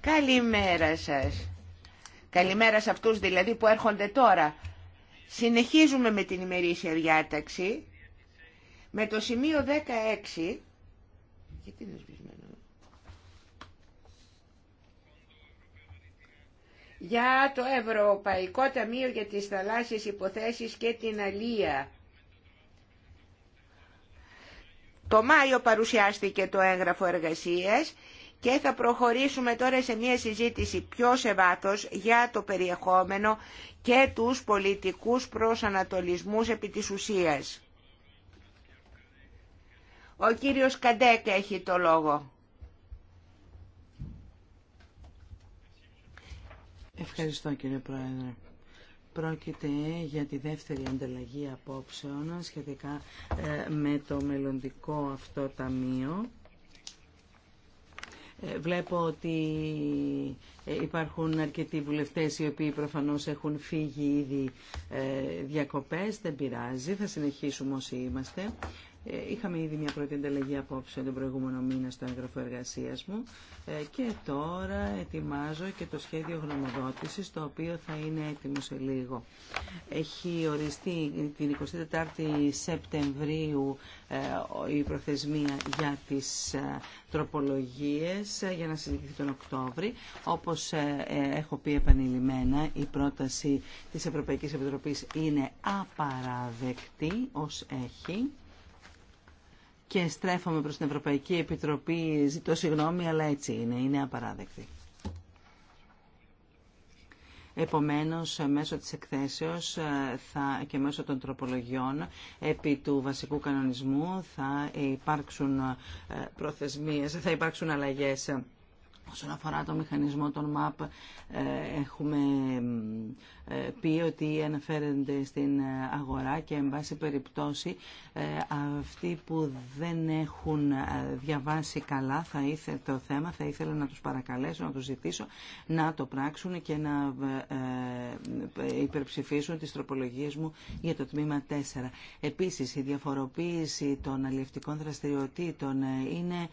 Καλημέρα σας. Καλημέρα σε αυτούς δηλαδή που έρχονται τώρα. Συνεχίζουμε με την ημερήσια διάταξη. Με το σημείο 16... Γιατί είναι για το Ευρωπαϊκό Ταμείο για τις θαλάσσιες υποθέσεις και την αλία. Το Μάιο παρουσιάστηκε το έγγραφο εργασίας και θα προχωρήσουμε τώρα σε μια συζήτηση πιο σε βάθος για το περιεχόμενο και τους πολιτικούς προσανατολισμούς επί της ουσίας. Ο κύριος Καντέκ έχει το λόγο. Ευχαριστώ κύριε Πρόεδρε. Πρόκειται για τη δεύτερη ανταλλαγή απόψεων σχετικά ε, με το μελλοντικό αυτό ταμείο. Ε, βλέπω ότι ε, υπάρχουν αρκετοί βουλευτές οι οποίοι προφανώς έχουν φύγει ήδη διακοπές. Δεν πειράζει, θα συνεχίσουμε όσοι είμαστε. Ε, είχαμε ήδη μια πρώτη ανταλλαγή απόψε τον προηγούμενο μήνα στο έγγραφο εργασία μου ε, και τώρα ετοιμάζω και το σχέδιο γνωμοδότησης, το οποίο θα είναι έτοιμο σε λίγο. Έχει οριστεί την 24η Σεπτεμβρίου ε, η προθεσμία για τις τροπολογίες για να συζητηθεί τον Οκτώβρη. Όπως έχω πει επανειλημμένα, η πρόταση της Ευρωπαϊκής Επιτροπής είναι απαραδεκτή ως έχει και στρέφομαι προς την Ευρωπαϊκή Επιτροπή, ζητώ συγγνώμη, αλλά έτσι είναι, είναι απαράδεκτη. Επομένως, μέσω της εκθέσεως ε, θα, και μέσω των τροπολογιών επί του βασικού κανονισμού θα υπάρξουν ε, προθεσμίες, θα υπάρξουν αλλαγές. Όσον αφορά το μηχανισμό των ΜΑΠ, ε, έχουμε ε, πει ότι αναφέρονται στην ε, αγορά και εν πάση περιπτώσει ε, αυτοί που δεν έχουν διαβάσει καλά θα το θέμα θα ήθελα να τους παρακαλέσω, να τους ζητήσω να το πράξουν και να υπερψηφίσουν τις τροπολογίες μου για το τμήμα 4. Επίσης η διαφοροποίηση των αλληλευτικών δραστηριοτήτων είναι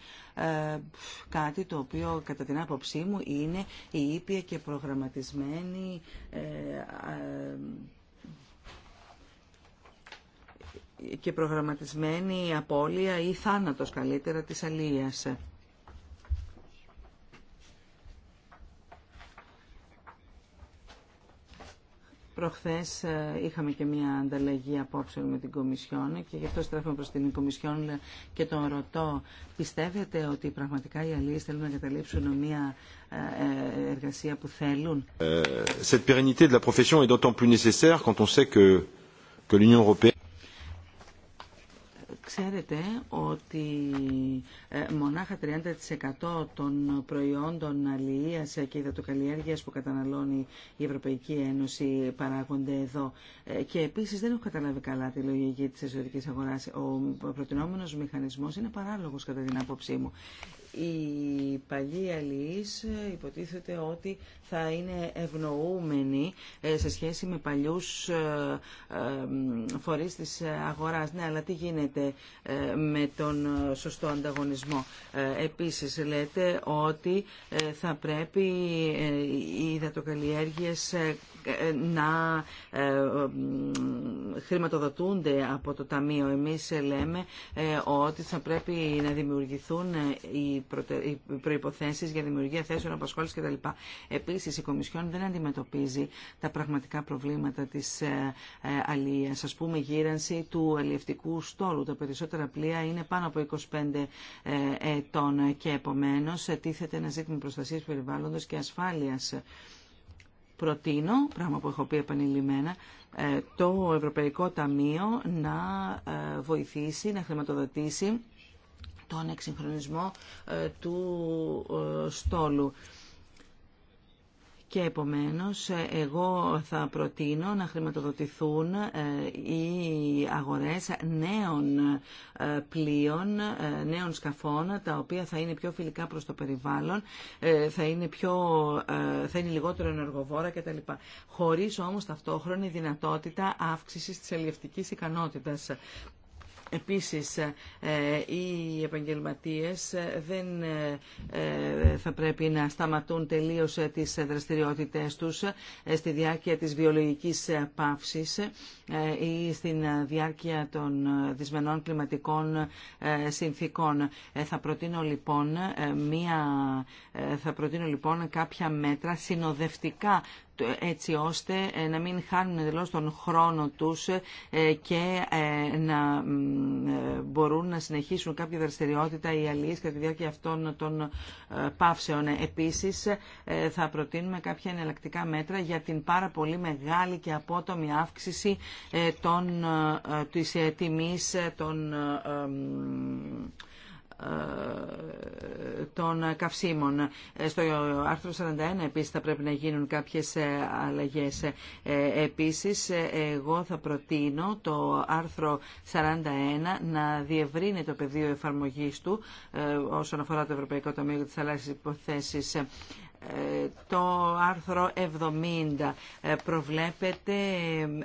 κάτι το οποίο κατά την άποψή μου είναι η ήπια και προγραμματισμένη ε, ε, και προγραμματισμένη απώλεια ή θάνατος καλύτερα της αλίας. Προχθές ε, είχαμε και μια ανταλλαγή απόψεων με την Κομισιόν και γι' αυτό στρέφουμε προς την Κομισιόν και τον ρωτώ. Πιστεύετε ότι πραγματικά οι αλίες θέλουν να καταλήψουν μια εργασία που θέλουν. Ξέρετε ότι ε, μονάχα 30% των προϊόντων αλληλείας και υδατοκαλλιέργειας που καταναλώνει η Ευρωπαϊκή Ένωση παράγονται εδώ. Ε, και επίσης δεν έχω καταλάβει καλά τη λογική της εσωτερικής αγοράς. Ο προτινόμενος μηχανισμός είναι παράλογος κατά την άποψή μου οι παλιοί αλληλείς υποτίθεται ότι θα είναι ευνοούμενοι ε, σε σχέση με παλιούς ε, ε, φορείς της αγοράς. Ναι, αλλά τι γίνεται με τον σωστό ανταγωνισμό. Επίσης λέτε ότι θα πρέπει οι υδατοκαλλιέργειες να χρηματοδοτούνται από το Ταμείο. Εμείς λέμε ότι θα πρέπει να δημιουργηθούν οι οι προϋποθέσεις για δημιουργία θέσεων απασχόληση κτλ. Επίσης, η Κομισιόν δεν αντιμετωπίζει τα πραγματικά προβλήματα της ε, ε, αλληλεία. α πούμε, γύρανση του αλληλευτικού στόλου. Τα περισσότερα πλοία είναι πάνω από 25 ε, ετών και επομένως τίθεται ένα ζήτημα προστασίας περιβάλλοντος και ασφάλειας. Προτείνω, πράγμα που έχω πει επανειλημμένα, το Ευρωπαϊκό Ταμείο να βοηθήσει, να χρηματοδοτήσει τον εξυγχρονισμό ε, του ε, στόλου. Και επομένως ε, εγώ θα προτείνω να χρηματοδοτηθούν οι αγορές νέων πλοίων, νέων σκαφών, τα οποία θα είναι πιο φιλικά προς το περιβάλλον, θα είναι, πιο, θα είναι λιγότερο ενεργοβόρα κτλ. Χωρίς όμως ταυτόχρονη δυνατότητα αύξησης της ελληνική ικανότητας. Επίσης, ε, οι επαγγελματίες δεν ε, θα πρέπει να σταματούν τελείως ε, τις δραστηριότητές τους στη διάρκεια της βιολογικής παύσης ή στην διάρκεια των δυσμενών κλιματικών συνθήκων. Θα προτείνω λοιπόν, μία, θα προτείνω, λοιπόν κάποια μέτρα συνοδευτικά έτσι ώστε ε, να μην χάνουν εντελώ τον χρόνο τους ε, και ε, να μπορούν να συνεχίσουν κάποια δραστηριότητα οι αλληλείς κατά τη διάρκεια αυτών των παύσεων. Επίσης θα προτείνουμε κάποια εναλλακτικά μέτρα για την πάρα πολύ μεγάλη και απότομη αύξηση των, της τιμής των των καυσίμων. Στο άρθρο 41 επίσης θα πρέπει να γίνουν κάποιες αλλαγές. Επίσης, εγώ θα προτείνω το άρθρο 41 να διευρύνει το πεδίο εφαρμογής του ε, όσον αφορά το Ευρωπαϊκό Ταμείο για τις Θαλάσσιες Υποθέσεις το άρθρο 70 ε, προβλέπεται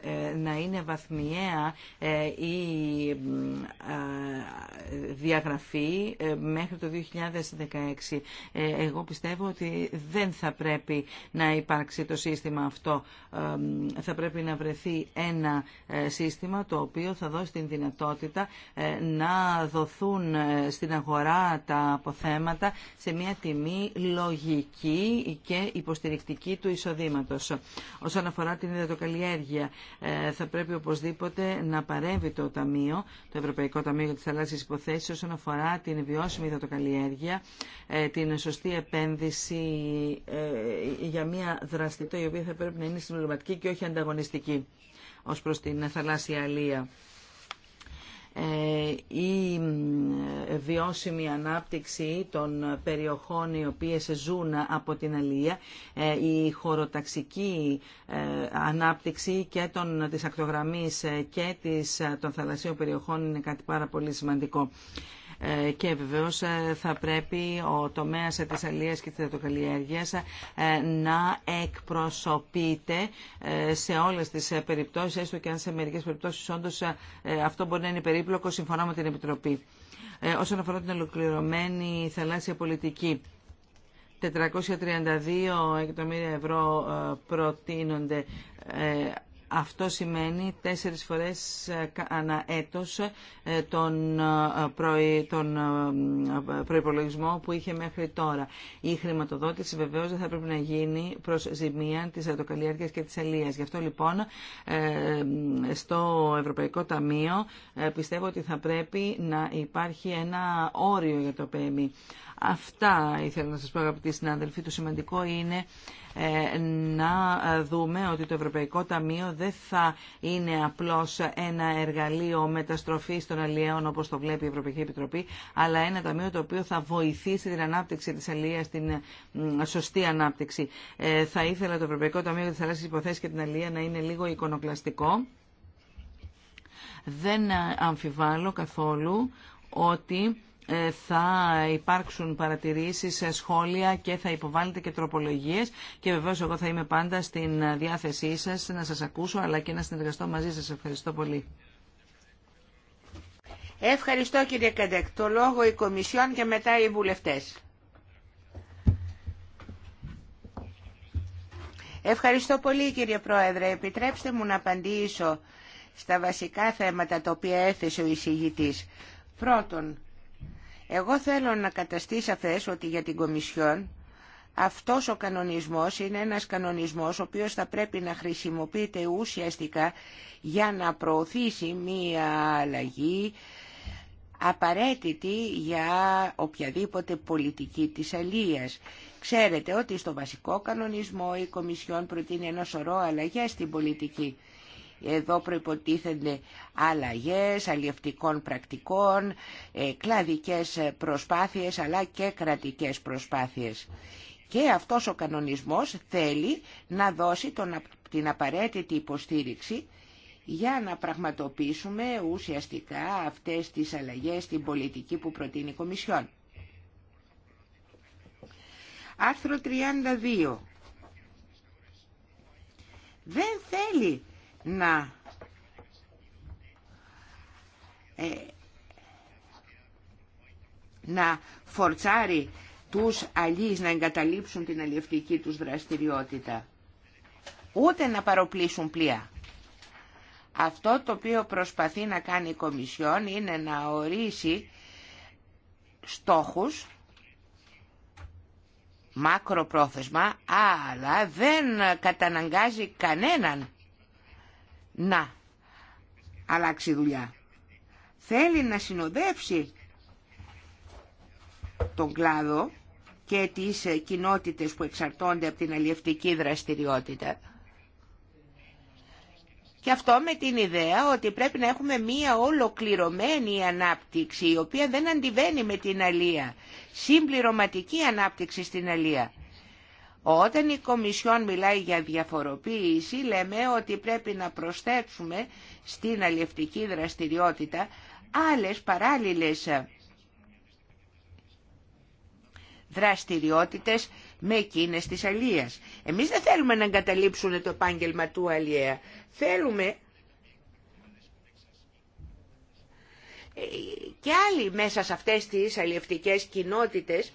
ε, να είναι βαθμιαία ε, η διαγραφή μέχρι το 2016. Εγώ πιστεύω ότι δεν θα πρέπει να υπάρξει το σύστημα αυτό. Θα πρέπει να βρεθεί ένα σύστημα το οποίο θα δώσει την δυνατότητα να δοθούν στην αγορά τα αποθέματα σε μια τιμή λογική και υποστηρικτική του εισοδήματος. Όσον αφορά την υδατοκαλλιέργεια, ε, θα πρέπει οπωσδήποτε να παρέμβει το Ταμείο, το Ευρωπαϊκό Ταμείο για τις Θαλάσσιες Υποθέσεις, όσον αφορά την βιώσιμη υδατοκαλλιέργεια, ε, την σωστή επένδυση ε, για μια δραστηριότητα η οποία θα πρέπει να είναι συμπληρωματική και όχι ανταγωνιστική ως προς την θαλάσσια αλία. Ε, η ε, βιώσιμη ανάπτυξη των περιοχών οι οποίες ζουν από την αλία, ε, η χωροταξική ανάπτυξη και των, της ακτογραμμής και της, των θαλασσίων περιοχών είναι κάτι πάρα πολύ σημαντικό. Ε, και βεβαίως ε, θα πρέπει ο τομέας της αλίας και της δατοκαλλιέργειας ε, να εκπροσωπείται σε όλες τις περιπτώσεις, έστω και αν σε μερικές περιπτώσεις όντως αυτό μπορεί να είναι περίπλοκο, συμφωνώ με την Επιτροπή. Όσον αφορά την ολοκληρωμένη θαλάσσια πολιτική, 432 εκατομμύρια ευρώ προτείνονται αυτό σημαίνει τέσσερις φορές ε, ανά έτος ε, τον, ε, τον προϋπολογισμό που είχε μέχρι τώρα. Η χρηματοδότηση βεβαίως δεν θα πρέπει να γίνει προς ζημία της αρτοκαλλιέργειας και της αλίας. Γι' αυτό λοιπόν στο Ευρωπαϊκό Ταμείο πιστεύω ότι θα πρέπει να υπάρχει ένα όριο για το ΠΕΜΗ. Αυτά ήθελα να σας πω αγαπητοί συνάδελφοι. Το σημαντικό είναι ε, να δούμε ότι το Ευρωπαϊκό Ταμείο δεν θα είναι απλώς ένα εργαλείο μεταστροφής των αλλιέων όπως το βλέπει η Ευρωπαϊκή Επιτροπή, αλλά ένα ταμείο το οποίο θα βοηθήσει την ανάπτυξη της αλλιείας, την σωστή ανάπτυξη. Ε, θα ήθελα το Ευρωπαϊκό Ταμείο για τις Θαλάσσιες Υποθέσεις και την Αλληλία να είναι λίγο εικονοκλαστικό. Δεν αμφιβάλλω καθόλου ότι ε, θα υπάρξουν παρατηρήσεις, ε, σχόλια και θα υποβάλλετε και τροπολογίες και βεβαίως εγώ θα είμαι πάντα στην διάθεσή σας να σας ακούσω αλλά και να συνεργαστώ μαζί σας. Ευχαριστώ πολύ. Ευχαριστώ κύριε Καντέκ. Το λόγο η Κομισιόν και μετά οι βουλευτές. Ευχαριστώ πολύ κύριε Πρόεδρε. Επιτρέψτε μου να απαντήσω στα βασικά θέματα τα οποία έθεσε ο εισηγητής. Πρώτον, εγώ θέλω να καταστεί σαφές ότι για την Κομισιόν αυτός ο κανονισμός είναι ένας κανονισμός ο οποίος θα πρέπει να χρησιμοποιείται ουσιαστικά για να προωθήσει μία αλλαγή απαραίτητη για οποιαδήποτε πολιτική της αλίας. Ξέρετε ότι στο βασικό κανονισμό η Κομισιόν προτείνει ένα σωρό αλλαγές στην πολιτική. Εδώ προϋποτίθενται αλλαγές αλλιευτικών πρακτικών, ε, κλαδικές ε, προσπάθειες αλλά και κρατικές προσπάθειες. Και αυτός ο κανονισμός θέλει να δώσει την απαραίτητη υποστήριξη για να πραγματοποιήσουμε ουσιαστικά αυτές τις αλλαγές στην πολιτική που προτείνει η Κομισιόν. Άρθρο 32. Δεν θέλει να ε, να φορτσάρει τους αλλείς να εγκαταλείψουν την αλλιευτική τους δραστηριότητα, ούτε να παροπλήσουν πλοία. Αυτό το οποίο προσπαθεί να κάνει η Κομισιόν είναι να ορίσει στόχους μακροπρόθεσμα, αλλά δεν καταναγκάζει κανέναν να αλλάξει δουλειά. Θέλει να συνοδεύσει τον κλάδο και τις ε, κοινότητες που εξαρτώνται από την αλλιευτική δραστηριότητα. Και αυτό με την ιδέα ότι πρέπει να έχουμε μία ολοκληρωμένη ανάπτυξη, η οποία δεν αντιβαίνει με την αλία. Συμπληρωματική ανάπτυξη στην αλία. Όταν η Κομισιόν μιλάει για διαφοροποίηση, λέμε ότι πρέπει να προσθέσουμε στην αλληλευτική δραστηριότητα άλλες παράλληλες δραστηριότητες με εκείνες της αλίας. Εμείς δεν θέλουμε να εγκαταλείψουν το επάγγελμα του Αλία. Θέλουμε και άλλοι μέσα σε αυτές τις αλλιευτικές κοινότητες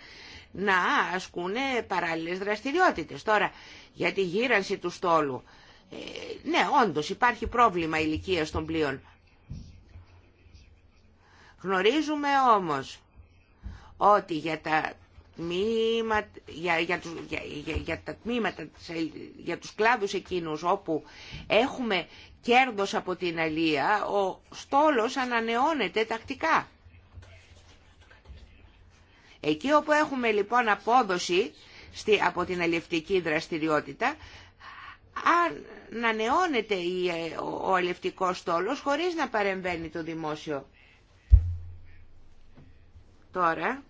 να ασκούν παράλληλες δραστηριότητες. Τώρα, για τη γύρανση του στόλου, ε, ναι, όντως υπάρχει πρόβλημα ηλικία των πλοίων. Γνωρίζουμε όμως ότι για τα τμήματα, για, για, τα τμήματα, για τους κλάδους εκείνους όπου έχουμε κέρδος από την αλία, ο στόλος ανανεώνεται τακτικά. Εκεί όπου έχουμε λοιπόν απόδοση στη, από την αλευτική δραστηριότητα, ανανεώνεται η, ε, ο, ο αλευτικός στόλος χωρίς να παρεμβαίνει το δημόσιο. Τώρα...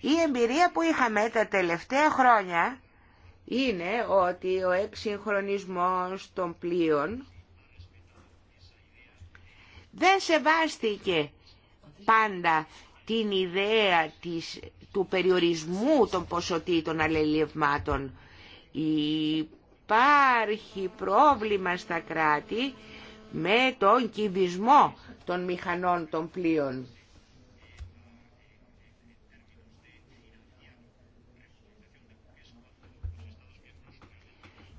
Η εμπειρία που είχαμε τα τελευταία χρόνια είναι ότι ο εξυγχρονισμός των πλοίων δεν σεβάστηκε πάντα την ιδέα της, του περιορισμού των ποσοτήτων αλληλευμάτων. Υπάρχει πρόβλημα στα κράτη με τον κυβισμό των μηχανών των πλοίων.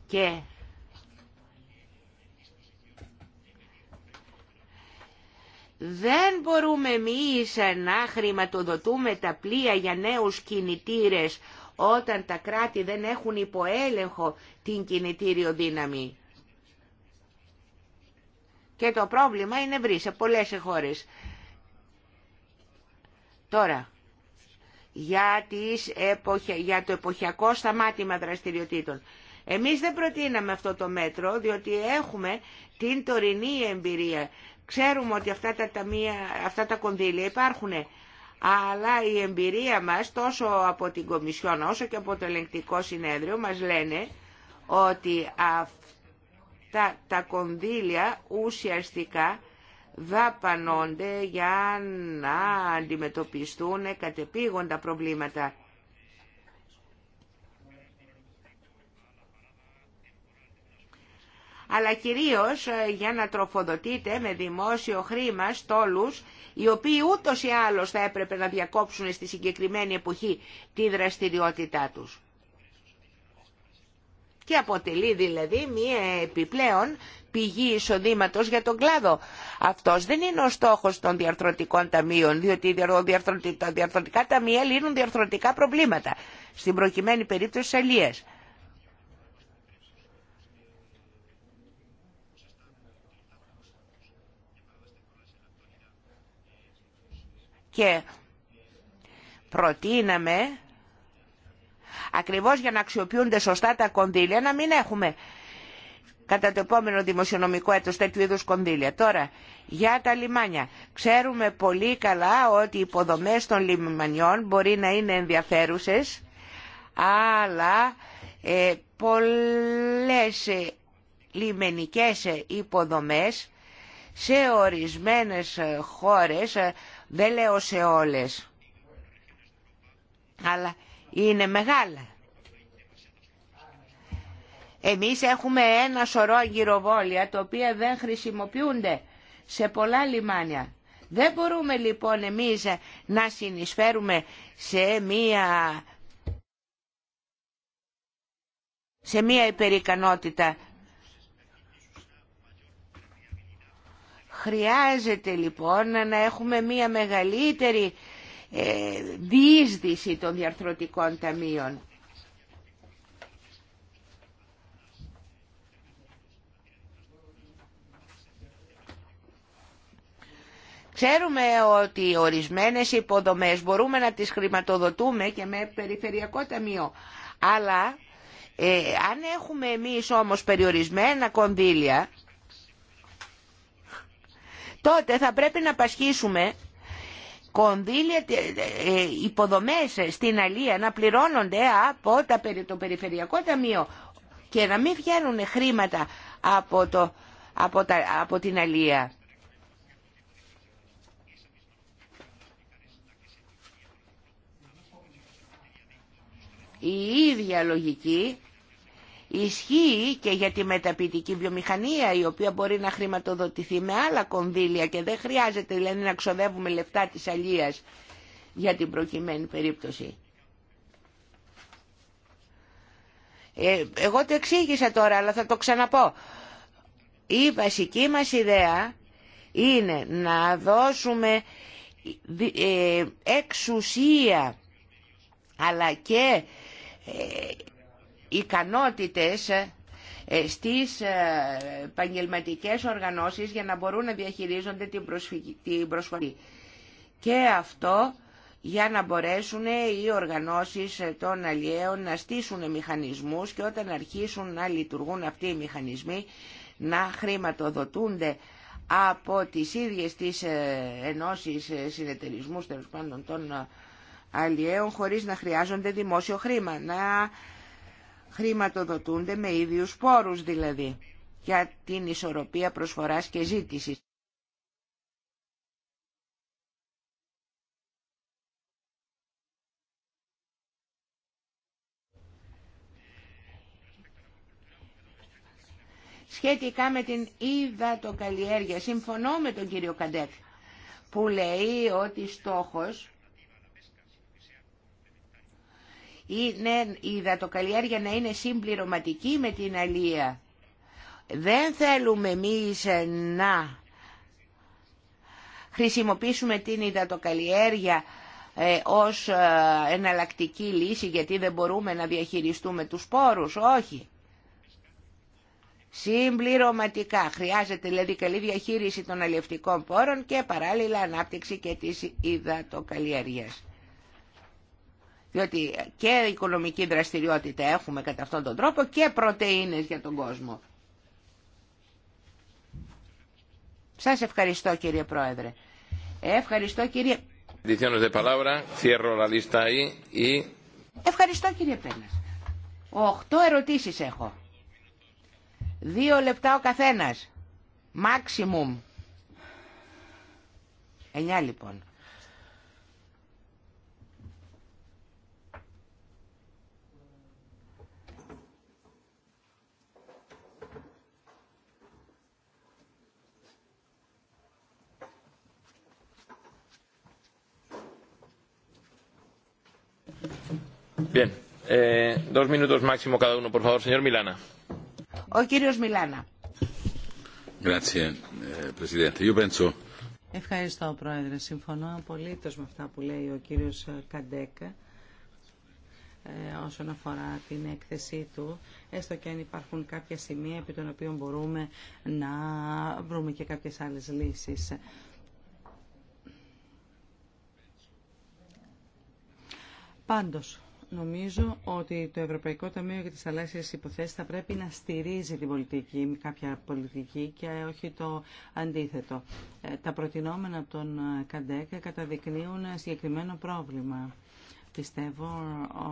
και δεν μπορούμε εμείς να χρηματοδοτούμε τα πλοία για νέους κινητήρες όταν τα κράτη δεν έχουν υποέλεγχο την κινητήριο δύναμη. Και το πρόβλημα είναι βρει σε πολλές χώρες. Τώρα, για, τις για το εποχιακό σταμάτημα δραστηριοτήτων. Εμείς δεν προτείναμε αυτό το μέτρο, διότι έχουμε την τωρινή εμπειρία. Ξέρουμε ότι αυτά τα, αυτά τα κονδύλια υπάρχουν, αλλά η εμπειρία μας τόσο από την Κομισιόν όσο και από το ελεγκτικό συνέδριο μας λένε ότι τα κονδύλια ουσιαστικά δαπανώνται για να αντιμετωπιστούν κατεπήγοντα προβλήματα. αλλά κυρίως ε, για να τροφοδοτείτε με δημόσιο χρήμα στόλους οι οποίοι ούτως ή άλλως θα έπρεπε να διακόψουν στη συγκεκριμένη εποχή τη δραστηριότητά τους. Και αποτελεί δηλαδή μία επιπλέον πηγή εισοδήματος για τον κλάδο. Αυτός δεν είναι ο στόχος των διαρθρωτικών ταμείων, διότι τα διαρθρωτικά ταμεία λύνουν διαρθρωτικά προβλήματα, στην προκειμένη περίπτωση της και προτείναμε ακριβώς για να αξιοποιούνται σωστά τα κονδύλια να μην έχουμε κατά το επόμενο δημοσιονομικό έτος τέτοιου είδους κονδύλια. Τώρα, για τα λιμάνια. Ξέρουμε πολύ καλά ότι οι υποδομές των λιμανιών μπορεί να είναι ενδιαφέρουσες, αλλά ε, πολλές ε, λιμενικές ε, υποδομές σε ορισμένες ε, χώρες δεν λέω σε όλες, αλλά είναι μεγάλα. Εμείς έχουμε ένα σωρό γυροβόλια, τα οποία δεν χρησιμοποιούνται σε πολλά λιμάνια. Δεν μπορούμε λοιπόν εμείς να συνεισφέρουμε σε μία σε μία υπερικανότητα Χρειάζεται λοιπόν να έχουμε μία μεγαλύτερη ε, διείσδυση των διαρθρωτικών ταμείων. Ξέρουμε ότι ορισμένες υποδομές μπορούμε να τις χρηματοδοτούμε και με περιφερειακό ταμείο. Αλλά ε, αν έχουμε εμείς όμως περιορισμένα κονδύλια, τότε θα πρέπει να πασχίσουμε κονδύλια, ε, ε, υποδομές στην Αλία να πληρώνονται από το Περιφερειακό Ταμείο και να μην βγαίνουν χρήματα από, το, από, από την Αλία. Η ίδια λογική Ισχύει και για τη μεταποιητική βιομηχανία η οποία μπορεί να χρηματοδοτηθεί με άλλα κονδύλια και δεν χρειάζεται δηλαδή να ξοδεύουμε λεφτά της αλίας για την προκειμένη περίπτωση. Ε, εγώ το εξήγησα τώρα αλλά θα το ξαναπώ. Η βασική μας ιδέα είναι να δώσουμε ε, εξουσία αλλά και ε, ικανότητες ε, ε, στις ε, επαγγελματικέ οργανώσεις για να μπορούν να διαχειρίζονται την προσφορή. Και αυτό για να μπορέσουν οι οργανώσεις των αλλιέων να στήσουν μηχανισμούς και όταν αρχίσουν να λειτουργούν αυτοί οι μηχανισμοί να χρηματοδοτούνται από τις ίδιες τις ενώσεις συνεταιρισμούς των αλλιέων χωρίς να χρειάζονται δημόσιο χρήμα. Να χρηματοδοτούνται με ίδιους πόρους δηλαδή, για την ισορροπία προσφοράς και ζήτησης. Σχετικά με την υδατοκαλλιέργεια, συμφωνώ με τον κύριο Καντέκ, που λέει ότι στόχος η, ναι, η υδατοκαλλιέργεια να είναι συμπληρωματική με την αλία. Δεν θέλουμε εμείς ε, να χρησιμοποιήσουμε την υδατοκαλλιέργεια ε, ως ε, εναλλακτική λύση γιατί δεν μπορούμε να διαχειριστούμε τους σπόρους. Όχι. Συμπληρωματικά χρειάζεται δηλαδή καλή διαχείριση των αλλιευτικών πόρων και παράλληλα ανάπτυξη και της υδατοκαλλιέργειας. Διότι και οικονομική δραστηριότητα έχουμε κατά αυτόν τον τρόπο και πρωτεΐνες για τον κόσμο. Σας ευχαριστώ κύριε Πρόεδρε. Ευχαριστώ κύριε... Ευχαριστώ κύριε Πέρνας. Οχτώ ερωτήσεις έχω. Δύο λεπτά ο καθένας. Μάξιμουμ. Εννιά λοιπόν. Eh, Ευχαριστώ, Πρόεδρε. Συμφωνώ απολύτως με αυτά που λέει ο κύριος Καντέκα ε, όσον αφορά την έκθεσή του, έστω και αν υπάρχουν κάποια σημεία επί των οποίων μπορούμε να βρούμε και κάποιες άλλες λύσεις. Πάντως, νομίζω ότι το Ευρωπαϊκό Ταμείο για τις Θαλάσσιες Υποθέσεις θα πρέπει να στηρίζει την πολιτική, κάποια πολιτική και όχι το αντίθετο. Ε, τα προτινόμενα των τον ΚΑΝΤΕΚ καταδεικνύουν συγκεκριμένο πρόβλημα. Πιστεύω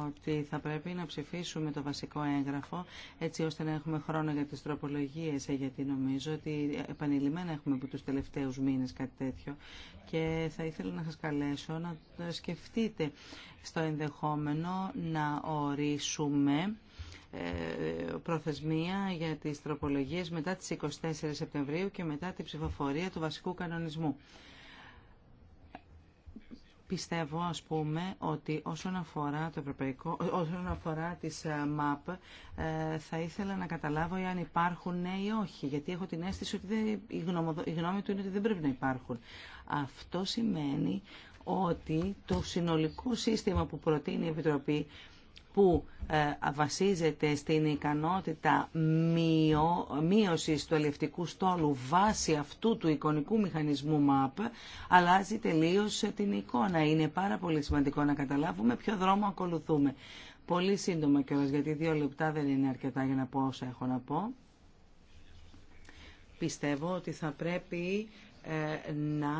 ότι θα πρέπει να ψηφίσουμε το βασικό έγγραφο έτσι ώστε να έχουμε χρόνο για τις τροπολογίες ε, γιατί νομίζω ότι επανειλημμένα έχουμε από τους τελευταίους μήνες κάτι τέτοιο και θα ήθελα να σας καλέσω να σκεφτείτε στο ενδεχόμενο να ορίσουμε ε, προθεσμία για τις τροπολογίες μετά τις 24 Σεπτεμβρίου και μετά την ψηφοφορία του βασικού κανονισμού. Πιστεύω, ας πούμε, ότι όσον αφορά, το ευρωπαϊκό, όσον αφορά τις ε, ΜΑΠ, ε, θα ήθελα να καταλάβω αν υπάρχουν ναι ή όχι, γιατί έχω την αίσθηση ότι δεν, η, η γνώμη του είναι ότι δεν πρέπει να υπάρχουν. Αυτό σημαίνει ότι το συνολικό σύστημα που προτείνει η Επιτροπή που ε, βασίζεται στην ικανότητα μείω, μείωσης του ελευτικού στόλου βάσει αυτού του εικονικού μηχανισμού MAP, αλλάζει τελείως ε, την εικόνα. Είναι πάρα πολύ σημαντικό να καταλάβουμε ποιο δρόμο ακολουθούμε. Πολύ σύντομα κιόλας, γιατί δύο λεπτά δεν είναι αρκετά για να πω όσα έχω να πω. Πιστεύω ότι θα πρέπει ε, να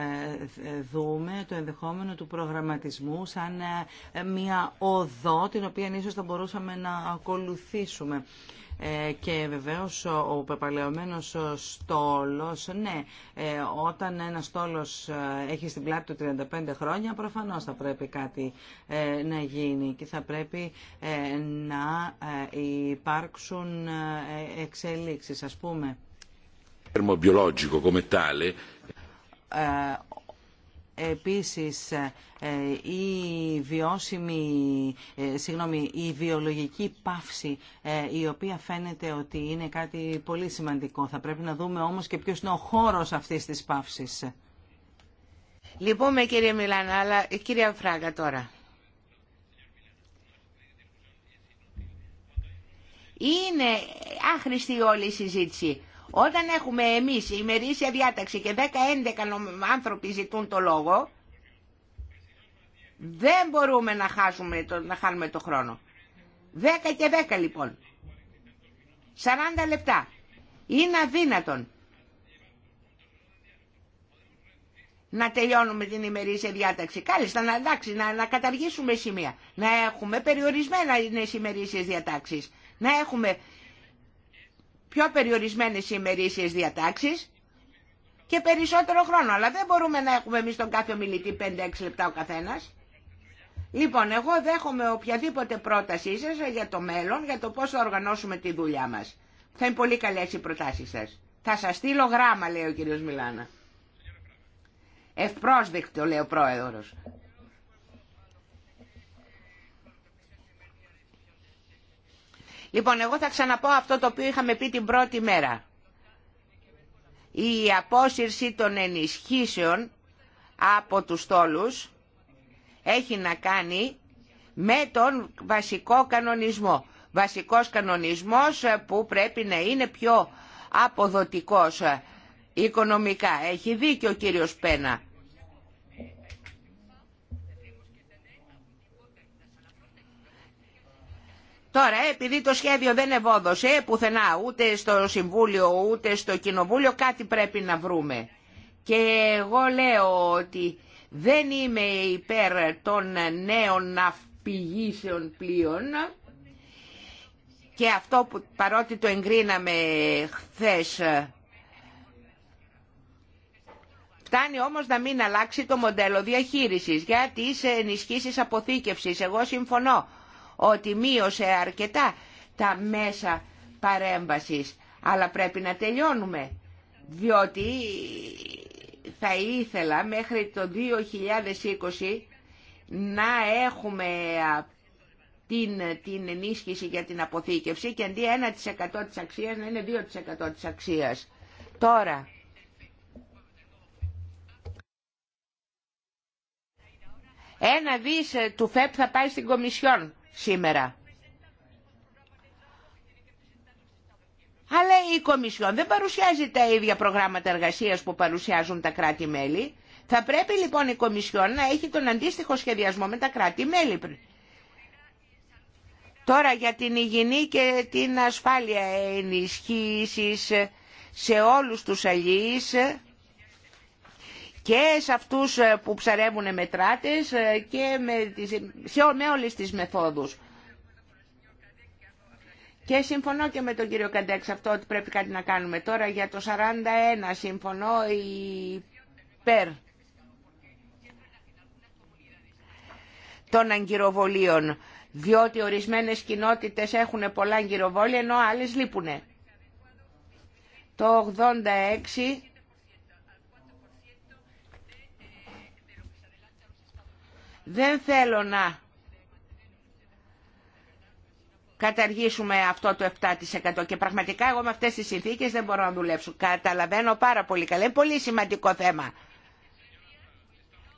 ε, δούμε το ενδεχόμενο του προγραμματισμού σαν ε, μια οδό την οποία ίσως θα μπορούσαμε να ακολουθήσουμε και βεβαίως ο πεπαλαιωμένος στόλος, ναι, όταν ένα στόλος έχει στην πλάτη του 35 χρόνια, προφανώς θα πρέπει κάτι να γίνει και θα πρέπει να υπάρξουν εξελίξεις, ας πούμε. Επίση, eh, Επίσης, ε, η, βιώσιμη, ε, συγγνώμη, η βιολογική παύση, ε, η οποία φαίνεται ότι είναι κάτι πολύ σημαντικό. Θα πρέπει να δούμε όμως και ποιος είναι ο χώρος αυτής της παύσης. Λοιπόν, κύριε Μιλάνα, αλλά κυρία Φράγκα τώρα. Είναι άχρηστη όλη η συζήτηση. Όταν έχουμε εμείς ημερήσια διάταξη και 10-11 άνθρωποι ζητούν το λόγο, δεν μπορούμε να, χάσουμε το, να χάνουμε το χρόνο. 10 και 10 λοιπόν. 40 λεπτά. Είναι αδύνατον να τελειώνουμε την ημερήσια διάταξη. Κάλιστα να εντάξει, να, να καταργήσουμε σημεία. Να έχουμε περιορισμένα ημερήσιες διατάξεις. Να έχουμε πιο περιορισμένες ημερήσιες διατάξεις και περισσότερο χρόνο. Αλλά δεν μπορούμε να έχουμε εμείς τον κάθε ομιλητή 5-6 λεπτά ο καθένας. Λοιπόν, εγώ δέχομαι οποιαδήποτε πρότασή σας για το μέλλον, για το πώς θα οργανώσουμε τη δουλειά μας. Θα είναι πολύ καλές οι προτάσεις σας. Θα σας στείλω γράμμα, λέει ο κύριος Μιλάνα. Ευπρόσδεκτο, λέει ο πρόεδρος. Λοιπόν, εγώ θα ξαναπώ αυτό το οποίο είχαμε πει την πρώτη μέρα. Η απόσυρση των ενισχύσεων από τους τόλους έχει να κάνει με τον βασικό κανονισμό. Βασικός κανονισμός που πρέπει να είναι πιο αποδοτικός οικονομικά. Έχει δίκιο ο κύριος Πένα. Τώρα ε, επειδή το σχέδιο δεν ευόδωσε πουθενά ούτε στο Συμβούλιο ούτε στο Κοινοβούλιο κάτι πρέπει να βρούμε. Και εγώ λέω ότι δεν είμαι υπέρ των νέων ναυπηγήσεων πλοίων και αυτό που παρότι το εγκρίναμε χθες Φτάνει όμως να μην αλλάξει το μοντέλο διαχείρισης για τις ενισχύσεις αποθήκευσης. Εγώ συμφωνώ ότι μείωσε αρκετά τα μέσα παρέμβασης. Αλλά πρέπει να τελειώνουμε, διότι θα ήθελα μέχρι το 2020 να έχουμε την, την ενίσχυση για την αποθήκευση και αντί 1% της αξίας να είναι 2% της αξίας. Τώρα, ένα δις του ΦΕΠ θα πάει στην Κομισιόν σήμερα. Αλλά η Κομισιόν δεν παρουσιάζει τα ίδια προγράμματα εργασίας που παρουσιάζουν τα κράτη-μέλη. Θα πρέπει λοιπόν η Κομισιόν να έχει τον αντίστοιχο σχεδιασμό με τα κράτη-μέλη. Τώρα για την υγιεινή και την ασφάλεια ενισχύσεις σε όλους τους αλλήλους και σε αυτούς ε, που ψαρεύουν με τράτες ε, και με, τις, σε, με όλες τις μεθόδους. Και συμφωνώ και με τον κύριο Καντέξ αυτό ότι πρέπει κάτι να κάνουμε. Τώρα για το 41 συμφωνώ υπέρ των αγκυροβολίων, διότι ορισμένες κοινότητες έχουν πολλά αγκυροβόλια ενώ άλλες λείπουνε. Το 86 Δεν θέλω να καταργήσουμε αυτό το 7% και πραγματικά εγώ με αυτές τις συνθήκες δεν μπορώ να δουλέψω. Καταλαβαίνω πάρα πολύ καλά. Είναι πολύ σημαντικό θέμα.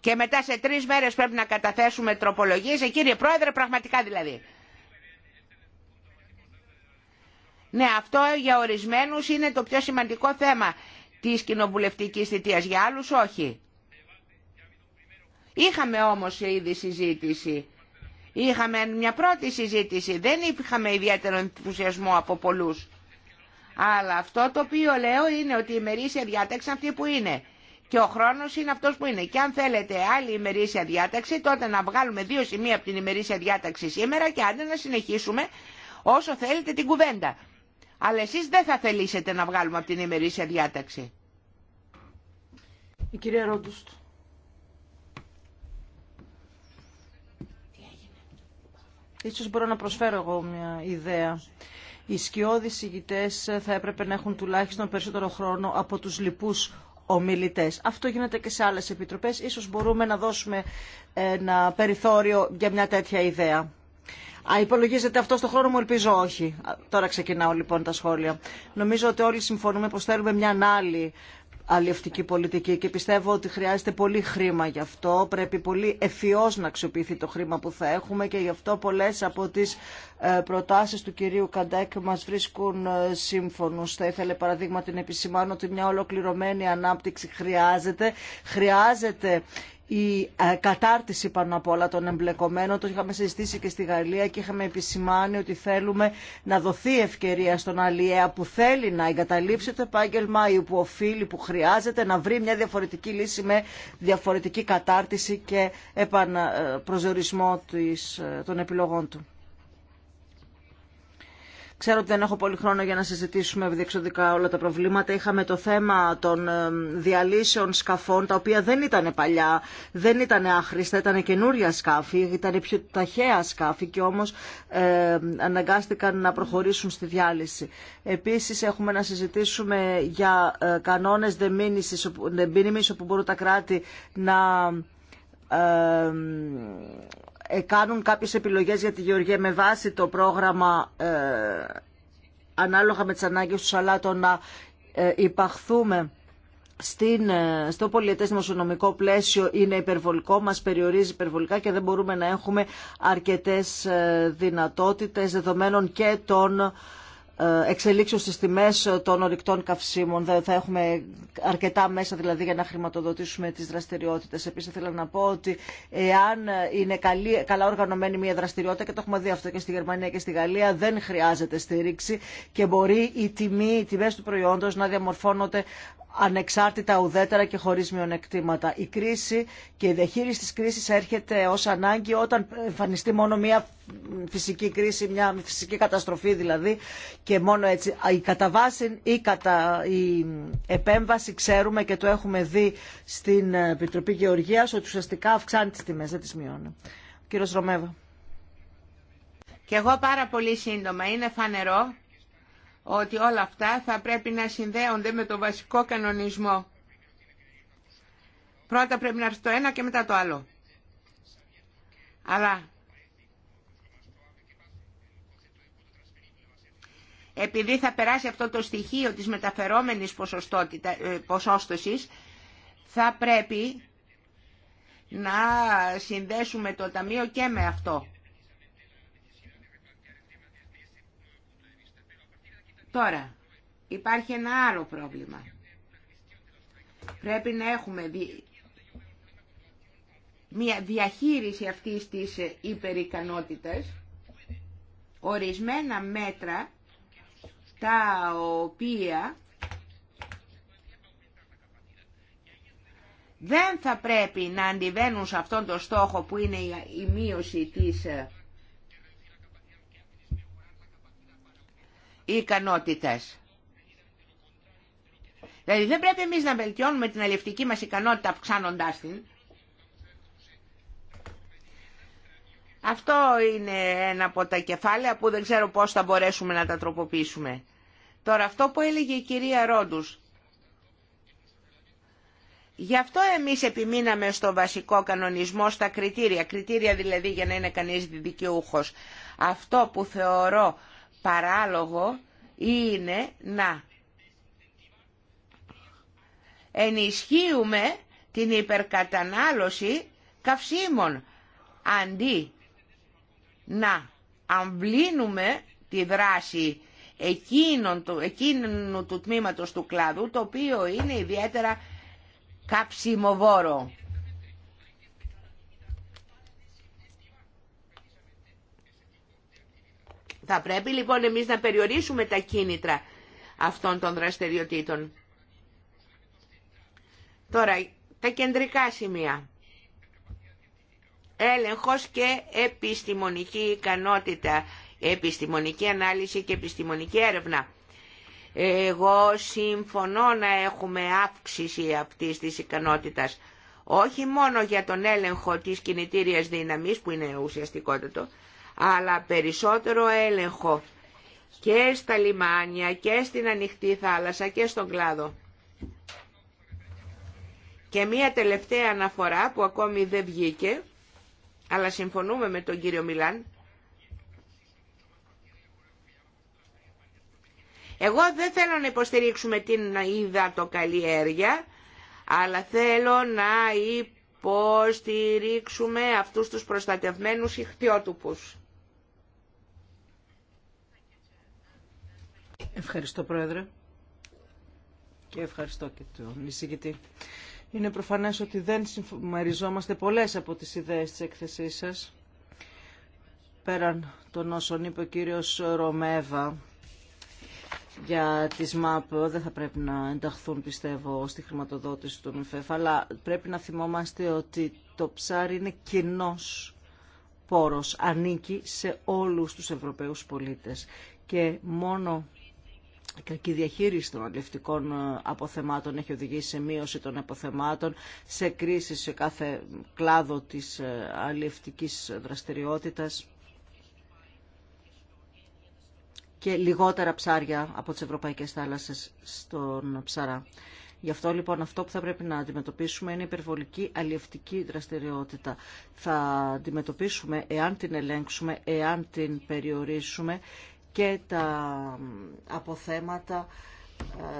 Και μετά σε τρεις μέρες πρέπει να καταθέσουμε τροπολογίες. Ε, κύριε Πρόεδρε, πραγματικά δηλαδή. Ναι, αυτό για ορισμένους είναι το πιο σημαντικό θέμα της κοινοβουλευτικής θητείας. Για άλλους όχι. Είχαμε όμως ήδη συζήτηση. Είχαμε μια πρώτη συζήτηση. Δεν είχαμε ιδιαίτερο ενθουσιασμό από πολλούς. Αλλά αυτό το οποίο λέω είναι ότι η ημερήσια διάταξη αυτή που είναι. Και ο χρόνο είναι αυτό που είναι. Και αν θέλετε άλλη ημερήσια διάταξη, τότε να βγάλουμε δύο σημεία από την ημερήσια διάταξη σήμερα και άντε να συνεχίσουμε όσο θέλετε την κουβέντα. Αλλά εσεί δεν θα θελήσετε να βγάλουμε από την ημερήσια διάταξη. Ίσως μπορώ να προσφέρω εγώ μια ιδέα. Οι σκιώδεις ηγητέ θα έπρεπε να έχουν τουλάχιστον περισσότερο χρόνο από τους λοιπούς ομιλητές. Αυτό γίνεται και σε άλλες επιτροπές. Ίσως μπορούμε να δώσουμε ένα περιθώριο για μια τέτοια ιδέα. Α, υπολογίζεται αυτό στο χρόνο μου, ελπίζω όχι. Τώρα ξεκινάω λοιπόν τα σχόλια. Νομίζω ότι όλοι συμφωνούμε πως θέλουμε μια άλλη Αλληλευτική πολιτική και πιστεύω ότι χρειάζεται πολύ χρήμα γι' αυτό. Πρέπει πολύ ευφυώς να αξιοποιηθεί το χρήμα που θα έχουμε και γι' αυτό πολλές από τις ε, προτάσεις του κυρίου Καντέκ μας βρίσκουν ε, σύμφωνους. Θα ήθελε παραδείγμα την επισημάνω ότι μια ολοκληρωμένη ανάπτυξη χρειάζεται. Χρειάζεται η ε, κατάρτιση πάνω απ' όλα των εμπλεκομένων. Το είχαμε συζητήσει και στη Γαλλία και είχαμε επισημάνει ότι θέλουμε να δοθεί ευκαιρία στον Αλιέα που θέλει να εγκαταλείψει το επάγγελμα ή που οφείλει, που χρειάζεται να βρει μια διαφορετική λύση με διαφορετική κατάρτιση και επαναπροσδιορισμό ε, ε, των επιλογών του. Ξέρω ότι δεν έχω πολύ χρόνο για να συζητήσουμε διεξοδικά όλα τα προβλήματα. Είχαμε το θέμα των ε, διαλύσεων σκαφών, τα οποία δεν ήταν παλιά, δεν ήταν άχρηστα, ήταν καινούρια σκάφη, ήταν πιο ταχαία σκάφη και όμως ε, αναγκάστηκαν να προχωρήσουν στη διάλυση. Επίσης έχουμε να συζητήσουμε για ε, κανόνες όπου μπορούν τα κράτη να ε, ε, κάνουν κάποιες επιλογές για τη γεωργία με βάση το πρόγραμμα ε, ανάλογα με τις ανάγκες του αλλά να ε, υπαχθούμε στην, στο πολιετές δημοσιονομικό πλαίσιο είναι υπερβολικό, μας περιορίζει υπερβολικά και δεν μπορούμε να έχουμε αρκετές δυνατότητες δεδομένων και των εξελίξεως στις τιμές των ορυκτών καυσίμων. Θα έχουμε αρκετά μέσα δηλαδή για να χρηματοδοτήσουμε τις δραστηριότητες. Επίσης θέλω να πω ότι εάν είναι καλά οργανωμένη μια δραστηριότητα και το έχουμε δει αυτό και στη Γερμανία και στη Γαλλία δεν χρειάζεται στήριξη και μπορεί η τιμή, οι τιμές του προϊόντος να διαμορφώνονται ανεξάρτητα ουδέτερα και χωρίς μειονεκτήματα. Η κρίση και η διαχείριση της κρίσης έρχεται ως ανάγκη όταν εμφανιστεί μόνο μια φυσική κρίση, μια φυσική καταστροφή δηλαδή και μόνο έτσι η καταβάση ή κατα... η επέμβαση ξέρουμε και το έχουμε δει στην Επιτροπή Γεωργίας ότι ουσιαστικά αυξάνει τις τιμές, δεν τις μειώνει. Κύριος Ρωμέβα. Και εγώ πάρα πολύ σύντομα. Είναι φανερό ότι όλα αυτά θα πρέπει να συνδέονται με το βασικό κανονισμό. Πρώτα πρέπει να έρθει το ένα και μετά το άλλο. Αλλά επειδή θα περάσει αυτό το στοιχείο της μεταφερόμενης ε, ποσόστοσης, θα πρέπει να συνδέσουμε το Ταμείο και με αυτό. Τώρα, υπάρχει ένα άλλο πρόβλημα. Πρέπει να έχουμε μια διαχείριση αυτής της υπερικανότητας, ορισμένα μέτρα τα οποία δεν θα πρέπει να αντιβαίνουν σε αυτόν τον στόχο που είναι η μείωση της ε, ικανότητες. Δηλαδή δεν πρέπει εμείς να βελτιώνουμε την αλληλευτική μας ικανότητα αυξάνοντάς την. Αυτό είναι ένα από τα κεφάλαια που δεν ξέρω πώς θα μπορέσουμε να τα τροποποιήσουμε. Τώρα αυτό που έλεγε η κυρία Ρόντους. Γι' αυτό εμείς επιμείναμε στο βασικό κανονισμό, στα κριτήρια. Κριτήρια δηλαδή για να είναι κανείς δικαιούχος. Αυτό που θεωρώ παράλογο είναι να ενισχύουμε την υπερκατανάλωση καυσίμων αντί να αμβλύνουμε τη δράση του, εκείνου του τμήματος του κλάδου το οποίο είναι ιδιαίτερα καψιμοβόρο. Θα πρέπει λοιπόν εμείς να περιορίσουμε τα κίνητρα αυτών των δραστηριοτήτων. Τώρα, τα κεντρικά σημεία. Έλεγχος και επιστημονική ικανότητα, επιστημονική ανάλυση και επιστημονική έρευνα. Εγώ συμφωνώ να έχουμε αύξηση αυτής της ικανότητας, όχι μόνο για τον έλεγχο της κινητήριας δύναμης, που είναι ουσιαστικότατο, αλλά περισσότερο έλεγχο και στα λιμάνια και στην ανοιχτή θάλασσα και στον κλάδο. Και μία τελευταία αναφορά που ακόμη δεν βγήκε, αλλά συμφωνούμε με τον κύριο Μιλάν. Εγώ δεν θέλω να υποστηρίξουμε την υδατοκαλλιέργεια, αλλά θέλω να υποστηρίξουμε αυτούς τους προστατευμένους ηχθιότουπους. Ευχαριστώ, Πρόεδρε. Και ευχαριστώ και τον εισηγητή. Είναι προφανές ότι δεν συμμαριζόμαστε πολλές από τις ιδέες της έκθεσής σας. Πέραν των όσων είπε ο κύριος Ρωμέβα για τις ΜΑΠ δεν θα πρέπει να ενταχθούν πιστεύω στη χρηματοδότηση του ΜΦΕΦ αλλά πρέπει να θυμόμαστε ότι το ψάρι είναι κοινό πόρος, ανήκει σε όλους τους Ευρωπαίους πολίτες και μόνο κακή διαχείριση των αλληλευτικών ε, αποθεμάτων έχει οδηγήσει σε μείωση των αποθεμάτων, σε κρίση σε κάθε κλάδο της ε, αλληλευτικής δραστηριότητας και λιγότερα ψάρια από τις ευρωπαϊκές θάλασσες στον ψαρά. Γι' αυτό λοιπόν αυτό που θα πρέπει να αντιμετωπίσουμε είναι η υπερβολική αλλιευτική δραστηριότητα. Θα αντιμετωπίσουμε εάν την ελέγξουμε, εάν την περιορίσουμε και τα αποθέματα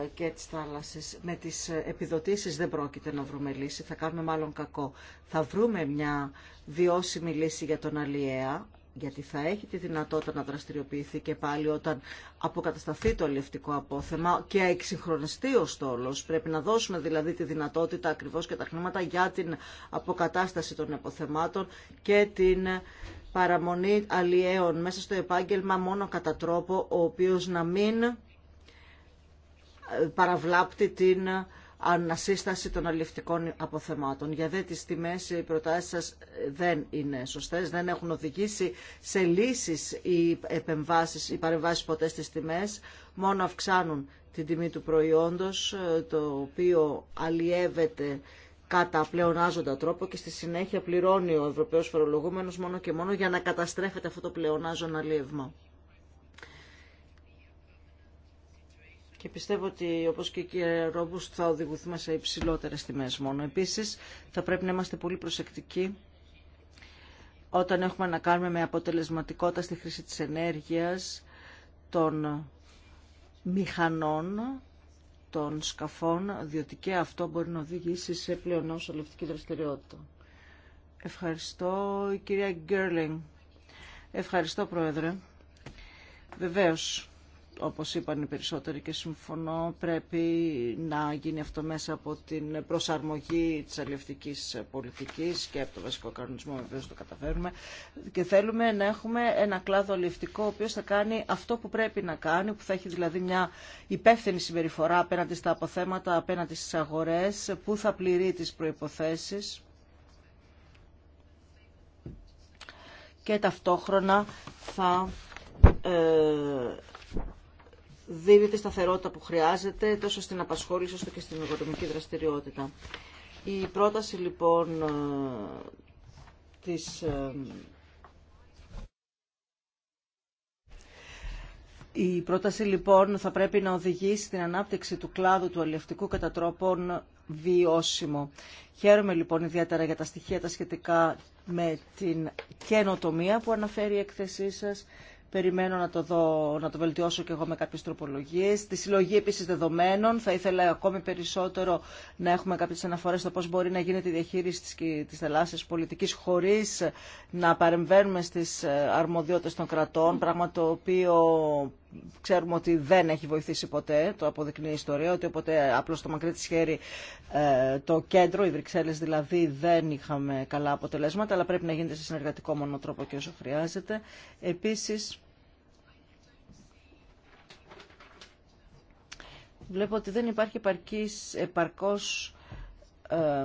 ε, και τις θάλασσες. Με τις ε, επιδοτήσεις δεν πρόκειται να βρούμε λύση, θα κάνουμε μάλλον κακό. Θα βρούμε μια βιώσιμη λύση για τον Αλιέα, γιατί θα έχει τη δυνατότητα να δραστηριοποιηθεί και πάλι όταν αποκατασταθεί το αλληλευτικό απόθεμα και εξυγχρονιστεί ο στόλος. Πρέπει να δώσουμε δηλαδή τη δυνατότητα ακριβώς και τα χρήματα για την αποκατάσταση των αποθεμάτων και την παραμονή αλλιέων μέσα στο επάγγελμα μόνο κατά τρόπο ο οποίος να μην παραβλάπτει την ανασύσταση των αλληλευτικών αποθεμάτων. Για δε τις τιμές οι προτάσεις σας δεν είναι σωστές, δεν έχουν οδηγήσει σε λύσεις οι επεμβάσεις, οι παρεμβάσεις ποτέ στις τιμές, μόνο αυξάνουν την τιμή του προϊόντος, το οποίο αλλιεύεται κατά πλεονάζοντα τρόπο και στη συνέχεια πληρώνει ο Ευρωπαίος Φορολογούμενος μόνο και μόνο για να καταστρέφεται αυτό το πλεονάζον αλλιεύμα. και πιστεύω ότι όπως και η Ρόμπους θα οδηγηθούμε σε υψηλότερες τιμές μόνο. Επίσης θα πρέπει να είμαστε πολύ προσεκτικοί όταν έχουμε να κάνουμε με αποτελεσματικότητα στη χρήση της ενέργειας των μηχανών των σκαφών, διότι και αυτό μπορεί να οδηγήσει σε πλεονόσολευτική δραστηριότητα. Ευχαριστώ, κυρία Γκέρλινγκ. Ευχαριστώ, Πρόεδρε. Βεβαίως, όπως είπαν οι περισσότεροι και συμφωνώ, πρέπει να γίνει αυτό μέσα από την προσαρμογή της αλληλευτικής πολιτικής και από το βασικό κανονισμό βεβαίως το καταφέρουμε και θέλουμε να έχουμε ένα κλάδο αλληλευτικό ο οποίος θα κάνει αυτό που πρέπει να κάνει, που θα έχει δηλαδή μια υπεύθυνη συμπεριφορά απέναντι στα αποθέματα, απέναντι στις αγορές, που θα πληρεί τις προϋποθέσεις και ταυτόχρονα θα ε, δίνει τη σταθερότητα που χρειάζεται τόσο στην απασχόληση όσο και στην οικονομική δραστηριότητα. Η πρόταση λοιπόν ε, της ε, πρόταση λοιπόν θα πρέπει να οδηγήσει την ανάπτυξη του κλάδου του αλληλευτικού κατά τρόπον βιώσιμο. Χαίρομαι λοιπόν ιδιαίτερα για τα στοιχεία τα σχετικά με την καινοτομία που αναφέρει η έκθεσή σας Περιμένω να το, δω, να το βελτιώσω και εγώ με κάποιες τροπολογίες. Τη συλλογή επίσης δεδομένων. Θα ήθελα ακόμη περισσότερο να έχουμε κάποιες αναφορές στο πώς μπορεί να γίνεται η διαχείριση της, της θελάσσιας πολιτικής χωρίς να παρεμβαίνουμε στις αρμοδιότητες των κρατών, πράγμα το οποίο ξέρουμε ότι δεν έχει βοηθήσει ποτέ, το αποδεικνύει η ιστορία, ότι όποτε απλώς το μακρύ τη χέρι ε, το κέντρο, οι Βρυξέλλε δηλαδή δεν είχαμε καλά αποτελέσματα, αλλά πρέπει να γίνεται σε συνεργατικό μόνο τρόπο και όσο χρειάζεται. Επίσης, βλέπω ότι δεν υπάρχει επαρκής, επαρκώς ε,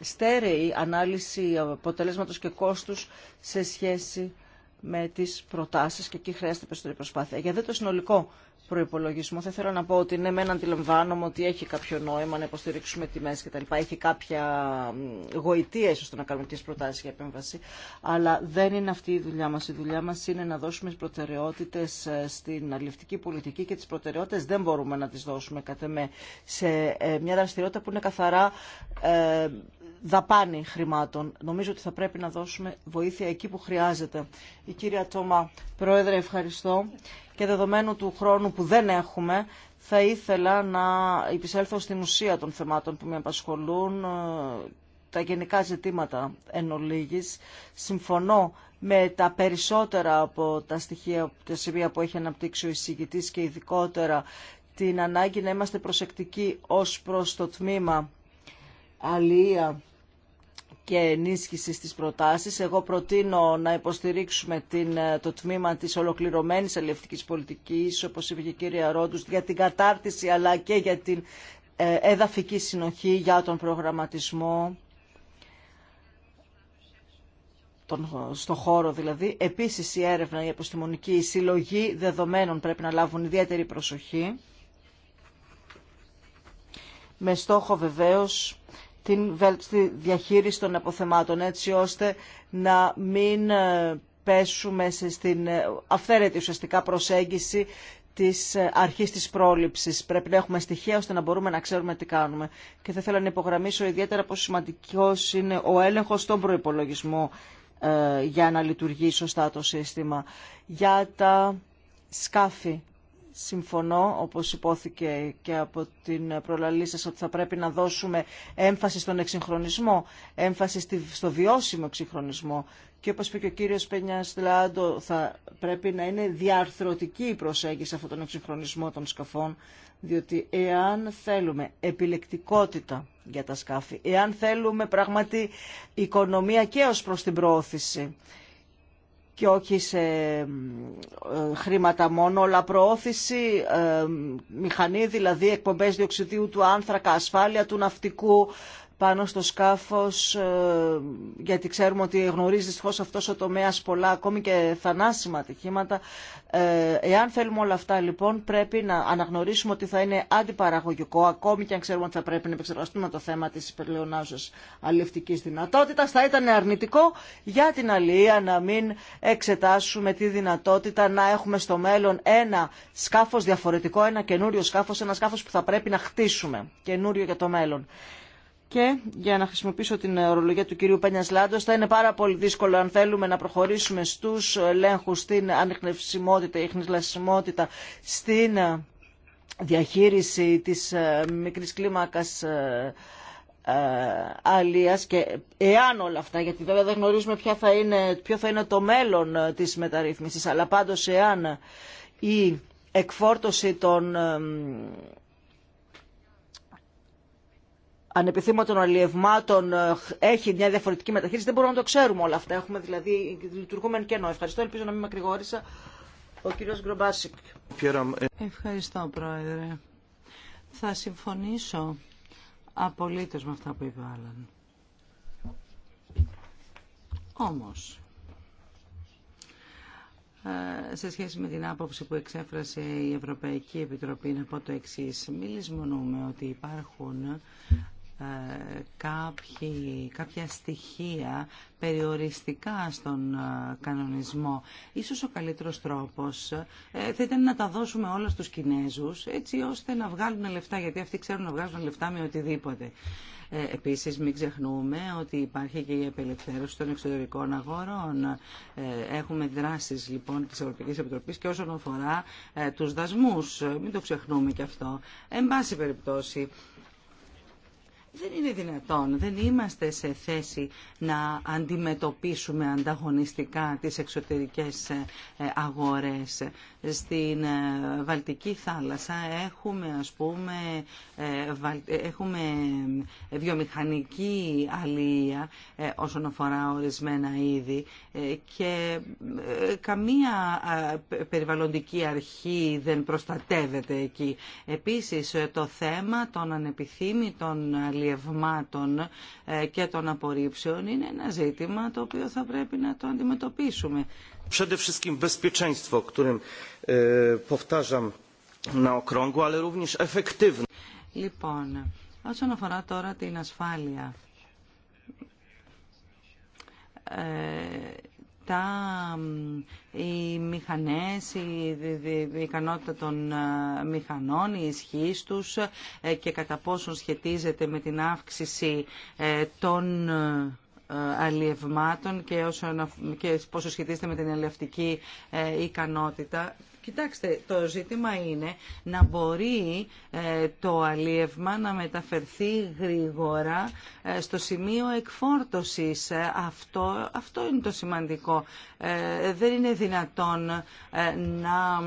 στέρεη ανάλυση αποτελέσματος και κόστους σε σχέση με τι προτάσει και εκεί χρειάζεται περισσότερη προσπάθεια. Για δε το συνολικό προπολογισμό. Θα ήθελα να πω ότι ναι, μεν αντιλαμβάνομαι ότι έχει κάποιο νόημα να υποστηρίξουμε τιμέ κτλ. Έχει κάποια γοητεία ίσω το να κάνουμε τέτοιε προτάσει για επέμβαση. Αλλά δεν είναι αυτή η δουλειά μα. Η δουλειά μα είναι να δώσουμε τι προτεραιότητε ε, στην αλληλευτική πολιτική και τι προτεραιότητε δεν μπορούμε να τι δώσουμε κατά με σε ε, μια δραστηριότητα που είναι καθαρά ε, δαπάνη χρημάτων. Νομίζω ότι θα πρέπει να δώσουμε βοήθεια εκεί που χρειάζεται. Η κυρία Τόμα, Πρόεδρε, ευχαριστώ. Και δεδομένου του χρόνου που δεν έχουμε, θα ήθελα να επισέλθω στην ουσία των θεμάτων που με απασχολούν, ε, τα γενικά ζητήματα εν Συμφωνώ με τα περισσότερα από τα στοιχεία, τα σημεία που έχει αναπτύξει ο εισηγητής και ειδικότερα την ανάγκη να είμαστε προσεκτικοί ως προς το τμήμα αλληλεία και ενίσχυση της προτάσεις. Εγώ προτείνω να υποστηρίξουμε την, ε, το τμήμα της ολοκληρωμένης ελευτικής πολιτικής, όπως είπε και η κυρία Ρόντους, για την κατάρτιση αλλά και για την ε, εδαφική συνοχή, για τον προγραμματισμό τον, στο χώρο δηλαδή. Επίσης η έρευνα, η επιστημονική, η συλλογή δεδομένων πρέπει να λάβουν ιδιαίτερη προσοχή. Με στόχο βεβαίως την διαχείριση των αποθεμάτων έτσι ώστε να μην ε, πέσουμε στην ε, αυθαίρετη ουσιαστικά προσέγγιση της ε, αρχής της πρόληψης. Πρέπει να έχουμε στοιχεία ώστε να μπορούμε να ξέρουμε τι κάνουμε. Και θα ήθελα να υπογραμμίσω ιδιαίτερα πόσο σημαντικός είναι ο έλεγχος στον προϋπολογισμό για να λειτουργεί σωστά το σύστημα. Για τα σκάφη συμφωνώ, όπως υπόθηκε και από την προλαλή σας, ότι θα πρέπει να δώσουμε έμφαση στον εξυγχρονισμό, έμφαση στο βιώσιμο εξυγχρονισμό. Και όπως είπε και ο κύριος Πενιάς Λάντο, θα πρέπει να είναι διαρθρωτική η προσέγγιση αυτόν τον εξυγχρονισμό των σκαφών, διότι εάν θέλουμε επιλεκτικότητα για τα σκάφη, εάν θέλουμε πράγματι οικονομία και ως προς την προώθηση, και όχι σε ε, χρήματα μόνο, αλλά προώθηση ε, μηχανή, δηλαδή εκπομπές διοξιδίου του άνθρακα, ασφάλεια του ναυτικού, πάνω στο σκάφος, ε, γιατί ξέρουμε ότι γνωρίζει δυστυχώς αυτός ο τομέας πολλά, ακόμη και θανάσιμα ατυχήματα. Ε, εάν θέλουμε όλα αυτά λοιπόν πρέπει να αναγνωρίσουμε ότι θα είναι αντιπαραγωγικό, ακόμη και αν ξέρουμε ότι θα πρέπει να επεξεργαστούμε το θέμα της υπερλεονάζως αλληλευτικής δυνατότητας. Θα ήταν αρνητικό για την αλληλεία να μην εξετάσουμε τη δυνατότητα να έχουμε στο μέλλον ένα σκάφος διαφορετικό, ένα καινούριο σκάφος, ένα σκάφος που θα πρέπει να χτίσουμε καινούριο για το μέλλον. Και για να χρησιμοποιήσω την ορολογία του κυρίου Πένιας Λάντος θα είναι πάρα πολύ δύσκολο αν θέλουμε να προχωρήσουμε στους ελέγχου στην ανιχνευσιμότητα, η χνηλασιμότητα, στην ε, διαχείριση της ε, μικρής κλίμακας ε, αλίας και εάν όλα αυτά, γιατί βέβαια δεν γνωρίζουμε θα είναι, ποιο θα είναι το μέλλον της μεταρρύθμισης, αλλά πάντως εάν η εκφόρτωση των ανεπιθύμητων αλλιευμάτων ε, έχει μια διαφορετική μεταχείριση. Δεν μπορούμε να το ξέρουμε όλα αυτά. Έχουμε δηλαδή λειτουργούμενο κενό. Ευχαριστώ. Ελπίζω να μην μακρηγόρησα. Ο κύριος Γκρομπάσικ. Ευχαριστώ, Πρόεδρε. Θα συμφωνήσω απολύτως με αυτά που είπε ο Όμως, ε, σε σχέση με την άποψη που εξέφρασε η Ευρωπαϊκή Επιτροπή να πω το εξής. Μην λησμονούμε ότι υπάρχουν ε, κάποια στοιχεία περιοριστικά στον ε, κανονισμό. Ίσως ο καλύτερος τρόπος ε, θα ήταν να τα δώσουμε όλα στους Κινέζους έτσι ώστε να βγάλουν λεφτά γιατί αυτοί ξέρουν να βγάζουν λεφτά με οτιδήποτε. Επίσης μην ξεχνούμε ότι υπάρχει και η απελευθέρωση των εξωτερικών αγορών. Έχουμε δράσεις λοιπόν της Ευρωπαϊκής Επιτροπής και όσον αφορά τους δασμούς. Μην το ξεχνούμε και αυτό. Εν πάση περιπτώσει δεν είναι δυνατόν, δεν είμαστε σε θέση να αντιμετωπίσουμε ανταγωνιστικά τις εξωτερικές ε, ε, αγορές. Στην ε, Βαλτική θάλασσα έχουμε, ας πούμε, ε, ε, έχουμε βιομηχανική αλία όσον αφορά ορισμένα είδη και καμία περιβαλλοντική αρχή δεν προστατεύεται εκεί. Επίσης το θέμα των ανεπιθύμητων αλλιευμάτων και των απορρίψεων είναι ένα ζήτημα το οποίο θα πρέπει να το αντιμετωπίσουμε przede wszystkim bezpieczeństwo o e, Λοιπόν, όσον αφορά τώρα την ασφάλεια, ε, τα, οι μηχανές, η, ικανότητα των ε, μηχανών, η ισχύ τους ε, και κατά πόσον σχετίζεται με την αύξηση των αλλιευμάτων και, όσο, και πόσο σχετίζεται με την ελευτική ε, ικανότητα Κοιτάξτε, το ζήτημα είναι να μπορεί ε, το αλίευμα να μεταφερθεί γρήγορα ε, στο σημείο εκφόρτωσης. Ε, αυτό, αυτό είναι το σημαντικό. Δεν είναι δυνατόν να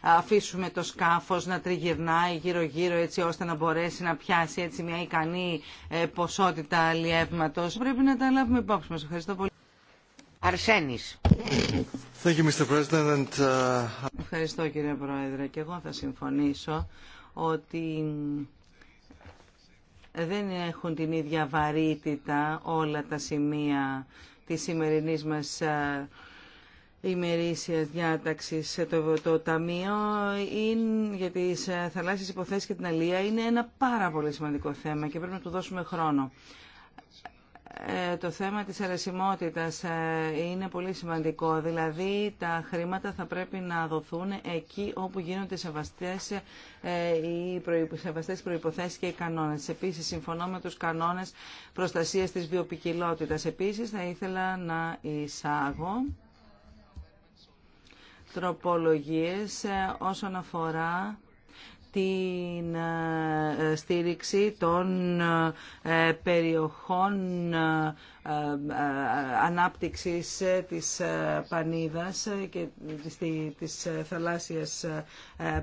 αφήσουμε το σκάφος να τριγυρνάει γύρω-γύρω έτσι ώστε να μπορέσει να πιάσει έτσι μια ικανή ποσότητα αλίευματος. Πρέπει να τα λάβουμε υπόψη μας. Ευχαριστώ πολύ. Αρσένης. Uh, Ευχαριστώ κύριε Πρόεδρε και εγώ θα συμφωνήσω ότι δεν έχουν την ίδια βαρύτητα όλα τα σημεία της σημερινής μας ε, ημερήσια διάταξη το, το Ταμείο για τι ε, θαλάσσιες υποθέσεις και την Αλία είναι ένα πάρα πολύ σημαντικό θέμα και πρέπει να του δώσουμε χρόνο. Ε, το θέμα της αρεσιμότητας ε, είναι πολύ σημαντικό. Δηλαδή τα χρήματα θα πρέπει να δοθούν εκεί όπου γίνονται σεβαστές ε, οι σεβαστές προϋποθέσεις και οι κανόνες. Επίσης, συμφωνώ με τους κανόνες προστασίας της βιοπικιλότητας. Επίσης, θα ήθελα να εισάγω τροπολογίες όσον αφορά την ε, ε, στήριξη των ε, περιοχών ανάπτυξης της Πανίδας και της θαλάσσιας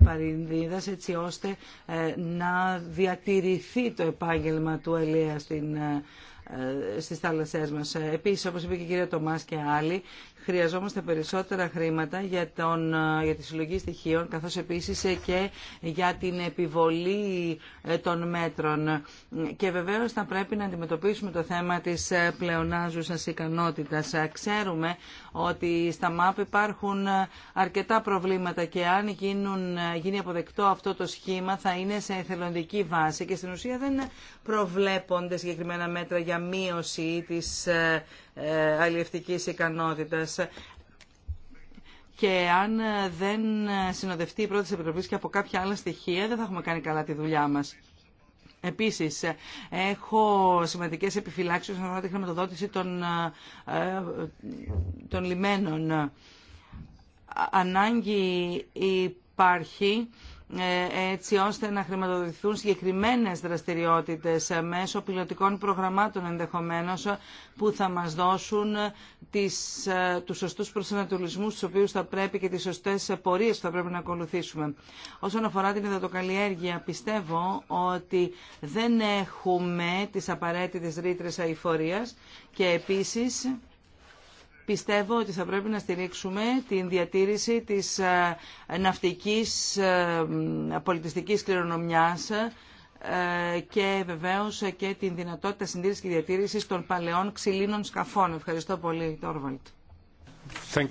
Παρινδίδας έτσι ώστε να διατηρηθεί το επάγγελμα του Ελέα στην ε, στις θάλασσές μας. Ε, επίσης, όπως είπε και η κυρία Τομάς και άλλοι, χρειαζόμαστε περισσότερα χρήματα για, τον, ε, για τη συλλογή στοιχείων, καθώς επίσης και για την επιβολή των μέτρων. Και βεβαίως θα πρέπει να αντιμετωπίσουμε το θέμα της πλεονάζουσας ικανότητας. Ξέρουμε ότι στα ΜΑΠ υπάρχουν αρκετά προβλήματα και αν γίνουν, γίνει αποδεκτό αυτό το σχήμα θα είναι σε εθελοντική βάση και στην ουσία δεν προβλέπονται συγκεκριμένα μέτρα για για μείωση της ε, ε, αλλιευτικής ικανότητας. Και αν ε, δεν συνοδευτεί η πρώτη επιτροπή και από κάποια άλλα στοιχεία, δεν θα έχουμε κάνει καλά τη δουλειά μας. Επίσης, έχω σημαντικές επιφυλάξεις όσον αφορά τη χρηματοδότηση των, των λιμένων. Ανάγκη υπάρχει ε, έτσι ώστε να χρηματοδοτηθούν συγκεκριμένες δραστηριότητες ε, μέσω πιλωτικών προγραμμάτων ενδεχομένως ε, που θα μας δώσουν τις, τους σωστούς προσανατολισμούς τους οποίους θα πρέπει και τις σωστές πορείες που θα πρέπει να ακολουθήσουμε. Όσον αφορά την υδατοκαλλιέργεια πιστεύω ότι δεν έχουμε τις απαραίτητες ρήτρες αηφορίας και επίσης πιστεύω ότι θα πρέπει να στηρίξουμε την διατήρηση της ε, ναυτικής ε, πολιτιστικής κληρονομιάς ε, και βεβαίως και την δυνατότητα συντήρησης και διατήρησης των παλαιών ξυλίνων σκαφών. Ευχαριστώ πολύ, Τόρβαλτ. Thank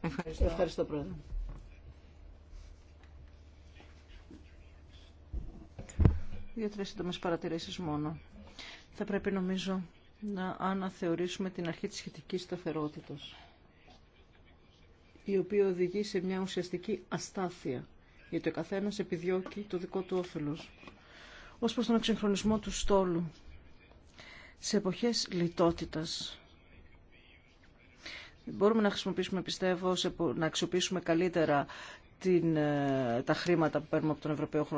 Ευχαριστώ. Ευχαριστώ, Πρόεδρε. Δύο-τρεις σύντομες παρατηρήσεις μόνο. Θα πρέπει νομίζω να αναθεωρήσουμε την αρχή της σχετικής σταθερότητας, η οποία οδηγεί σε μια ουσιαστική αστάθεια, γιατί ο καθένας επιδιώκει το δικό του όφελος, ως προς τον εξυγχρονισμό του στόλου. Σε εποχές λιτότητας, μπορούμε να χρησιμοποιήσουμε, πιστεύω, να αξιοποιήσουμε καλύτερα την, ε, τα χρήματα που παίρνουμε από τον Ευρωπαίο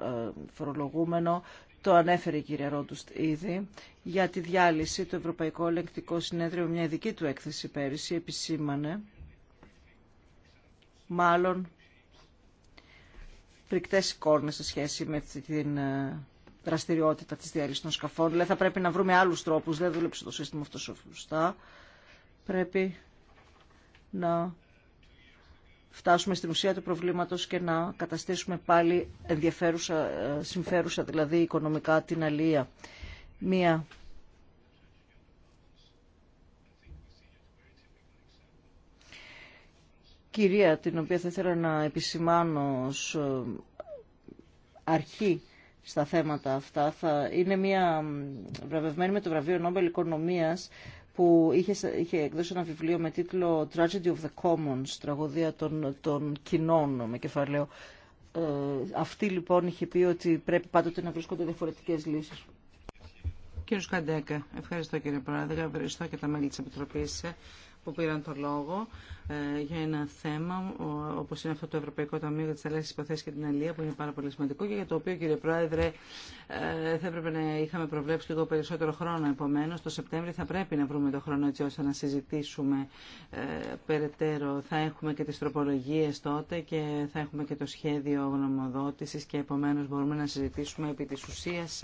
ε, Φορολογούμενο το ανέφερε η κυρία Ρόντουστ ήδη, για τη διάλυση του Ευρωπαϊκό Ελεγκτικό Συνέδριο, μια ειδική του έκθεση πέρυσι, επισήμανε μάλλον πρικτές εικόνες σε σχέση με την ε, δραστηριότητα της διάλυσης των σκαφών. Λέει θα πρέπει να βρούμε άλλους τρόπους, δεν δούλεψε το σύστημα αυτό σωστά. Πρέπει να φτάσουμε στην ουσία του προβλήματος και να καταστήσουμε πάλι ενδιαφέρουσα, ε, συμφέρουσα δηλαδή οικονομικά την αλληλεία. μια ε, βραβευμένη με το βραβείο Νόμπελ Οικονομίας που είχε, είχε εκδώσει ένα βιβλίο με τίτλο Tragedy of the Commons, τραγωδία των, των κοινών με κεφαλαίο. Ε, αυτή λοιπόν είχε πει ότι πρέπει πάντοτε να βρίσκονται διαφορετικές λύσεις. Κύριο Καντέκα, ευχαριστώ κύριε Πρόεδρε, ευχαριστώ και τα μέλη της Επιτροπής ε, που πήραν το λόγο ε, για ένα θέμα όπως είναι αυτό το Ευρωπαϊκό Ταμείο για τις Αλλαγές Υποθέσεις και την Αλία που είναι πάρα πολύ σημαντικό και για το οποίο κύριε Πρόεδρε ε, θα έπρεπε να είχαμε προβλέψει λίγο περισσότερο χρόνο επομένως το Σεπτέμβριο θα πρέπει να βρούμε το χρόνο έτσι ώστε να συζητήσουμε ε, περαιτέρω θα έχουμε και τις τροπολογίες τότε και θα έχουμε και το σχέδιο γνωμοδότησης και επομένως μπορούμε να συζητήσουμε επί της ουσίας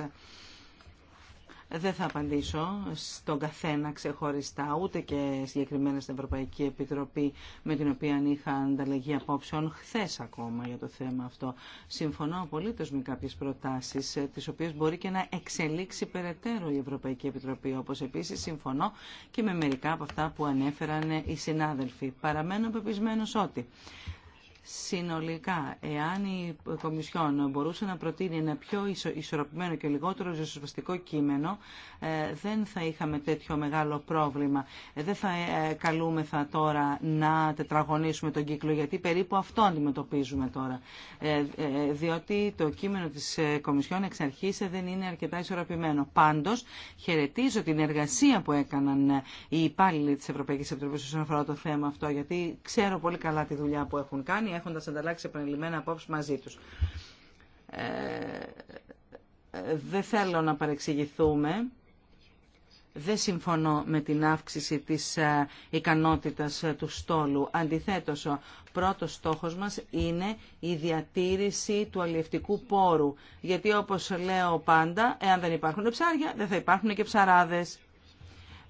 δεν θα απαντήσω στον καθένα ξεχωριστά, ούτε και συγκεκριμένα στην Ευρωπαϊκή Επιτροπή με την οποία είχα ανταλλαγή απόψεων χθε ακόμα για το θέμα αυτό. Συμφωνώ απολύτω με κάποιε προτάσει, ε, τι οποίε μπορεί και να εξελίξει περαιτέρω η Ευρωπαϊκή Επιτροπή. Όπω επίση συμφωνώ και με μερικά από αυτά που ανέφεραν ε, οι συνάδελφοι. Παραμένω πεπισμένο ότι Συνολικά, εάν η Κομισιόν μπορούσε να προτείνει ένα πιο ισορροπημένο και λιγότερο ζωσπαστικό κείμενο, ε, δεν θα είχαμε τέτοιο μεγάλο πρόβλημα. Ε, δεν θα ε, καλούμεθα τώρα να τετραγωνίσουμε τον κύκλο, γιατί περίπου αυτό αντιμετωπίζουμε τώρα. Διότι το κείμενο της Κομισιόν εξ αρχής δεν είναι αρκετά ισορροπημένο. Πάντως, χαιρετίζω την εργασία που έκαναν οι υπάλληλοι της Ευρωπαϊκής Επιτροπής όσον αφορά το θέμα αυτό, γιατί ξέρω πολύ καλά τη δουλειά που έχουν κάνει Έχοντα έχοντας ανταλλάξει επανειλημμένα απόψη μαζί τους. Ε, δεν θέλω να παρεξηγηθούμε. Δεν συμφωνώ με την αύξηση της ε, ικανότητας ε, του στόλου. Αντιθέτως, ο πρώτος στόχος μας είναι η διατήρηση του αλλιευτικού πόρου. Γιατί όπως λέω πάντα, εάν δεν υπάρχουν ψάρια, δεν θα υπάρχουν και ψαράδες.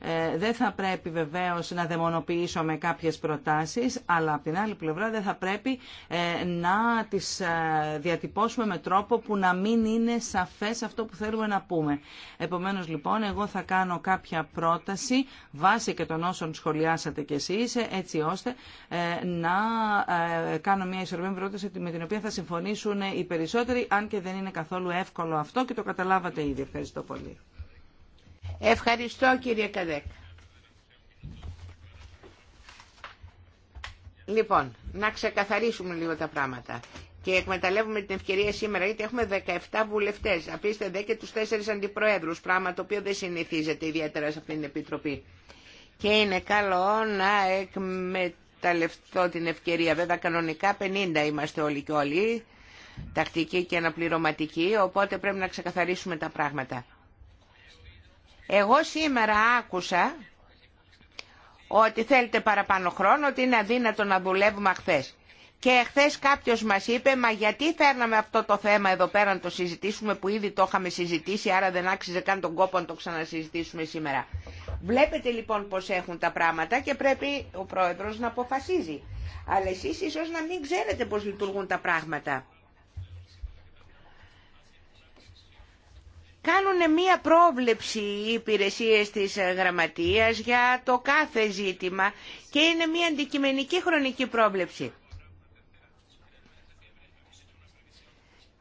Ε, δεν θα πρέπει βεβαίως να με κάποιες προτάσεις, αλλά από την άλλη πλευρά δεν θα πρέπει ε, να τις ε, διατυπώσουμε με τρόπο που να μην είναι σαφές αυτό που θέλουμε να πούμε. Επομένως λοιπόν εγώ θα κάνω κάποια πρόταση βάσει και των όσων σχολιάσατε κι εσείς έτσι ώστε να κάνω μια ισορροπημένη πρόταση με την οποία θα συμφωνήσουν οι περισσότεροι αν και δεν είναι καθόλου εύκολο αυτό και το καταλάβατε ήδη. Ευχαριστώ πολύ. Ευχαριστώ κύριε Καδέκ. Λοιπόν, να ξεκαθαρίσουμε λίγο τα πράγματα. Και εκμεταλλεύουμε την ευκαιρία σήμερα, γιατί έχουμε 17 βουλευτέ. Αφήστε δε και του 4 αντιπροέδρου, πράγμα το οποίο δεν συνηθίζεται ιδιαίτερα σε αυτήν την επιτροπή. Και είναι καλό να εκμεταλλευτώ την ευκαιρία. Βέβαια, κανονικά 50 είμαστε όλοι και όλοι, τακτικοί και αναπληρωματικοί, οπότε πρέπει να ξεκαθαρίσουμε τα πράγματα. Εγώ σήμερα άκουσα ότι θέλετε παραπάνω χρόνο, ότι είναι αδύνατο να δουλεύουμε χθε. Και χθε κάποιο μα είπε, μα γιατί φέρναμε αυτό το θέμα εδώ πέρα να το συζητήσουμε που ήδη το είχαμε συζητήσει, άρα δεν άξιζε καν τον κόπο να το ξανασυζητήσουμε σήμερα. Βλέπετε λοιπόν πώ έχουν τα πράγματα και πρέπει ο πρόεδρο να αποφασίζει. Αλλά εσεί ίσω να μην ξέρετε πώ λειτουργούν τα πράγματα. κάνουν μία πρόβλεψη οι υπηρεσίες της ε, γραμματείας για το κάθε ζήτημα και είναι μία αντικειμενική χρονική πρόβλεψη.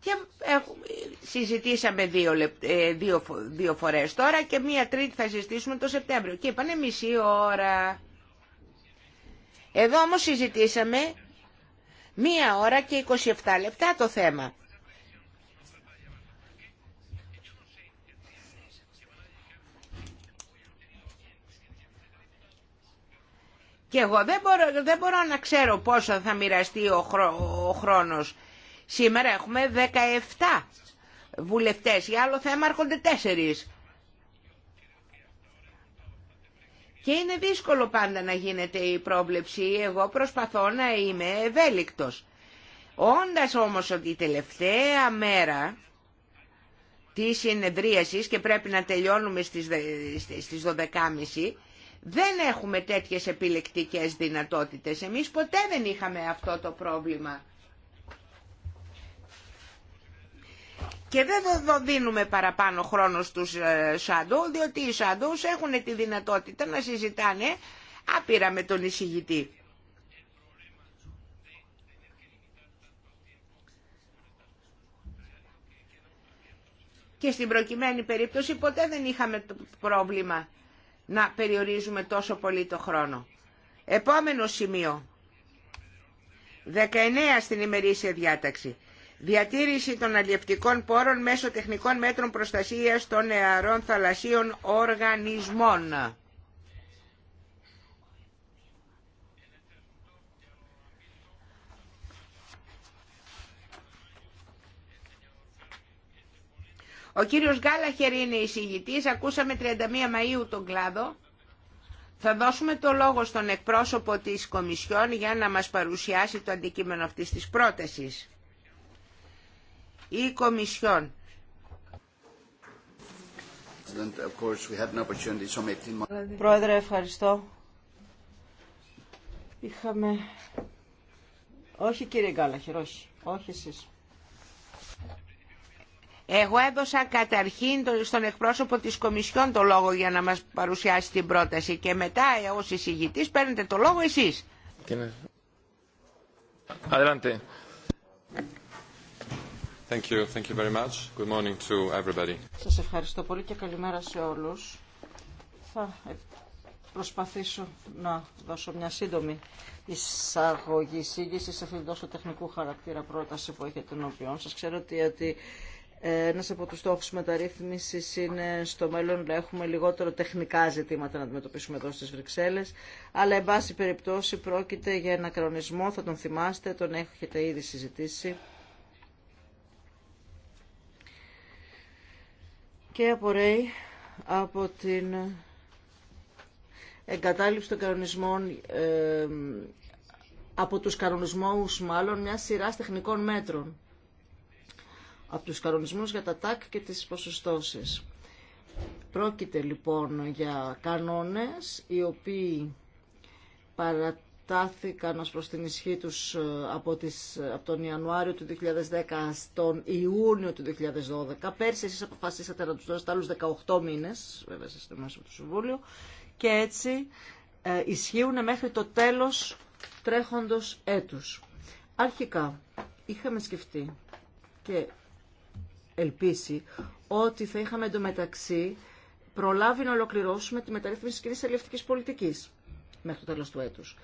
Και ε, συζητήσαμε δύο, ε, δύο, δύο φορές τώρα και μία τρίτη θα συζητήσουμε το Σεπτέμβριο. Και είπανε μισή ώρα. Εδώ όμως συζητήσαμε μία ώρα και 27 λεπτά το θέμα. Και εγώ δεν μπορώ, δεν να ξέρω πόσο θα μοιραστεί ο, χρό, χρόνος. Σήμερα έχουμε 17 βουλευτές, για άλλο θέμα έρχονται 4. Και είναι δύσκολο πάντα να γίνεται η πρόβλεψη, εγώ προσπαθώ να είμαι ευέλικτος. Όντας όμως ότι η τελευταία μέρα της συνεδρίασης και πρέπει να τελειώνουμε στις 12.30 δεν έχουμε τέτοιες επιλεκτικές δυνατότητες. Εμείς ποτέ δεν είχαμε αυτό το πρόβλημα. Και δεν δίνουμε παραπάνω χρόνο στους ε, Σάντου, διότι οι σαντού έχουν τη δυνατότητα να συζητάνε άπειρα με τον εισηγητή. Και στην προκειμένη περίπτωση ποτέ δεν είχαμε το πρόβλημα να περιορίζουμε τόσο πολύ το χρόνο. Επόμενο σημείο. 19 στην ημερήσια διάταξη. Διατήρηση των αλλιευτικών πόρων μέσω τεχνικών μέτρων προστασίας των νεαρών θαλασσίων οργανισμών. Ο κύριος Γκάλαχερ είναι εισηγητής, ακούσαμε 31 Μαΐου τον κλάδο. Θα δώσουμε το λόγο στον εκπρόσωπο της Κομισιόν για να μας παρουσιάσει το αντικείμενο αυτής της πρότασης. Η Κομισιόν. Πρόεδρε, ευχαριστώ. Είχαμε... Όχι κύριε Γκάλαχερ, όχι. Όχι εσείς. Εγώ έδωσα καταρχήν στον εκπρόσωπο της Κομισιόν το λόγο για να μας παρουσιάσει την πρόταση και μετά ε, ως εισηγητής παίρνετε το λόγο εσείς. Adelante. Σας ευχαριστώ πολύ και καλημέρα σε όλους. Θα προσπαθήσω να δώσω μια σύντομη εισαγωγή, σύγκριση σε αυτήν τόσο τεχνικού χαρακτήρα πρόταση που έχετε ενώπιόν σας. Ξέρω ότι ένας από τους στόχους μεταρρύθμισης είναι στο μέλλον να έχουμε λιγότερο τεχνικά ζητήματα να αντιμετωπίσουμε εδώ στις Βρυξέλλες, αλλά εν πάση περιπτώσει πρόκειται για ένα κανονισμό, θα τον θυμάστε, τον έχετε ήδη συζητήσει. Και απορρέει από την εγκατάλειψη των κανονισμών, ε, από τους κανονισμούς μάλλον, μια σειρά τεχνικών μέτρων από τους κανονισμούς για τα τάκ και τις ποσοστώσεις. Πρόκειται λοιπόν για κανόνες οι οποίοι παρατάθηκαν ως προς την ισχύ τους ε, από, τις, από τον Ιανουάριο του 2010 στον Ιούνιο του 2012. Πέρσι εσείς αποφασίσατε να τους δώσετε άλλους 18 μήνες, βέβαια σας είστε μέσα από το Συμβούλιο, και έτσι ε, ισχύουν μέχρι το τέλος τρέχοντος έτους. Αρχικά είχαμε σκεφτεί και ελπίσει ότι θα είχαμε εντωμεταξύ προλάβει να ολοκληρώσουμε τη μεταρρύθμιση τη κοινή ελευθερικής πολιτικής μέχρι το τέλος του έτους.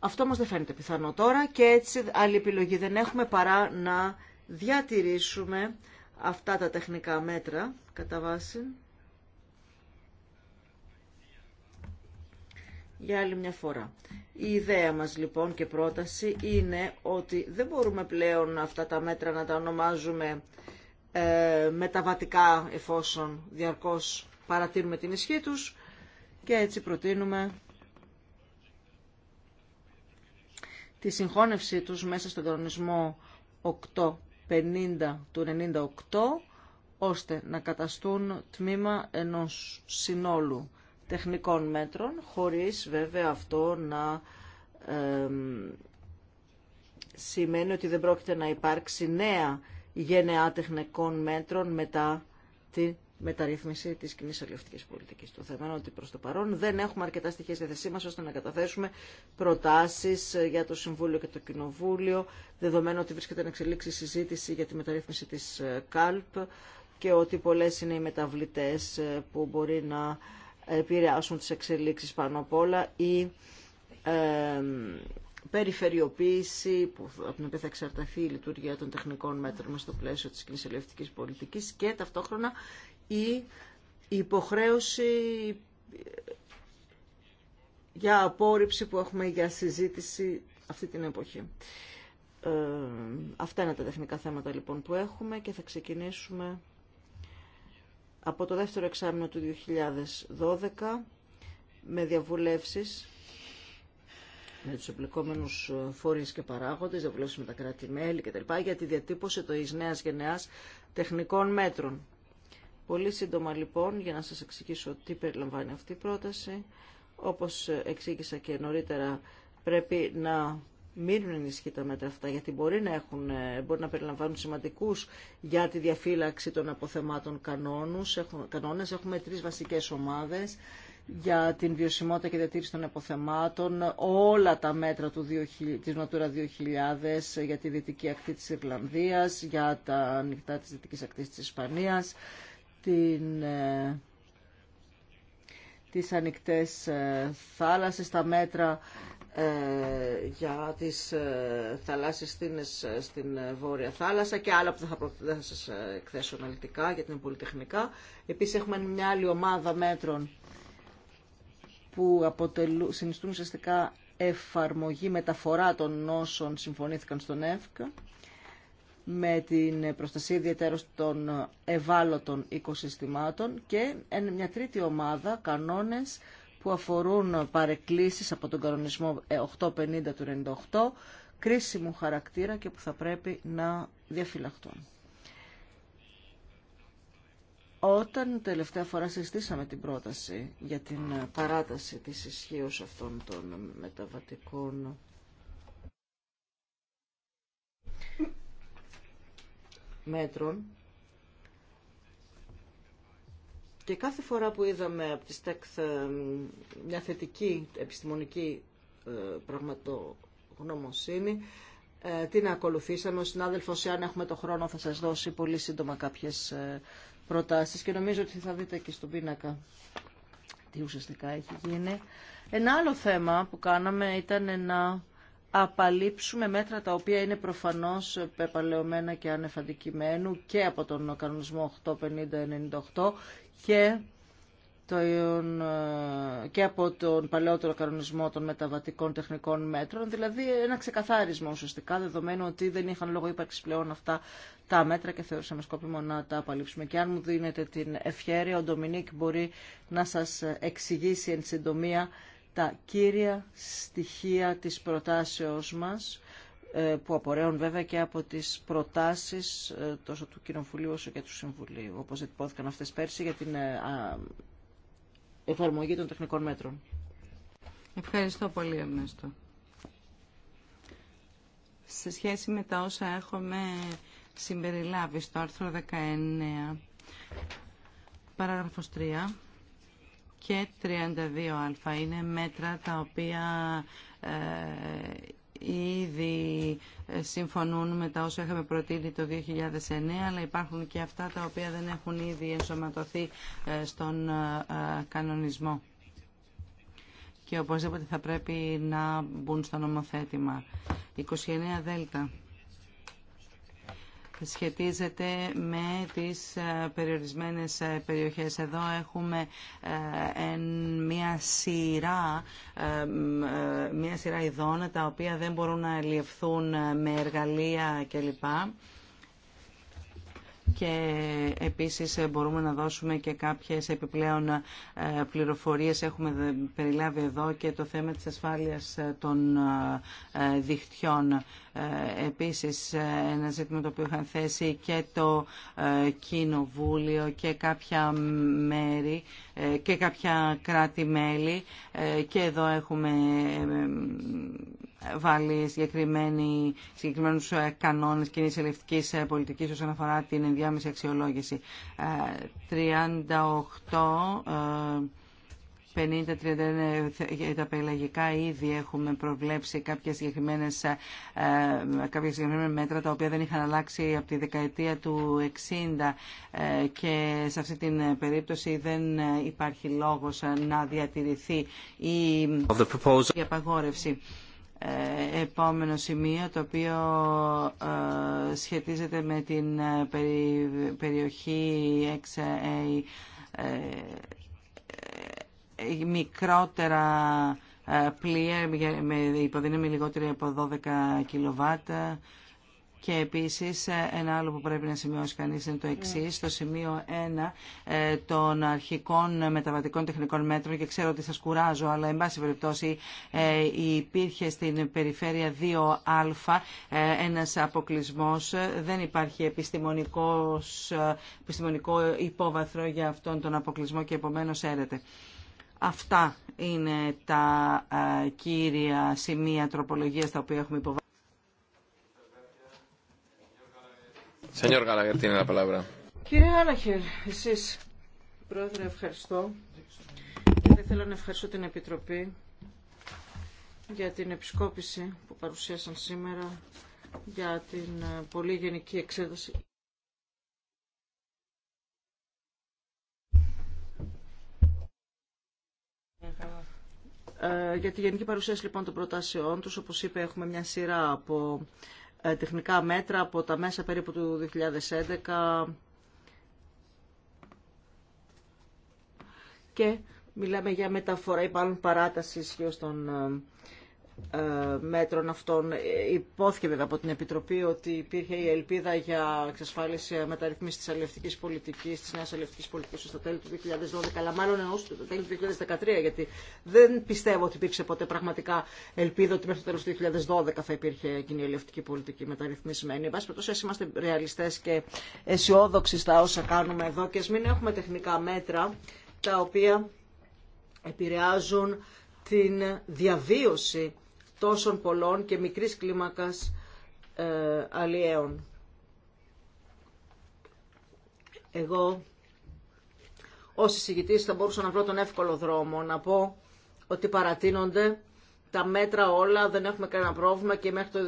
Αυτό όμως δεν φαίνεται πιθανό τώρα και έτσι άλλη επιλογή δεν έχουμε παρά να διατηρήσουμε αυτά τα τεχνικά μέτρα κατά βάση. Για άλλη μια φορά. Η ιδέα μας λοιπόν και πρόταση είναι ότι δεν μπορούμε πλέον αυτά τα μέτρα να τα ονομάζουμε ε, μεταβατικά εφόσον διαρκώς παρατηρούμε την ισχύ τους και έτσι προτείνουμε τη συγχώνευσή τους μέσα στον κανονισμό 850 του 98 ώστε να καταστούν τμήμα ενός συνόλου τεχνικών μέτρων χωρίς βέβαια αυτό να σημαίνει ότι δεν πρόκειται να υπάρξει νέα γενεά τεχνικών μέτρων μετά τη μεταρρύθμιση τη κοινή αλληλευτική πολιτική. Το θέμα είναι ότι προ το παρόν δεν έχουμε αρκετά στοιχεία στη θέση μα ώστε να καταθέσουμε προτάσει για το Συμβούλιο και το Κοινοβούλιο, δεδομένου ότι βρίσκεται να εξελίξει η συζήτηση για τη μεταρρύθμιση τη ε, ΚΑΛΠ και ότι πολλέ είναι οι μεταβλητέ ε, που μπορεί να επηρεάσουν τι εξελίξει πάνω απ' όλα ή ε, περιφερειοποίηση που, από την οποία θα εξαρταθεί η λειτουργία των τεχνικών μέτρων μας στο πλαίσιο της κοινής πολιτικής και ταυτόχρονα η υποχρέωση για απόρριψη που έχουμε για συζήτηση αυτή την εποχή. Ε, αυτά είναι τα τεχνικά θέματα λοιπόν που έχουμε και θα ξεκινήσουμε από το δεύτερο εξάμεινο του 2012 με διαβουλεύσεις με τους εμπλεκόμενους ε, φορεί και παράγοντες, διαβουλεύσεις με τα κράτη-μέλη κτλ. για τη διατύπωση το εις νέας γενεάς τεχνικών μέτρων. Πολύ σύντομα λοιπόν, για να σας εξηγήσω τι περιλαμβάνει αυτή η πρόταση, όπως ε, εξήγησα και νωρίτερα, πρέπει να μείνουν ενισχύ τα μέτρα αυτά, γιατί μπορεί να, έχουν, ε, μπορεί να περιλαμβάνουν σημαντικούς για τη διαφύλαξη των αποθεμάτων κανόνους, έχουν, κανόνες. Έχουμε τρεις βασικές ομάδες για την βιωσιμότητα και διατήρηση των αποθεμάτων, όλα τα μέτρα του 2000, της Natura 2000 για τη δυτική ακτή της Ιρλανδίας, για τα ανοιχτά της δυτικής ακτής της Ισπανίας, την, ε, τις ανοιχτές ε, θάλασσες, τα μέτρα ε, για τις ε, θαλάσσιες στήνες ε, στην ε, Βόρεια Θάλασσα και άλλα που δεν θα, προ... θα σας εκθέσω αναλυτικά γιατί είναι πολυτεχνικά. Επίσης έχουμε μια άλλη ομάδα μέτρων που συνιστούν ουσιαστικά εφαρμογή μεταφορά των όσων συμφωνήθηκαν στον ΕΦΚ με την προστασία ιδιαιτέρως των ευάλωτων οικοσυστημάτων και μια τρίτη ομάδα κανόνες που αφορούν παρεκκλήσεις από τον κανονισμό 850 ε, του 98 κρίσιμου χαρακτήρα και που θα πρέπει να διαφυλαχτούν. Όταν τελευταία φορά συστήσαμε την πρόταση για την παράταση της ισχύω αυτών των μεταβατικών μέτρων και κάθε φορά που είδαμε από τη ΣΤΕΚΘ μια θετική επιστημονική ε, πραγματογνωμοσύνη ε, την ακολουθήσαμε. Ο συνάδελφος, εάν έχουμε το χρόνο, θα σας δώσει πολύ σύντομα κάποιες ε, προτάσεις και νομίζω ότι θα δείτε και στον πίνακα τι ουσιαστικά έχει γίνει. Ένα άλλο θέμα που κάναμε ήταν να απαλείψουμε μέτρα τα οποία είναι προφανώς πεπαλαιωμένα και ανεφαντικημένου και από τον κανονισμό 850-98 και ε, και από τον παλαιότερο κανονισμό των μεταβατικών τεχνικών μέτρων, δηλαδή ένα ξεκαθάρισμα ουσιαστικά, δεδομένου ότι δεν είχαν λόγο ύπαρξη πλέον αυτά τα μέτρα και θεωρούσαμε σκόπιμο να τα απαλείψουμε. Και αν μου δίνετε την ευχαίρεια, ο Ντομινίκ μπορεί να σας εξηγήσει εν συντομία τα κύρια στοιχεία της προτάσεώς μας, ε, που απορρέουν βέβαια και από τις προτάσεις ε, τόσο του Κοινοβουλίου όσο και του Συμβουλίου, όπως διατυπώθηκαν αυτές πέρσι για την εφαρμογή των τεχνικών μέτρων. Ευχαριστώ πολύ, Ευνέστο. Σε σχέση με τα όσα έχουμε συμπεριλάβει στο άρθρο 19, παράγραφος 3 και 32α είναι μέτρα τα οποία ε, ήδη ε, συμφωνούν με τα όσα είχαμε προτείνει το 2009, αλλά υπάρχουν και αυτά τα οποία δεν έχουν ήδη ενσωματωθεί ε, στον ε, κανονισμό και οπωσδήποτε θα πρέπει να μπουν στο νομοθέτημα. 29 Δέλτα σχετίζεται με τις ε, περιορισμένες ε, περιοχές. Εδώ έχουμε ε, μια σειρά, μια σειρά ειδών τα οποία δεν μπορούν να ελιευθούν με εργαλεία κλπ και επίσης μπορούμε να δώσουμε και κάποιες επιπλέον πληροφορίες. Έχουμε περιλάβει εδώ και το θέμα της ασφάλειας των δικτυών. Ε, επίσης ένα ζήτημα το οποίο είχαν θέσει και το ε, Κοινοβούλιο και κάποια μέρη ε, και κάποια κράτη-μέλη και εδώ έχουμε βάλει συγκεκριμένους κανόνες κοινής ελευθερικής πολιτικής όσον αφορά την ενδιάμεση αξιολόγηση. 38 50-39 τα πελαγικά ήδη έχουμε προβλέψει ε, κάποια, συγκεκριμένα μέτρα τα οποία δεν είχαν αλλάξει από τη δεκαετία του 60 ε, και σε αυτή την περίπτωση δεν υπάρχει λόγος να διατηρηθεί η, απαγόρευση. Ε, επόμενο σημείο το οποίο σχετίζεται με την περιοχή XA μικρότερα ε, πλοία με υποδύναμη λιγότερη από 12 κιλοβάτα και επίσης ε, ένα άλλο που πρέπει να σημειώσει κανείς είναι το εξή, στο σημείο 1 ε, των αρχικών μεταβατικών τεχνικών μέτρων και ξέρω ότι σας κουράζω αλλά εν πάση περιπτώσει υπήρχε στην περιφέρεια 2α ένας αποκλεισμός δεν υπάρχει επιστημονικός, επιστημονικό υπόβαθρο για αυτόν τον αποκλεισμό και επομένως έρεται. Αυτά είναι τα ε, κύρια σημεία τροπολογίας τα οποία έχουμε υποβάλει. Κύριε Γάλαχερ, εσείς, Πρόεδρε, ευχαριστώ. Και θέλω να ευχαριστώ την Επιτροπή για την επισκόπηση που παρουσίασαν σήμερα για την ε, πολύ γενική εξέδωση Ε, για τη γενική παρουσίαση λοιπόν των προτάσεών τους, όπως είπε, έχουμε μια σειρά από ε, τεχνικά μέτρα από τα μέσα περίπου του 2011 και μιλάμε για μεταφορά ή παράταση ισχύω των ε, μέτρων αυτών. Ε, υπόθηκε βέβαια από την Επιτροπή ότι υπήρχε η ελπίδα για εξασφάλιση ε, μεταρρυθμίσης της αλληλευτικής πολιτικής της νέα αλληλευτική πολιτική στο τέλο του 2012, αλλά μάλλον έως το τέλο του 2013, γιατί δεν πιστεύω ότι υπήρξε ποτέ πραγματικά ελπίδα ότι μέχρι το τέλος του 2012 θα υπήρχε κοινή αλληλευτική πολιτική μεταρρυθμισμένη. Εν πάση είμαστε ρεαλιστές και αισιόδοξοι στα όσα κάνουμε εδώ και α μην έχουμε τεχνικά μέτρα τα οποία επηρεάζουν την διαβίωση τόσων πολλών και μικρής κλίμακας ε, αλλιέων. Εγώ ως εισηγητής θα μπορούσα να βρω τον εύκολο δρόμο να πω ότι παρατείνονται τα μέτρα όλα, δεν έχουμε κανένα πρόβλημα και μέχρι το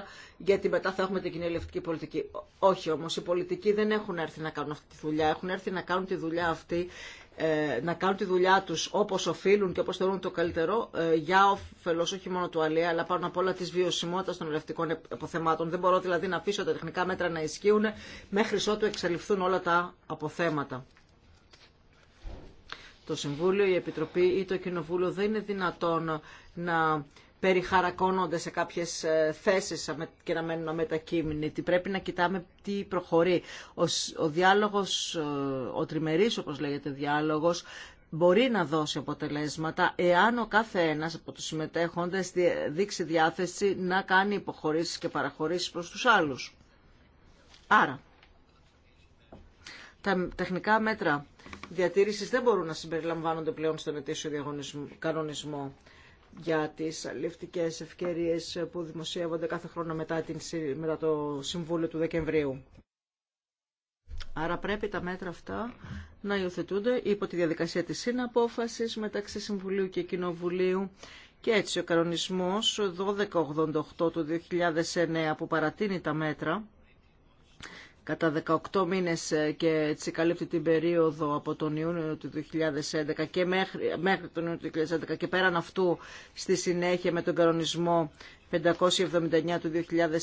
2014 γιατί μετά θα έχουμε την κοινή ελευτική πολιτική. Όχι όμως, οι πολιτικοί δεν έχουν έρθει να κάνουν αυτή τη δουλειά, έχουν έρθει να κάνουν τη δουλειά αυτή ε, να κάνουν τη δουλειά τους όπως οφείλουν και όπως θεωρούν το καλύτερο ε, για όφελος όχι μόνο του ΑΛΕΑ αλλά πάνω από όλα της βιωσιμότητας των ελευτικών αποθεμάτων. Δεν μπορώ δηλαδή να αφήσω τα τεχνικά μέτρα να ισχύουν μέχρι ότου εξαλειφθούν όλα τα αποθέματα. Το Συμβούλιο, η Επιτροπή ή το Κοινοβούλιο δεν είναι δυνατόν να περιχαρακώνονται σε κάποιες ε, θέσεις και να μένουν Τι Πρέπει να κοιτάμε τι προχωρεί. Ο διάλογος, ε, ο τριμερής όπως λέγεται διάλογος, μπορεί να δώσει αποτελέσματα εάν ο κάθε ένας από τους συμμετέχοντες δείξει διάθεση να κάνει υποχωρήσεις και παραχωρήσεις προς τους άλλους. Άρα, τα τεχνικά μέτρα διατήρησης δεν μπορούν να συμπεριλαμβάνονται πλέον στον ετήσιο κανονισμό για τις αλληλευτικές ευκαιρίες που δημοσιεύονται κάθε χρόνο μετά, την, μετά το Συμβούλιο του Δεκεμβρίου. Άρα πρέπει τα μέτρα αυτά να υιοθετούνται υπό τη διαδικασία της συναπόφασης μεταξύ Συμβουλίου και Κοινοβουλίου και έτσι ο κανονισμός 1288 του 2009 που παρατείνει τα μέτρα κατά 18 μήνες ε, και έτσι καλύπτει την περίοδο από τον Ιούνιο του 2011 και μέχρι, μέχρι τον Ιούνιο του 2011 και πέραν αυτού στη συνέχεια με τον κανονισμό 579 του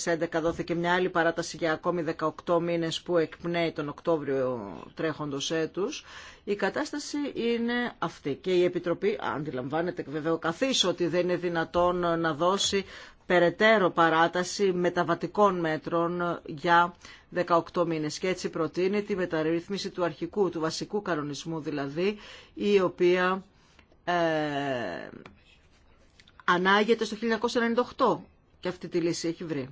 2011 δόθηκε μια άλλη παράταση για ακόμη 18 μήνες που εκπνέει τον Οκτώβριο τρέχοντος έτους. Η κατάσταση είναι αυτή και η Επιτροπή αντιλαμβάνεται βεβαίω καθής ότι δεν είναι δυνατόν να δώσει περαιτέρω παράταση μεταβατικών μέτρων για 18 μήνες. Και έτσι προτείνει τη μεταρρύθμιση του αρχικού, του βασικού κανονισμού δηλαδή, η οποία ε, ανάγεται στο 1998 και αυτή τη λύση έχει βρει.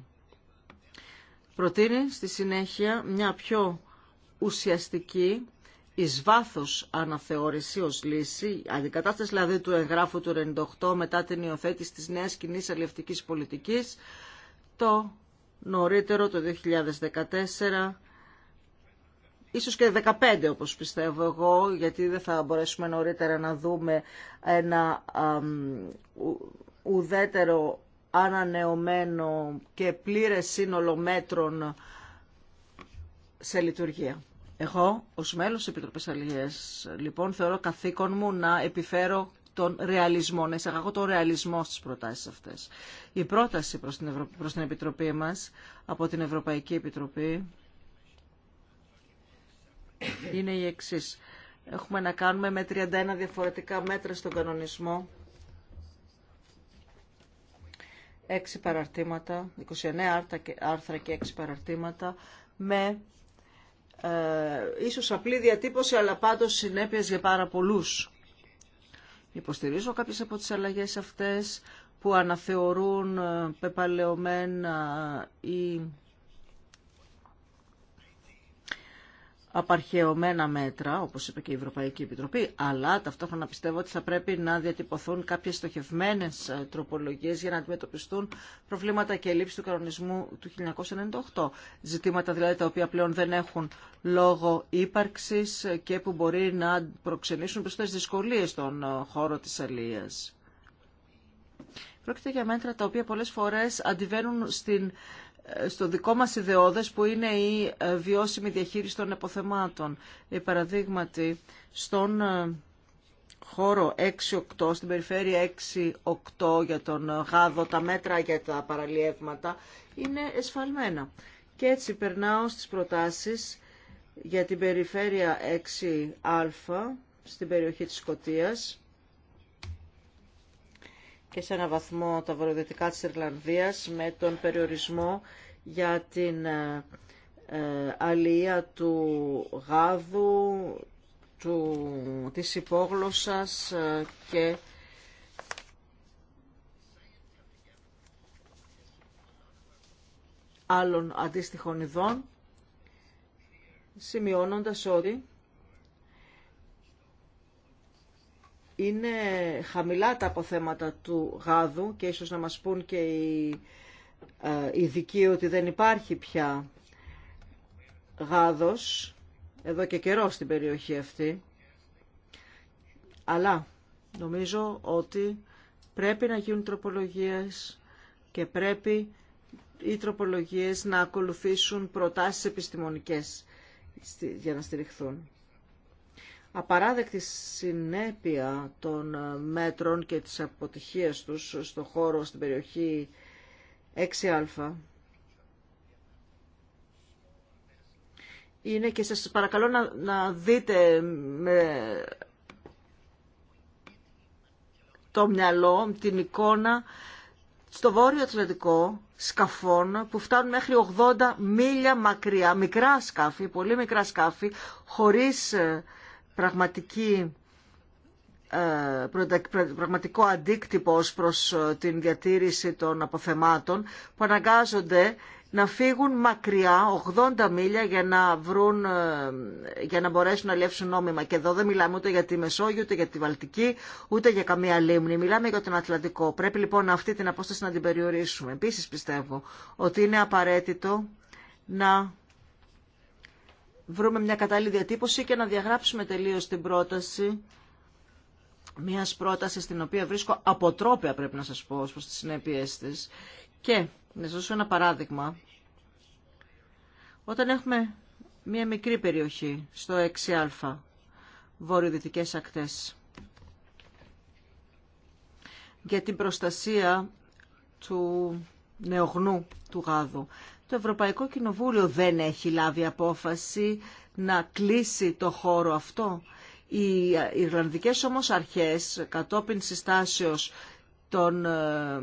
Προτείνει στη συνέχεια μια πιο ουσιαστική εις βάθος αναθεώρηση ως λύση, αντικατάσταση δηλαδή του εγγράφου του 98 μετά την υιοθέτηση της νέας κοινή αλληλευτικής πολιτικής, το νωρίτερο το 2014, ίσως και 15 όπως πιστεύω εγώ, γιατί δεν θα μπορέσουμε νωρίτερα να δούμε ένα ουδέτερο ανανεωμένο και πλήρες σύνολο μέτρων σε λειτουργία. Εγώ, ως μέλος της Επιτροπής λοιπόν, θεωρώ καθήκον μου να επιφέρω τον ρεαλισμό, να εισαγαγώ τον ρεαλισμό στις προτάσεις αυτές. Η πρόταση προς την, Ευρω... την Επιτροπή μας από την Ευρωπαϊκή Επιτροπή είναι η εξή. Έχουμε να κάνουμε με 31 διαφορετικά μέτρα στον κανονισμό. 6 παραρτήματα, 29 άρθρα και 6 παραρτήματα, με ε, ίσως απλή διατύπωση, αλλά πάντως συνέπειες για πάρα πολλούς. Υποστηρίζω κάποιες από τις αλλαγές αυτές που αναθεωρούν ε, πεπαλαιωμένα ή απαρχαιωμένα μέτρα, όπως είπε και η Ευρωπαϊκή Επιτροπή, αλλά ταυτόχρονα πιστεύω ότι θα πρέπει να διατυπωθούν κάποιες στοχευμένες ε, τροπολογίες για να αντιμετωπιστούν προβλήματα και λήψη του κανονισμού του 1998. Ζητήματα δηλαδή τα οποία πλέον δεν έχουν λόγο ύπαρξης και που μπορεί να προξενήσουν προσθέσεις δυσκολίες στον ε, χώρο της αλίας. Πρόκειται για μέτρα τα οποία πολλές φορές αντιβαίνουν στην στο δικό μας ιδεώδες που είναι η ε, βιώσιμη διαχείριση των αποθεμάτων. παραδείγματι, στον ε, χώρο 6-8, στην περιφέρεια 6-8 για τον ε, γάδο, τα μέτρα για τα παραλιεύματα είναι εσφαλμένα. Και έτσι περνάω στις προτάσεις για την περιφέρεια 6α στην περιοχή της Σκοτίας και σε ένα βαθμό τα βορειοδυτικά της Ιρλανδίας με τον περιορισμό για την ε, ε, αλία του γάδου, του, της υπόγλωσσας ε, και άλλων αντίστοιχων ειδών, σημειώνοντας ότι είναι χαμηλά τα αποθέματα του γάδου και ίσως να μας πούν και ε, οι ειδικοί ότι δεν υπάρχει πια γάδος εδώ και καιρό στην περιοχή αυτή. Αλλά νομίζω ότι πρέπει να γίνουν τροπολογίες και πρέπει οι τροπολογίες να ακολουθήσουν προτάσεις επιστημονικές για να στηριχθούν απαράδεκτη συνέπεια των μέτρων και της αποτυχίας τους στο χώρο, στην περιοχή 6α. Είναι και σας παρακαλώ να, να δείτε με το μυαλό, την εικόνα στο βόρειο Ατλαντικό σκαφών που φτάνουν μέχρι 80 μίλια μακριά, μικρά σκάφη, πολύ μικρά σκάφη, χωρίς ε, πραγματική ε, πραγματικό αντίκτυπο ως προς ε, την διατήρηση των αποθεμάτων που αναγκάζονται να φύγουν μακριά 80 μίλια για να, βρουν, ε, για να μπορέσουν να λεύσουν νόμιμα. Και εδώ δεν μιλάμε ούτε για τη Μεσόγειο, ούτε για τη Βαλτική, ούτε για καμία λίμνη. Μιλάμε για τον Ατλαντικό. Πρέπει λοιπόν αυτή την απόσταση να την περιορίσουμε. Επίσης πιστεύω ότι είναι απαραίτητο να βρούμε μια κατάλληλη διατύπωση και να διαγράψουμε τελείως την πρόταση μια πρόταση στην οποία βρίσκω αποτρόπαια πρέπει να σας πω προς τις συνέπειές της. Και να σας δώσω ένα παράδειγμα. Όταν έχουμε μια μικρή περιοχή στο 6α, βορειοδυτικές ακτές, για την προστασία του νεογνού του γάδου το Ευρωπαϊκό Κοινοβούλιο δεν έχει λάβει απόφαση να κλείσει το χώρο αυτό. Οι Ιρλανδικές όμως αρχές, κατόπιν συστάσεως των ε,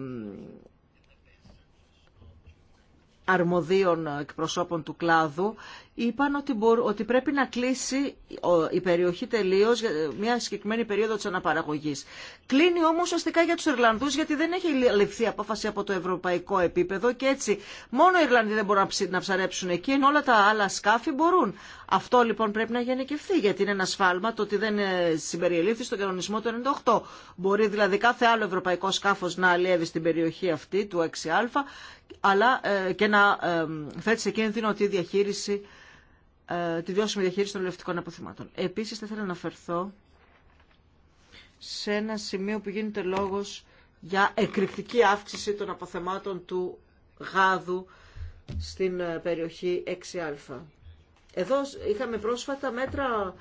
αρμοδίων εκπροσώπων του κλάδου, είπαν ότι, ότι πρέπει να κλείσει η περιοχή τελείω για μια συγκεκριμένη περίοδο τη αναπαραγωγή. Κλείνει όμω ουσιαστικά για του Ιρλανδού γιατί δεν έχει ληφθεί απόφαση από το ευρωπαϊκό επίπεδο και έτσι μόνο οι Ιρλανδοί δεν μπορούν να ψαρέψουν εκεί ενώ όλα τα άλλα σκάφη μπορούν. Αυτό λοιπόν πρέπει να γενικευθεί γιατί είναι ένα σφάλμα το ότι δεν ε, συμπεριελήφθη στον κανονισμό του 98. Μπορεί δηλαδή κάθε άλλο ευρωπαϊκό σκάφο να αλλιεύει στην περιοχή αυτή του 6α αλλά ε, και να ε, θέτει σε κίνδυνο τη διαχείριση ε, τη βιώσιμη διαχείριση των ελευτικών αποθυμάτων. Επίσης, θα ήθελα να αναφερθώ σε ένα σημείο που γίνεται λόγος για εκρηκτική αύξηση των αποθεμάτων του γάδου στην ε, περιοχή 6α. Εδώ είχαμε πρόσφατα μέτρα,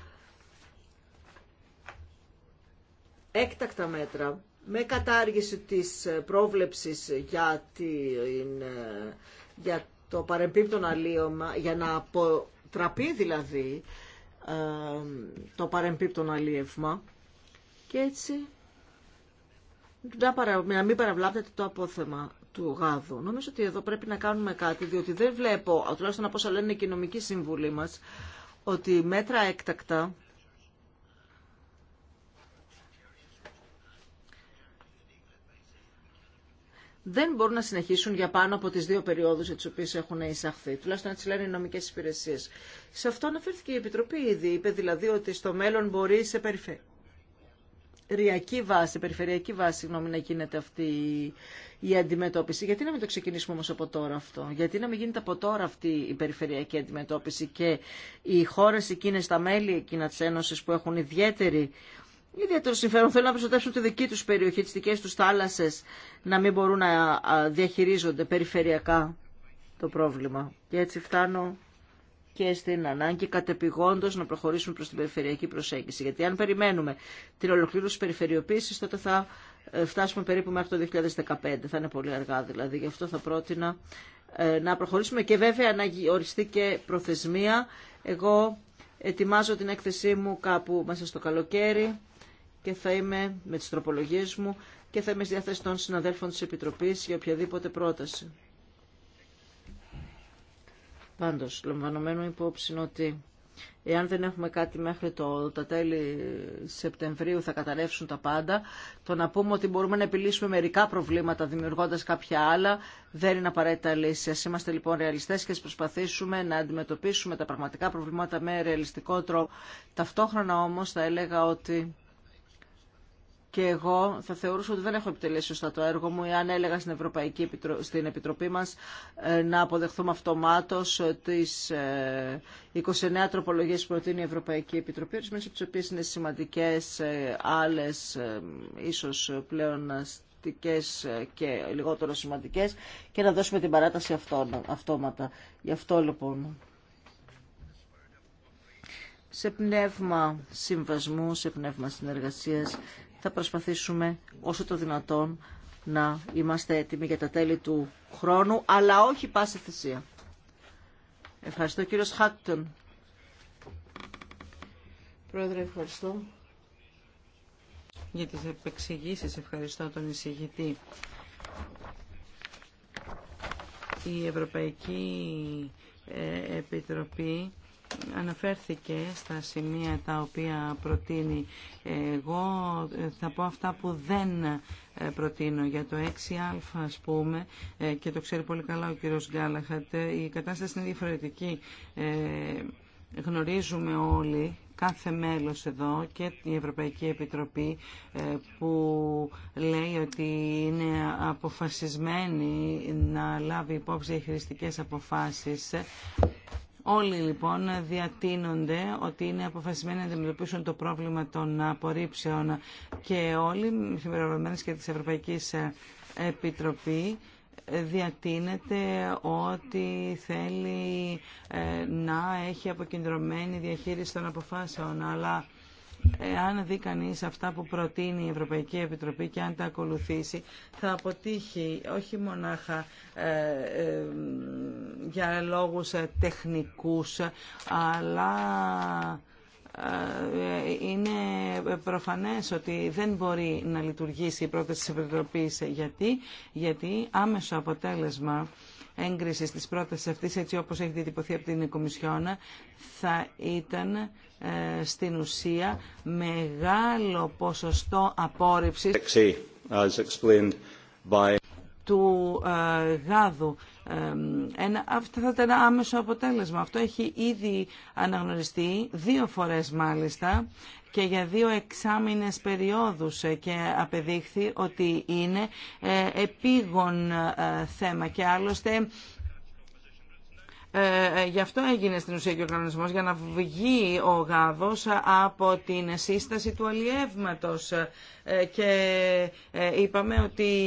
έκτακτα μέτρα, με κατάργηση της ε, πρόβλεψης για, την, για το παρεμπίπτον αλλίωμα, για να απο, τραπεί δηλαδή ε, το παρεμπίπτον αλίευμα και έτσι να μην παραβλάπτεται το απόθεμα του γάδου. Νομίζω ότι εδώ πρέπει να κάνουμε κάτι, διότι δεν βλέπω, τουλάχιστον από όσα λένε οι κοινωνικοί σύμβουλοι μας, ότι μέτρα έκτακτα δεν μπορούν να συνεχίσουν για πάνω από τι δύο περιόδου για τι οποίες έχουν εισαχθεί. Τουλάχιστον έτσι λένε οι νομικέ υπηρεσίε. Σε αυτό αναφέρθηκε η Επιτροπή ήδη. Είπε δηλαδή ότι στο μέλλον μπορεί σε περιφερειακή βάση, περιφερειακή βάση γνώμη, να γίνεται αυτή η αντιμετώπιση. Γιατί να μην το ξεκινήσουμε όμω από τώρα αυτό. Γιατί να μην γίνεται από τώρα αυτή η περιφερειακή αντιμετώπιση και οι χώρε εκείνε τα μέλη εκείνα τη Ένωση που έχουν ιδιαίτερη ιδιαίτερο συμφέρον θέλουν να προστατεύσουν τη δική του περιοχή, τι δικέ του θάλασσε να μην μπορούν να διαχειρίζονται περιφερειακά το πρόβλημα. Και έτσι φτάνω και στην ανάγκη κατεπηγόντως να προχωρήσουμε προς την περιφερειακή προσέγγιση. Γιατί αν περιμένουμε την ολοκλήρωση τη περιφερειοποίησης, τότε θα ε, φτάσουμε περίπου μέχρι το 2015. Θα είναι πολύ αργά δηλαδή. Γι' αυτό θα πρότεινα ε, να προχωρήσουμε και βέβαια να οριστεί και προθεσμία. Εγώ ετοιμάζω την έκθεσή μου κάπου μέσα στο καλοκαίρι και θα είμαι με τις τροπολογίες μου και θα είμαι στη διάθεση των συναδέλφων της Επιτροπής για οποιαδήποτε πρόταση. Πάντως, λαμβανομένου υπόψη ότι εάν δεν έχουμε κάτι μέχρι το, τα τέλη Σεπτεμβρίου θα καταρρεύσουν τα πάντα, το να πούμε ότι μπορούμε να επιλύσουμε μερικά προβλήματα δημιουργώντας κάποια άλλα δεν είναι απαραίτητα λύση. Ας είμαστε λοιπόν ρεαλιστές και προσπαθήσουμε να αντιμετωπίσουμε τα πραγματικά προβλήματα με ρεαλιστικό τρόπο. Ταυτόχρονα όμως θα έλεγα ότι και εγώ θα θεωρούσα ότι δεν έχω επιτελέσει σωστά το έργο μου εάν έλεγα στην, Ευρωπαϊκή στην Επιτροπή μας ε, να αποδεχθούμε αυτομάτως ε, τις 29 ε, τροπολογίες που προτείνει η Ευρωπαϊκή Επιτροπή, μέσα από τις οποίες είναι σημαντικές, άλλες ίσως πλέον και λιγότερο σημαντικές και να δώσουμε την παράταση αυτόματα. Γι' αυτό λοιπόν σε πνεύμα συμβασμού, σε πνεύμα συνεργασίας θα προσπαθήσουμε όσο το δυνατόν να είμαστε έτοιμοι για τα τέλη του χρόνου, αλλά όχι πάση θυσία. Ευχαριστώ κύριος Χάκτον. Πρόεδρε, ευχαριστώ. Για τις επεξηγήσεις ευχαριστώ τον εισηγητή. Η Ευρωπαϊκή ε, Επιτροπή αναφέρθηκε στα σημεία τα οποία προτείνει εγώ. Θα πω αυτά που δεν ε, προτείνω. Για το 6α ας πούμε, ε, και το ξέρει πολύ καλά ο κύριος Γκάλαχατ, ε, η κατάσταση είναι διαφορετική. Γνωρίζουμε όλοι κάθε μέλος εδώ και η Ευρωπαϊκή Επιτροπή που λέει ότι είναι αποφασισμένη να λάβει υπόψη χρηστικές αποφάσεις Όλοι λοιπόν διατείνονται ότι είναι αποφασισμένοι να αντιμετωπίσουν το πρόβλημα των απορρίψεων και όλοι, συμπεριλαμβανομένες και της Ευρωπαϊκής ε, Επιτροπή, ε, διατείνεται ότι θέλει ε, να έχει αποκεντρωμένη διαχείριση των αποφάσεων, αλλά αν δει κανεί αυτά που προτείνει η Ευρωπαϊκή Επιτροπή και αν τα ακολουθήσει, θα αποτύχει όχι μονάχα ε, ε, για λόγους ε, τεχνικούς, αλλά είναι προφανές ότι δεν μπορεί να λειτουργήσει η πρόταση της Επιτροπής. Γιατί, γιατί άμεσο αποτέλεσμα Έγκριση της πρότασης αυτής, έτσι όπως έχει διατυπωθεί από την Κομισιόνα, θα ήταν ε, στην ουσία μεγάλο ποσοστό απόρριψης του ε, γάδου. Ένα, αυτό θα ήταν άμεσο αποτέλεσμα. Αυτό έχει ήδη αναγνωριστεί δύο φορές μάλιστα και για δύο εξάμηνες περιόδους ε, και απεδείχθη ότι είναι ε, επίγον ε, θέμα και άλλωστε ε, ε, γι' αυτό έγινε στην ουσία και ο κανονισμός, για να βγει ο γάδος από την σύσταση του αλλιεύματο. Ε, και ε, είπαμε ότι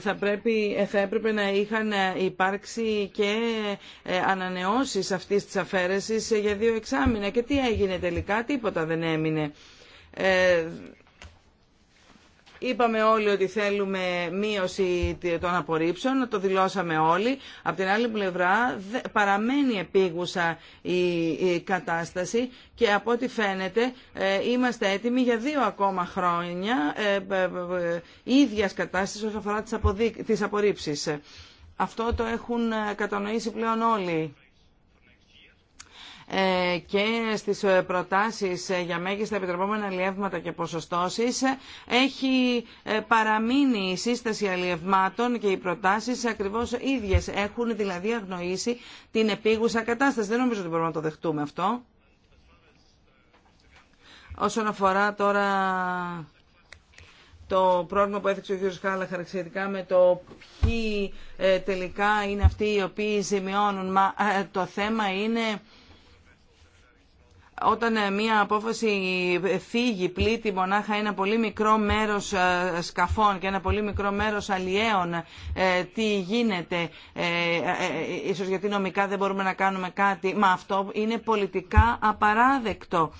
θα, πρέπει, έπρεπε να είχαν υπάρξει και ανανεώσεις αυτής της αφαίρεσης για δύο εξάμηνα Και τι έγινε τελικά, τίποτα δεν έμεινε. Είπαμε όλοι ότι θέλουμε μείωση των απορρίψεων, το δηλώσαμε όλοι. Απ' την άλλη πλευρά παραμένει επίγουσα η κατάσταση και από ό,τι φαίνεται ε, είμαστε έτοιμοι για δύο ακόμα χρόνια ε, ίδιας κατάστασης όσον αφορά τις απορρίψεις. Αυτό το έχουν ε, κατανοήσει πλέον όλοι. Ε, και στις ε, προτάσεις ε, για μέγιστα επιτρεπόμενα αλλιεύματα και ποσοστώσεις έχει παραμείνει η σύσταση αλλιευμάτων και οι προτάσεις ακριβώς ίδιες. Έχουν δηλαδή αγνοήσει την επίγουσα κατάσταση. Δεν νομίζω ότι μπορούμε να το δεχτούμε αυτό. Όσον αφορά τώρα το πρόβλημα που έθιξε ο κ. Χάλα χαρακτηριστικά με το ποιοι τελικά είναι αυτοί οι οποίοι ζημιώνουν. Μα, το θέμα είναι όταν ε, μια απόφαση φύγει, πλήττει μονάχα ένα πολύ μικρό μέρος ε, σκαφών και ένα πολύ μικρό μέρος αλλιέων, ε, τι γίνεται, ίσως γιατί νομικά δεν μπορούμε να κάνουμε κάτι, μα αυτό είναι πολιτικά απαράδεκτο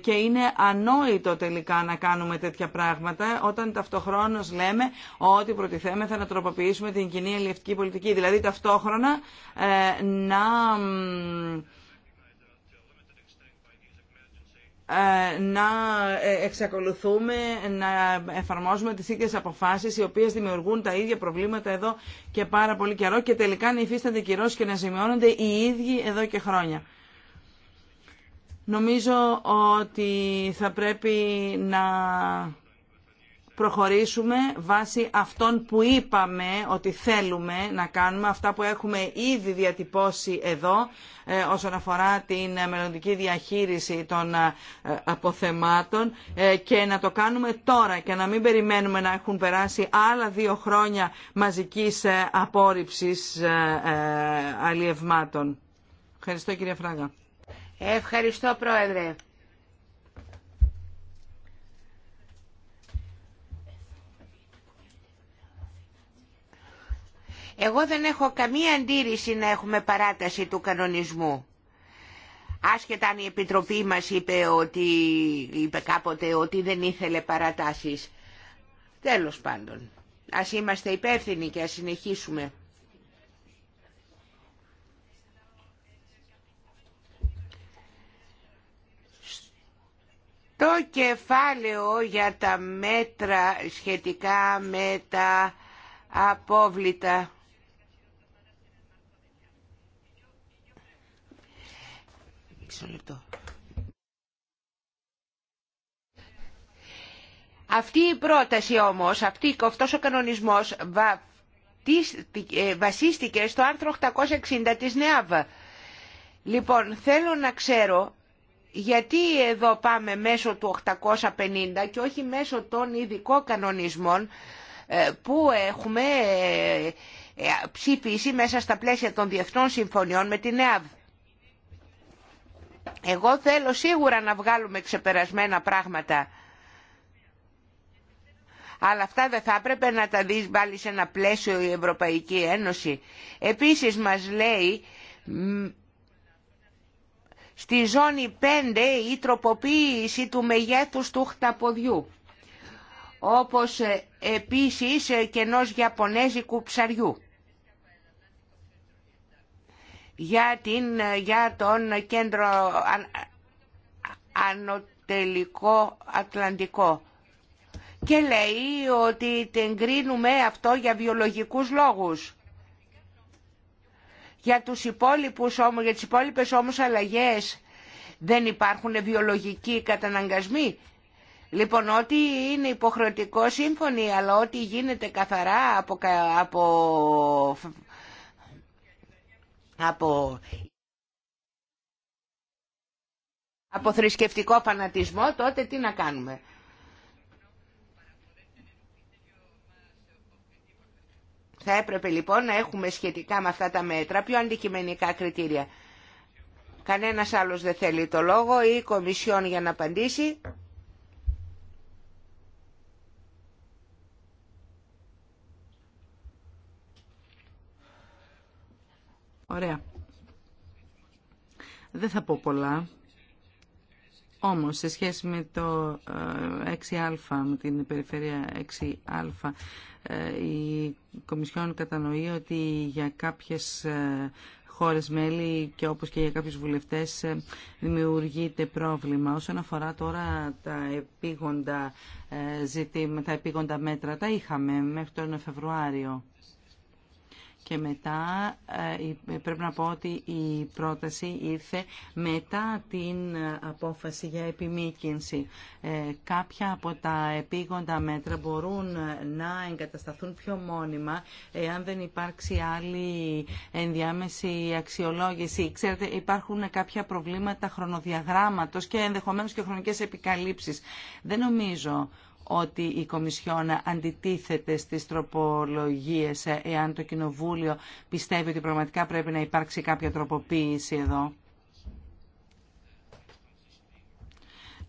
και είναι ανόητο τελικά να κάνουμε τέτοια πράγματα όταν ταυτοχρόνως λέμε ότι προτιθέμεθα να τροποποιήσουμε την κοινή ελληνική πολιτική. Δηλαδή ταυτόχρονα να ε, να ε, εξακολουθούμε να εφαρμόζουμε τις ίδιες αποφάσεις οι οποίες δημιουργούν τα ίδια προβλήματα εδώ και πάρα πολύ καιρό και τελικά να υφίστανται κυρώσεις και να ζημιώνονται οι ίδιοι εδώ και χρόνια. Νομίζω ότι θα πρέπει να προχωρήσουμε βάσει αυτών που είπαμε ότι θέλουμε να κάνουμε, αυτά που έχουμε ήδη διατυπώσει εδώ ε, όσον αφορά την μελλοντική διαχείριση των ε, αποθεμάτων ε, και να το κάνουμε τώρα και να μην περιμένουμε να έχουν περάσει άλλα δύο χρόνια μαζικής απόρριψης αλλιευμάτων. Ευχαριστώ κυρία Φράγα. Ευχαριστώ πρόεδρε. Εγώ δεν έχω καμία αντίρρηση να έχουμε παράταση του κανονισμού. Άσχετα αν η Επιτροπή μας είπε, ότι, είπε κάποτε ότι δεν ήθελε παρατάσεις. Τέλος πάντων. Ας είμαστε υπεύθυνοι και ας συνεχίσουμε. Το κεφάλαιο για τα μέτρα σχετικά με τα απόβλητα Αυτή η πρόταση όμως, αυτή, αυτός ο κανονισμός ε, βασίστηκε στο άρθρο 860 της ΝΕΑΒ. Λοιπόν, θέλω να ξέρω γιατί εδώ πάμε μέσω του 850 και όχι μέσω των ειδικών κανονισμών ε, που έχουμε ε, ε, ψηφίσει μέσα στα πλαίσια των διεθνών συμφωνιών με την ΝΕΑΒ. Εγώ θέλω σίγουρα να βγάλουμε ξεπερασμένα πράγματα. Αλλά αυτά δεν θα έπρεπε να τα δεις πάλι σε ένα πλαίσιο η Ευρωπαϊκή Ένωση. Επίσης μας λέει στη ζώνη 5 η τροποποίηση του μεγέθους του χταποδιού. Όπως ε, επίσης ε, και ενός Ιαπωνέζικου ψαριού για, την, για τον κέντρο αν, Ατλαντικό. Και λέει ότι την κρίνουμε αυτό για βιολογικούς λόγους. Για, τους υπόλοιπους, όμως, για τις υπόλοιπες όμως αλλαγές δεν υπάρχουν βιολογικοί καταναγκασμοί. Λοιπόν, ό,τι είναι υποχρεωτικό σύμφωνη αλλά ό,τι γίνεται καθαρά από, από από, από θρησκευτικό φανατισμό, τότε τι να κάνουμε. Θα έπρεπε λοιπόν να έχουμε σχετικά με αυτά τα μέτρα πιο αντικειμενικά κριτήρια. Κανένας άλλος δεν θέλει το λόγο ή η Κομισιόν για να απαντήσει. Ωραία. Δεν θα πω πολλά. Όμως, σε σχέση με το 6α, ε, με την περιφέρεια 6α, ε, η Κομισιόν κατανοεί ότι για κάποιες ε, χώρες μέλη και όπως και για κάποιους βουλευτές δημιουργείται πρόβλημα. Όσον αφορά τώρα τα επίγοντα, τα επίγοντα μέτρα, τα είχαμε μέχρι τον Φεβρουάριο και μετά ε, πρέπει να πω ότι η πρόταση ήρθε μετά την ε, απόφαση για επιμήκυνση. Ε, κάποια από τα επίγοντα μέτρα μπορούν να εγκατασταθούν πιο μόνιμα εάν δεν υπάρξει άλλη ενδιάμεση αξιολόγηση. Ξέρετε, υπάρχουν κάποια προβλήματα χρονοδιαγράμματος και ενδεχομένως και χρονικές επικαλύψεις. Δεν νομίζω ότι η Κομισιόν αντιτίθεται στις τροπολογίες εάν το Κοινοβούλιο πιστεύει ότι πραγματικά πρέπει να υπάρξει κάποια τροποποίηση εδώ.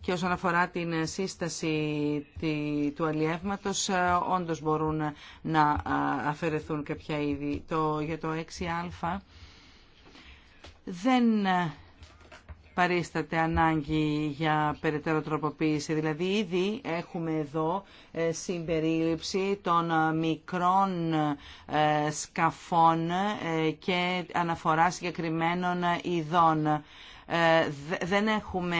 Και όσον αφορά την σύσταση του αλλιεύματος, ε, όντως μπορούν να ε, αφαιρεθούν κάποια είδη. Το, για το 6α δεν ε, παρίσταται ανάγκη για περαιτέρω τροποποίηση. Δηλαδή ήδη έχουμε εδώ ε, συμπερίληψη των ε, μικρών ε, σκαφών και αναφορά συγκεκριμένων ειδών. Δεν έχουμε,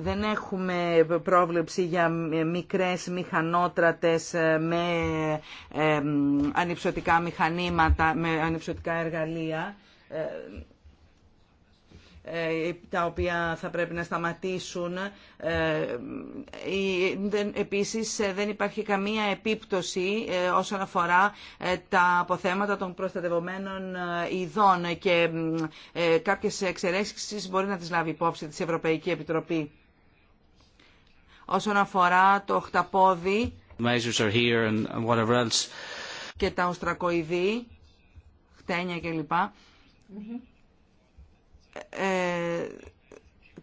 δεν έχουμε πρόβλεψη για μικρές μηχανότρατες με ανυψωτικά μηχανήματα, με ανυψωτικά εργαλεία ε, τα οποία θα πρέπει να σταματήσουν. Ε, επίσης ε, δεν υπάρχει καμία επίπτωση όσον αφορά τα αποθέματα των προστατευομένων ειδών και κάποιες εξαιρέσεις μπορεί να τις λάβει υπόψη της Ευρωπαϊκή Επιτροπή. Όσον αφορά το χταπόδι και τα οστρακοειδή, χτένια κλπ. Ε,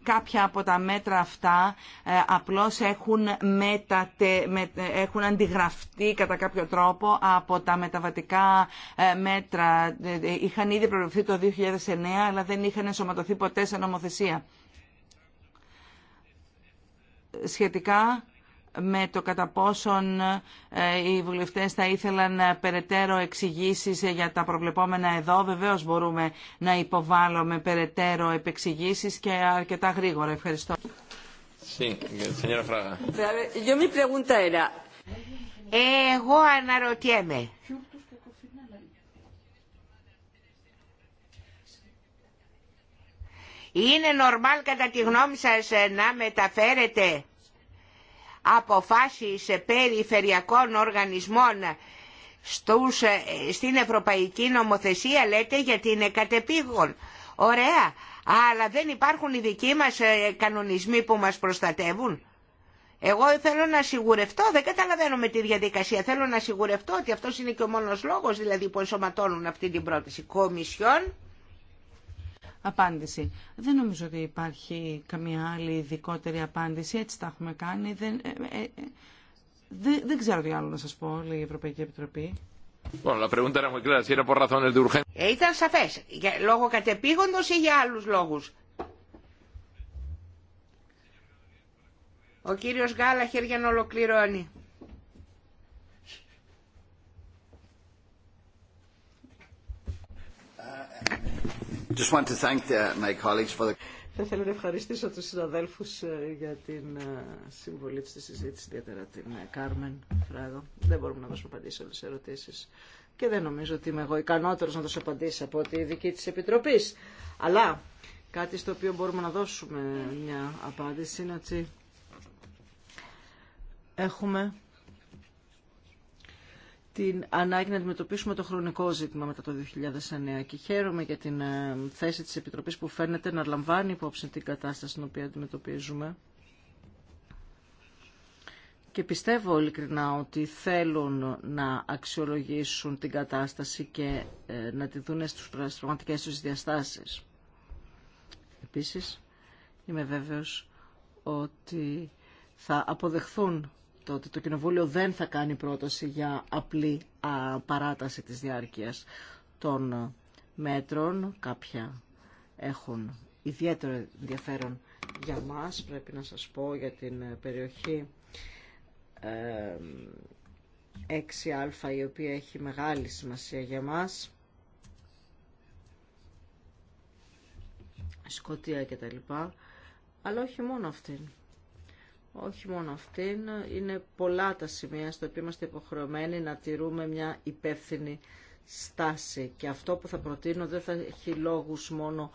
κάποια από τα μέτρα αυτά ε, απλώς έχουν, μετατε, με, έχουν αντιγραφτεί κατά κάποιο τρόπο από τα μεταβατικά ε, μέτρα. Είχαν ήδη προβληθεί το 2009, αλλά δεν είχαν ενσωματωθεί ποτέ σε νομοθεσία. Σχετικά με το κατά πόσον ε, οι βουλευτές θα ήθελαν ε, περαιτέρω εξηγήσει ε, για τα προβλεπόμενα εδώ. Βεβαίως μπορούμε να υποβάλλουμε περαιτέρω επεξηγήσεις και αρκετά γρήγορα. Ευχαριστώ. Εγώ αναρωτιέμαι. Είναι νορμάλ κατά τη γνώμη σας να μεταφέρετε αποφάσεις περιφερειακών οργανισμών στους, ε, στην Ευρωπαϊκή Νομοθεσία λέτε γιατί είναι κατεπήγον. Ωραία, αλλά δεν υπάρχουν οι δικοί μας ε, κανονισμοί που μας προστατεύουν. Εγώ θέλω να σιγουρευτώ, δεν καταλαβαίνω με τη διαδικασία, θέλω να σιγουρευτώ ότι αυτός είναι και ο μόνος λόγος δηλαδή που ενσωματώνουν αυτή την πρόταση. Κομισιόν απάντηση. Δεν νομίζω ότι υπάρχει καμία άλλη ειδικότερη απάντηση. Έτσι τα έχουμε κάνει. Δεν, ε, ε, ε, ξέρω τι άλλο να σας πω, λέει η Ευρωπαϊκή Επιτροπή. ήταν σαφές. λόγω κατεπήγοντος ή για άλλους λόγους. Ο κύριος Γκάλαχερ για να ολοκληρώνει. Θα ήθελα να ευχαριστήσω τους συναδέλφους ε, για την ε, συμβολή της συζήτηση, ιδιαίτερα την ε, Κάρμεν Φράγο. Δεν μπορούμε να δώσουμε απαντήσεις σε όλες τις ερωτήσεις. Και δεν νομίζω ότι είμαι εγώ ικανότερος να δώσω απαντήσει από τη δική της Επιτροπής. Αλλά κάτι στο οποίο μπορούμε να δώσουμε μια απάντηση είναι ότι έχουμε την ανάγκη να αντιμετωπίσουμε το χρονικό ζήτημα μετά το 2009 και χαίρομαι για την ε, θέση της Επιτροπής που φαίνεται να λαμβάνει υπόψη την κατάσταση την οποία αντιμετωπίζουμε. Και πιστεύω ειλικρινά ότι θέλουν να αξιολογήσουν την κατάσταση και ε, να τη δουν στις πραγματικές τους διαστάσεις. Επίσης, είμαι βέβαιος ότι θα αποδεχθούν το το Κοινοβούλιο δεν θα κάνει πρόταση για απλή παράταση της διάρκειας των ε, μέτρων. Κάποια έχουν ιδιαίτερο ενδιαφέρον για μας, πρέπει να σας πω, για την ε, περιοχή 6α, ε, η οποία έχει μεγάλη σημασία για μας. Σκοτία και τα λοιπά, αλλά όχι μόνο αυτήν όχι μόνο αυτήν, είναι πολλά τα σημεία στο οποίο είμαστε υποχρεωμένοι να τηρούμε μια υπεύθυνη στάση. Και αυτό που θα προτείνω δεν θα έχει λόγους μόνο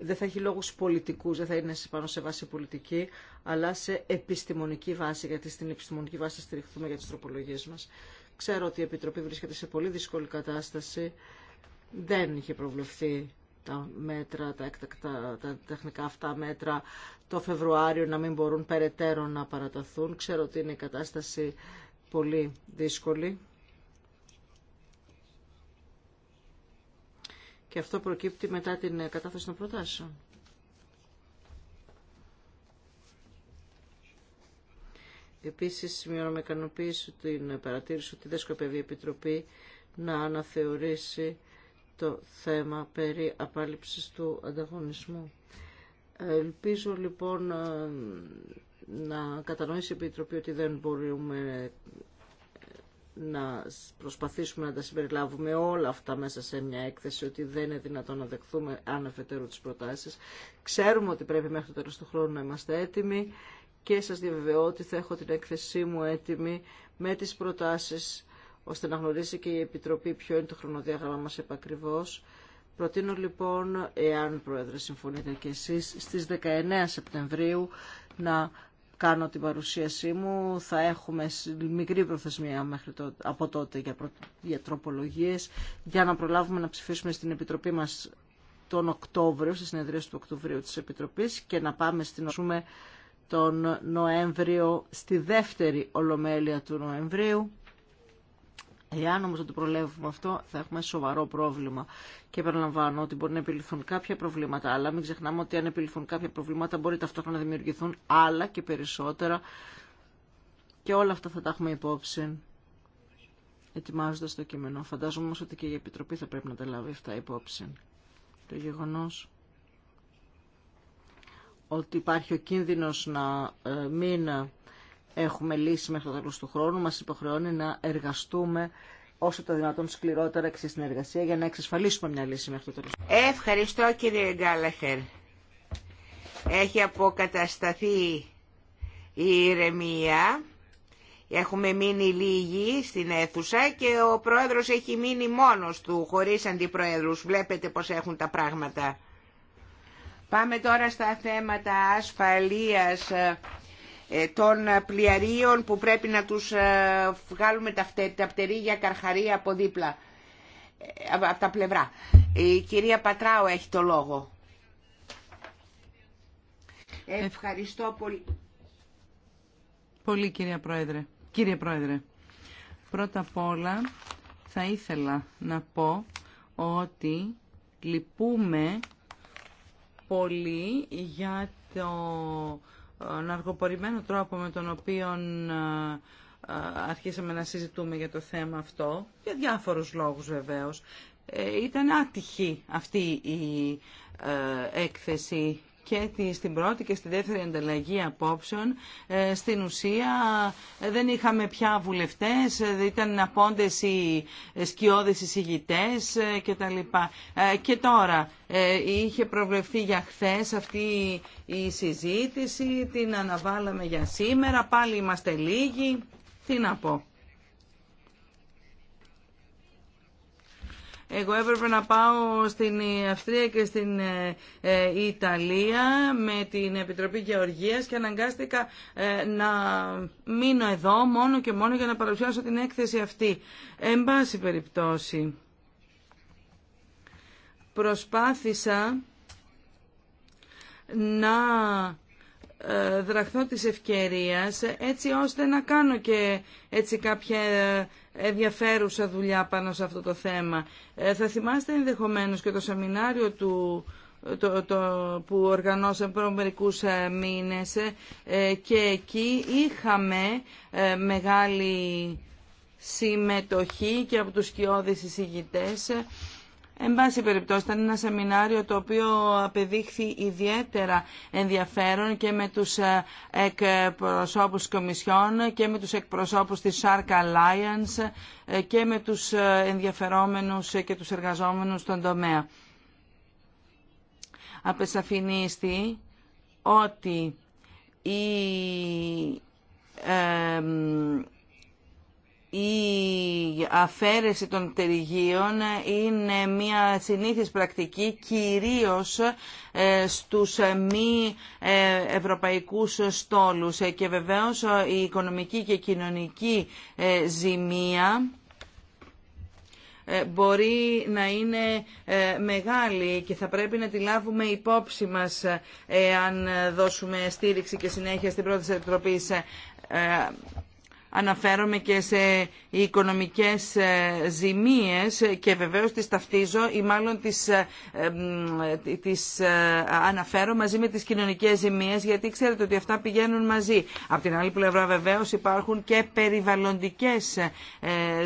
δεν θα έχει λόγους πολιτικούς, δεν θα είναι πάνω σε βάση πολιτική, αλλά σε επιστημονική βάση, γιατί στην επιστημονική βάση στηριχθούμε για τις τροπολογίες μας. Ξέρω ότι η Επιτροπή βρίσκεται σε πολύ δύσκολη κατάσταση. Δεν είχε προβλεφθεί τα μέτρα, τα, τεχνικά αυτά μέτρα το Φεβρουάριο να μην μπορούν περαιτέρω να παραταθούν. Ξέρω ότι είναι η κατάσταση πολύ δύσκολη. Και αυτό προκύπτει μετά την κατάθεση των προτάσεων. Επίσης, σημειώνω με ικανοποίηση την παρατήρηση ότι δεν σκοπεύει η Επιτροπή να αναθεωρήσει το θέμα περί απάλληψης του ανταγωνισμού. Ελπίζω λοιπόν ε, να κατανοήσει η Επιτροπή ότι δεν μπορούμε ε, να προσπαθήσουμε να τα συμπεριλάβουμε όλα αυτά μέσα σε μια έκθεση, ότι δεν είναι δυνατόν να δεχθούμε αναφετέρου τις προτάσεις. Ξέρουμε ότι πρέπει μέχρι το τέλος του χρόνου να είμαστε έτοιμοι και σας διαβεβαιώ ότι θα έχω την έκθεσή μου έτοιμη με τις προτάσεις ώστε να γνωρίσει και η Επιτροπή ποιο είναι το χρονοδιάγραμμα μας επακριβώς. Προτείνω λοιπόν, εάν Πρόεδρε συμφωνείτε και εσείς, στις 19 Σεπτεμβρίου να κάνω την παρουσίασή μου. Θα έχουμε μικρή προθεσμία μέχρι το από τότε για, προ, για τροπολογίες, για να προλάβουμε να ψηφίσουμε στην Επιτροπή μας τον Οκτώβριο, στη συνεδρία του Οκτωβρίου της Επιτροπής και να πάμε στην τον Νοέμβριο, στη δεύτερη Ολομέλεια του Νοεμβρίου Εάν όμω δεν το προλάβουμε αυτό, θα έχουμε σοβαρό πρόβλημα. Και επαναλαμβάνω ότι μπορεί να επιληθούν κάποια προβλήματα, αλλά μην ξεχνάμε ότι αν επιληθούν κάποια προβλήματα, μπορεί ταυτόχρονα να δημιουργηθούν άλλα και περισσότερα. Και όλα αυτά θα τα έχουμε υπόψη, ετοιμάζοντα το κείμενο. Φαντάζομαι όμω ότι και η Επιτροπή θα πρέπει να τα λάβει αυτά υπόψη. Το γεγονό ότι υπάρχει ο κίνδυνος να ε, μην έχουμε λύσει μέχρι το τέλο του χρόνου, μας υποχρεώνει να εργαστούμε όσο το δυνατόν σκληρότερα και σε συνεργασία για να εξασφαλίσουμε μια λύση μέχρι το τέλος. Ευχαριστώ κύριε Γκάλαχερ. Έχει αποκατασταθεί η ηρεμία. Έχουμε μείνει λίγοι στην αίθουσα και ο πρόεδρος έχει μείνει μόνος του, χωρίς αντιπρόεδρου Βλέπετε πώς έχουν τα πράγματα. Πάμε τώρα στα θέματα ασφαλείας ε, των πλιαρίων που πρέπει να τους ε, βγάλουμε τα πτερή καρχαρία από δίπλα, ε, από τα πλευρά. Η κυρία Πατράου έχει το λόγο. Ευχαριστώ πολύ. Πολύ κυρία Πρόεδρε. Κύριε Πρόεδρε, πρώτα απ' όλα θα ήθελα να πω ότι λυπούμε πολύ για το αργοπορημένο τρόπο με τον οποίο ε, ε, αρχίσαμε να συζητούμε για το θέμα αυτό, για διάφορους λόγους βεβαίως, ε, ήταν άτυχη αυτή η έκθεση και στην πρώτη και στη δεύτερη ανταλλαγή απόψεων ε, στην ουσία ε, δεν είχαμε πια βουλευτές, ε, ήταν απόντες οι σκιώδες εισηγητές και τα λοιπά. Και τώρα είχε προβλεφθεί για χθες αυτή η συζήτηση, την αναβάλαμε για σήμερα, πάλι είμαστε λίγοι. Τι να πω. Εγώ έπρεπε να πάω στην Αυστρία και στην ε, ε, Ιταλία με την Επιτροπή Γεωργίας και αναγκάστηκα ε, να μείνω εδώ μόνο και μόνο για να παρουσιάσω την έκθεση αυτή. Εν πάση περιπτώσει, προσπάθησα να ε, δραχθώ της ευκαιρίας έτσι ώστε να κάνω και έτσι κάποια ε, ενδιαφέρουσα δουλειά πάνω σε αυτό το θέμα. Ε, θα θυμάστε ενδεχομένως και το σεμινάριο του το, που οργανώσαμε πριν μερικού μήνες και εκεί είχαμε μεγάλη συμμετοχή και από τους κοιόδης εισηγητές Εν πάση περιπτώσει, ήταν ένα σεμινάριο το οποίο απεδείχθη ιδιαίτερα ενδιαφέρον και με τους ε, εκπροσώπους της Κομισιόν και με τους εκπροσώπους της Shark Alliance ε, και με τους ε, ενδιαφερόμενους και τους εργαζόμενους στον τομέα. Απεσαφηνίστη ότι η η αφαίρεση των πτερυγίων είναι μια συνήθις πρακτική κυρίως ε, στους μη ε, ευρωπαϊκούς στόλους ε, και βεβαίως η οικονομική και κοινωνική ζημία μπορεί να είναι μεγάλη και θα πρέπει να τη λάβουμε υπόψη μας αν δώσουμε στήριξη και συνέχεια στην πρώτη της αναφέρομαι και σε οικονομικές ε, ζημίες και βεβαίως τις ταυτίζω ή μάλλον τις, ε, ε, αναφέρω μαζί με τις κοινωνικές ζημίες γιατί ξέρετε ότι αυτά πηγαίνουν μαζί. Από την άλλη πλευρά βεβαίως υπάρχουν και περιβαλλοντικές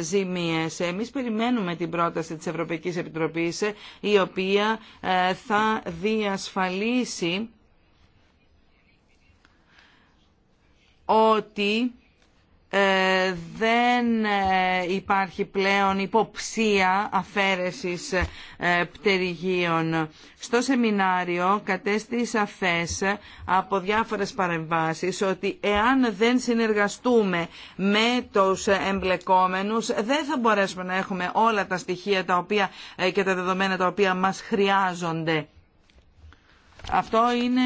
ζημίες. Εμείς περιμένουμε την πρόταση της Ευρωπαϊκής Επιτροπής η οποία θα διασφαλίσει ότι ε, δεν ε, υπάρχει πλέον υποψία αφαίρεσης ε, πτερυγίων. Στο σεμινάριο κατέστησα σαφές από διάφορες παρεμβάσεις ότι εάν δεν συνεργαστούμε με τους εμπλεκόμενους δεν θα μπορέσουμε να έχουμε όλα τα στοιχεία τα οποία, και τα δεδομένα τα οποία μας χρειάζονται. Αυτό είναι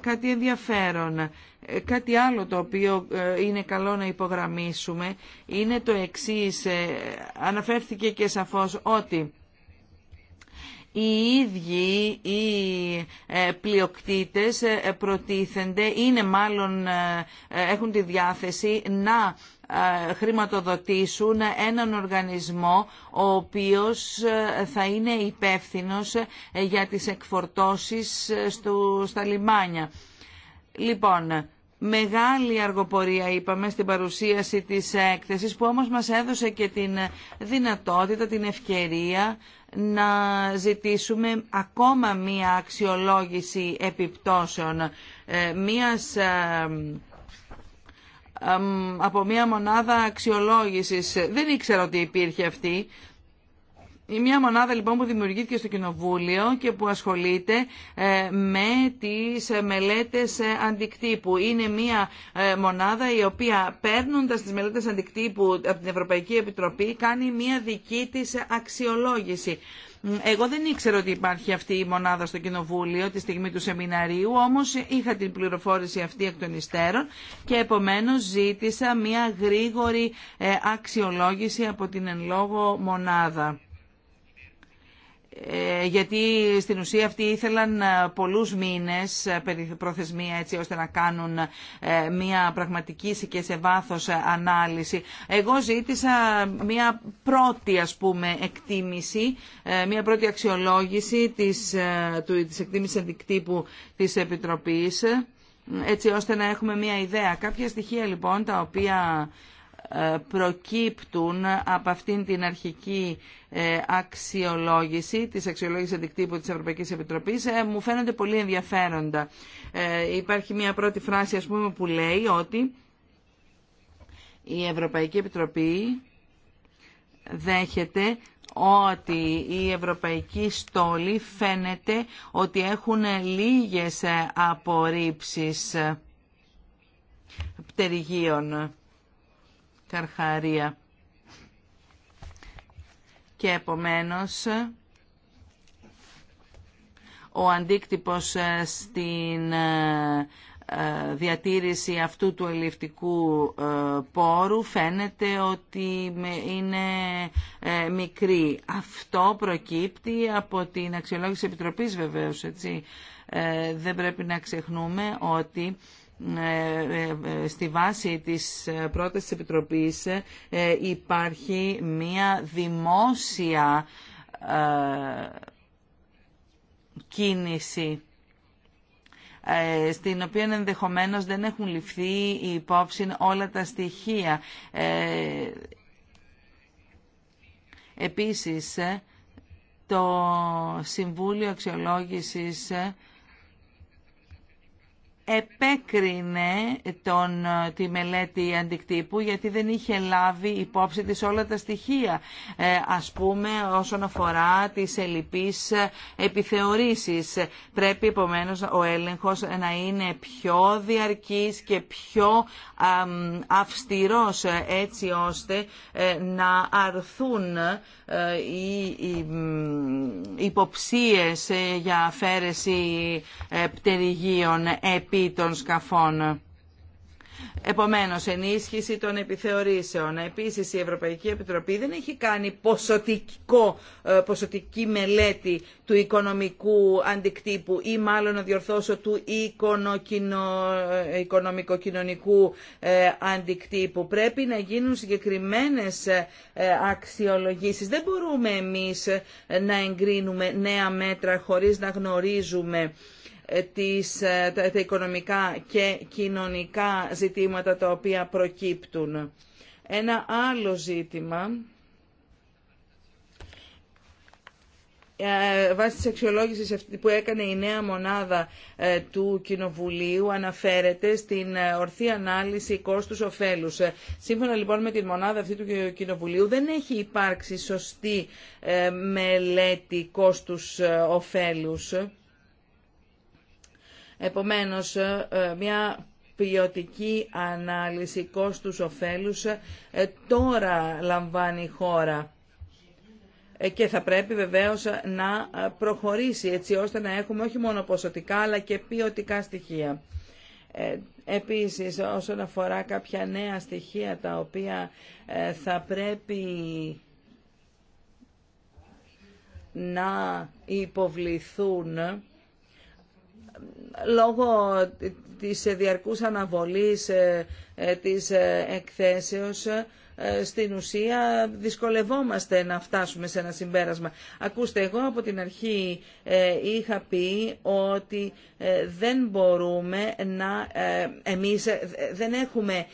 κάτι ενδιαφέρον. Ε, κάτι άλλο το οποίο ε, είναι καλό να υπογραμμίσουμε είναι το εξής. Ε, αναφέρθηκε και σαφώς ότι οι ίδιοι οι πλειοκτήτες προτίθενται, είναι μάλλον, έχουν τη διάθεση να χρηματοδοτήσουν έναν οργανισμό ο οποίος ε, θα είναι υπεύθυνος ε, για τις εκφορτώσεις ε, στα λιμάνια. Λοιπόν, μεγάλη αργοπορία είπαμε στην παρουσίαση της έκθεσης που όμως μας έδωσε και την δυνατότητα, την ευκαιρία να ζητήσουμε ακόμα μία αξιολόγηση επιπτώσεων, μίας από μια μονάδα αξιολόγησης. Δεν ήξερα ότι υπήρχε αυτή. Η μια μονάδα λοιπόν που δημιουργήθηκε στο Κοινοβούλιο και που ασχολείται ε, με τις μελέτες αντικτύπου. Είναι μια ε, μονάδα η οποία παίρνοντας τις μελέτες αντικτύπου από την Ευρωπαϊκή Επιτροπή κάνει μια δική της αξιολόγηση. Εγώ δεν ήξερα ότι υπάρχει αυτή η μονάδα στο Κοινοβούλιο τη στιγμή του σεμιναρίου, όμως είχα την πληροφόρηση αυτή εκ των υστέρων και επομένως ζήτησα μια γρήγορη ε, αξιολόγηση από την εν λόγω μονάδα. Ε, γιατί στην ουσία αυτοί ήθελαν ε, πολλούς μήνες ε, προθεσμία έτσι ώστε να κάνουν μια πραγματική και σε βάθος ανάλυση. Εγώ ζήτησα μια πρώτη ας πούμε εκτίμηση, μια πρώτη αξιολόγηση της, της εκτίμησης αντικτύπου της Επιτροπής έτσι ώστε να έχουμε μια ιδέα. Κάποια στοιχεία λοιπόν τα οποία ε, προκύπτουν από αυτήν την αρχική ε, αξιολόγηση, τη αξιολόγησης αντικτύπου της Ευρωπαϊκής Επιτροπής, ε, μου φαίνονται πολύ ενδιαφέροντα. Υπάρχει μια πρώτη φράση, που λέει ότι η Ευρωπαϊκή Επιτροπή δέχεται ότι η ευρωπαϊκή στολή φαίνεται ότι έχουν λίγες απορρίψεις πτερυγίων. Καρχαρία. Και επομένως ο αντίκτυπος ε, στην ε, ε, διατήρηση αυτού του ελληνικού πόρου φαίνεται ότι είναι μικρή. Αυτό προκύπτει από την αξιολόγηση επιτροπής βεβαίως. Έτσι. Δεν πρέπει να ξεχνούμε ότι ε, ε, στη βάση της ε, πρώτης της Επιτροπής υπάρχει μία δημόσια κίνηση στην οποία ενδεχομένως δεν έχουν ληφθεί οι υπόψη όλα τα στοιχεία. Επίσης, το Συμβούλιο Αξιολόγησης επέκρινε τον, ε, τη μελέτη αντικτύπου γιατί δεν είχε λάβει υπόψη της όλα τα στοιχεία ε, ας πούμε όσον αφορά τις ελλειπείς ε, επιθεωρήσεις πρέπει επομένως ο έλεγχος να είναι πιο διαρκής και πιο αυστηρός ε, έτσι ώστε να αρθούν οι υποψίες για αφαίρεση πτερυγίων επί των σκαφών. Επομένως, ενίσχυση των επιθεωρήσεων. Επίσης, η Ευρωπαϊκή Επιτροπή δεν έχει κάνει ποσοτικό, ε, ποσοτική μελέτη του οικονομικού αντικτύπου ή μάλλον να διορθώσω του ε, οικονομικοκοινωνικού ε, αντικτύπου. Πρέπει να γίνουν συγκεκριμένες αξιολογήσεις. Δεν μπορούμε εμείς να εγκρίνουμε νέα μέτρα χωρίς να γνωρίζουμε ε, ε, τα, οικονομικά και κοινωνικά ζητήματα τα οποία προκύπτουν. Ένα άλλο ζήτημα ε, βάσει της αξιολόγηση που έκανε η νέα μονάδα του Κοινοβουλίου αναφέρεται στην ορθή ανάλυση κόστους ωφέλους. Σύμφωνα λοιπόν με την μονάδα αυτή του Κοινοβουλίου δεν έχει υπάρξει σωστή μελέτη κόστους κόστους-οφέλους Επομένως, ε, ε, μια ποιοτική ανάλυση κόστους κόστους-οφέλους ε, τώρα λαμβάνει η χώρα και θα πρέπει βεβαίως να προχωρήσει έτσι ώστε να έχουμε όχι μόνο ποσοτικά αλλά και ποιοτικά στοιχεία. Επίσης, όσον αφορά κάποια νέα στοιχεία τα οποία θα πρέπει να υποβληθούν λόγω της διαρκούς αναβολής ε, ε, της ε, εκθέσεως στην ουσία δυσκολευόμαστε να φτάσουμε σε ένα συμπέρασμα. Ακούστε, εγώ από την αρχή είχα πει ότι δεν μπορούμε να... Εμείς δεν έχουμε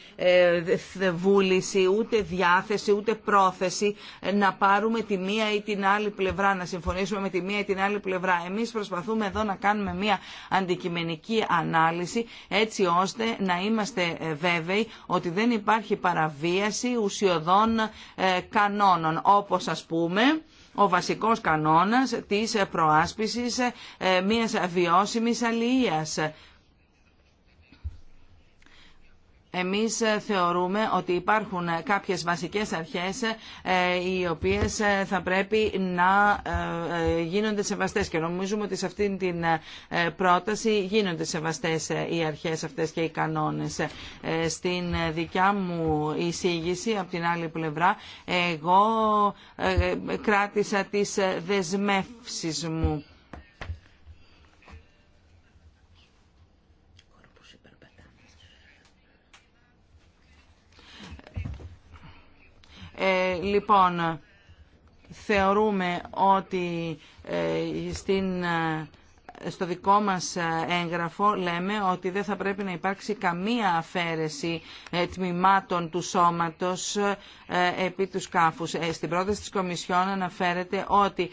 βούληση, ούτε διάθεση, ούτε πρόθεση να πάρουμε τη μία ή την άλλη πλευρά, να συμφωνήσουμε με τη μία ή την άλλη πλευρά. Εμείς προσπαθούμε εδώ να κάνουμε μία αντικειμενική ανάλυση έτσι ώστε να είμαστε ε, βέβαιοι ότι δεν υπάρχει παραβίαση ουσιοδών ε, κανόνων, όπως ας πούμε ο βασικός κανόνας της προάσπισης ε, μιας βιώσιμης αλληλείας εμείς ε, θεωρούμε ότι υπάρχουν ε, κάποιες βασικές αρχές ε, οι οποίες θα πρέπει να γίνονται σεβαστές και νομίζουμε ότι σε αυτήν την πρόταση γίνονται σεβαστές οι αρχές αυτές και οι κανόνες. Στην δικιά μου εισήγηση, από την άλλη πλευρά, εγώ κράτησα τις δεσμεύσεις μου Ε, λοιπόν, θεωρούμε ότι ε, στην ε, στο δικό μας έγγραφο λέμε ότι δεν θα πρέπει να υπάρξει καμία αφαίρεση τμήματων του σώματος επί του σκάφους. Στην πρόταση της Κομισιόν αναφέρεται ότι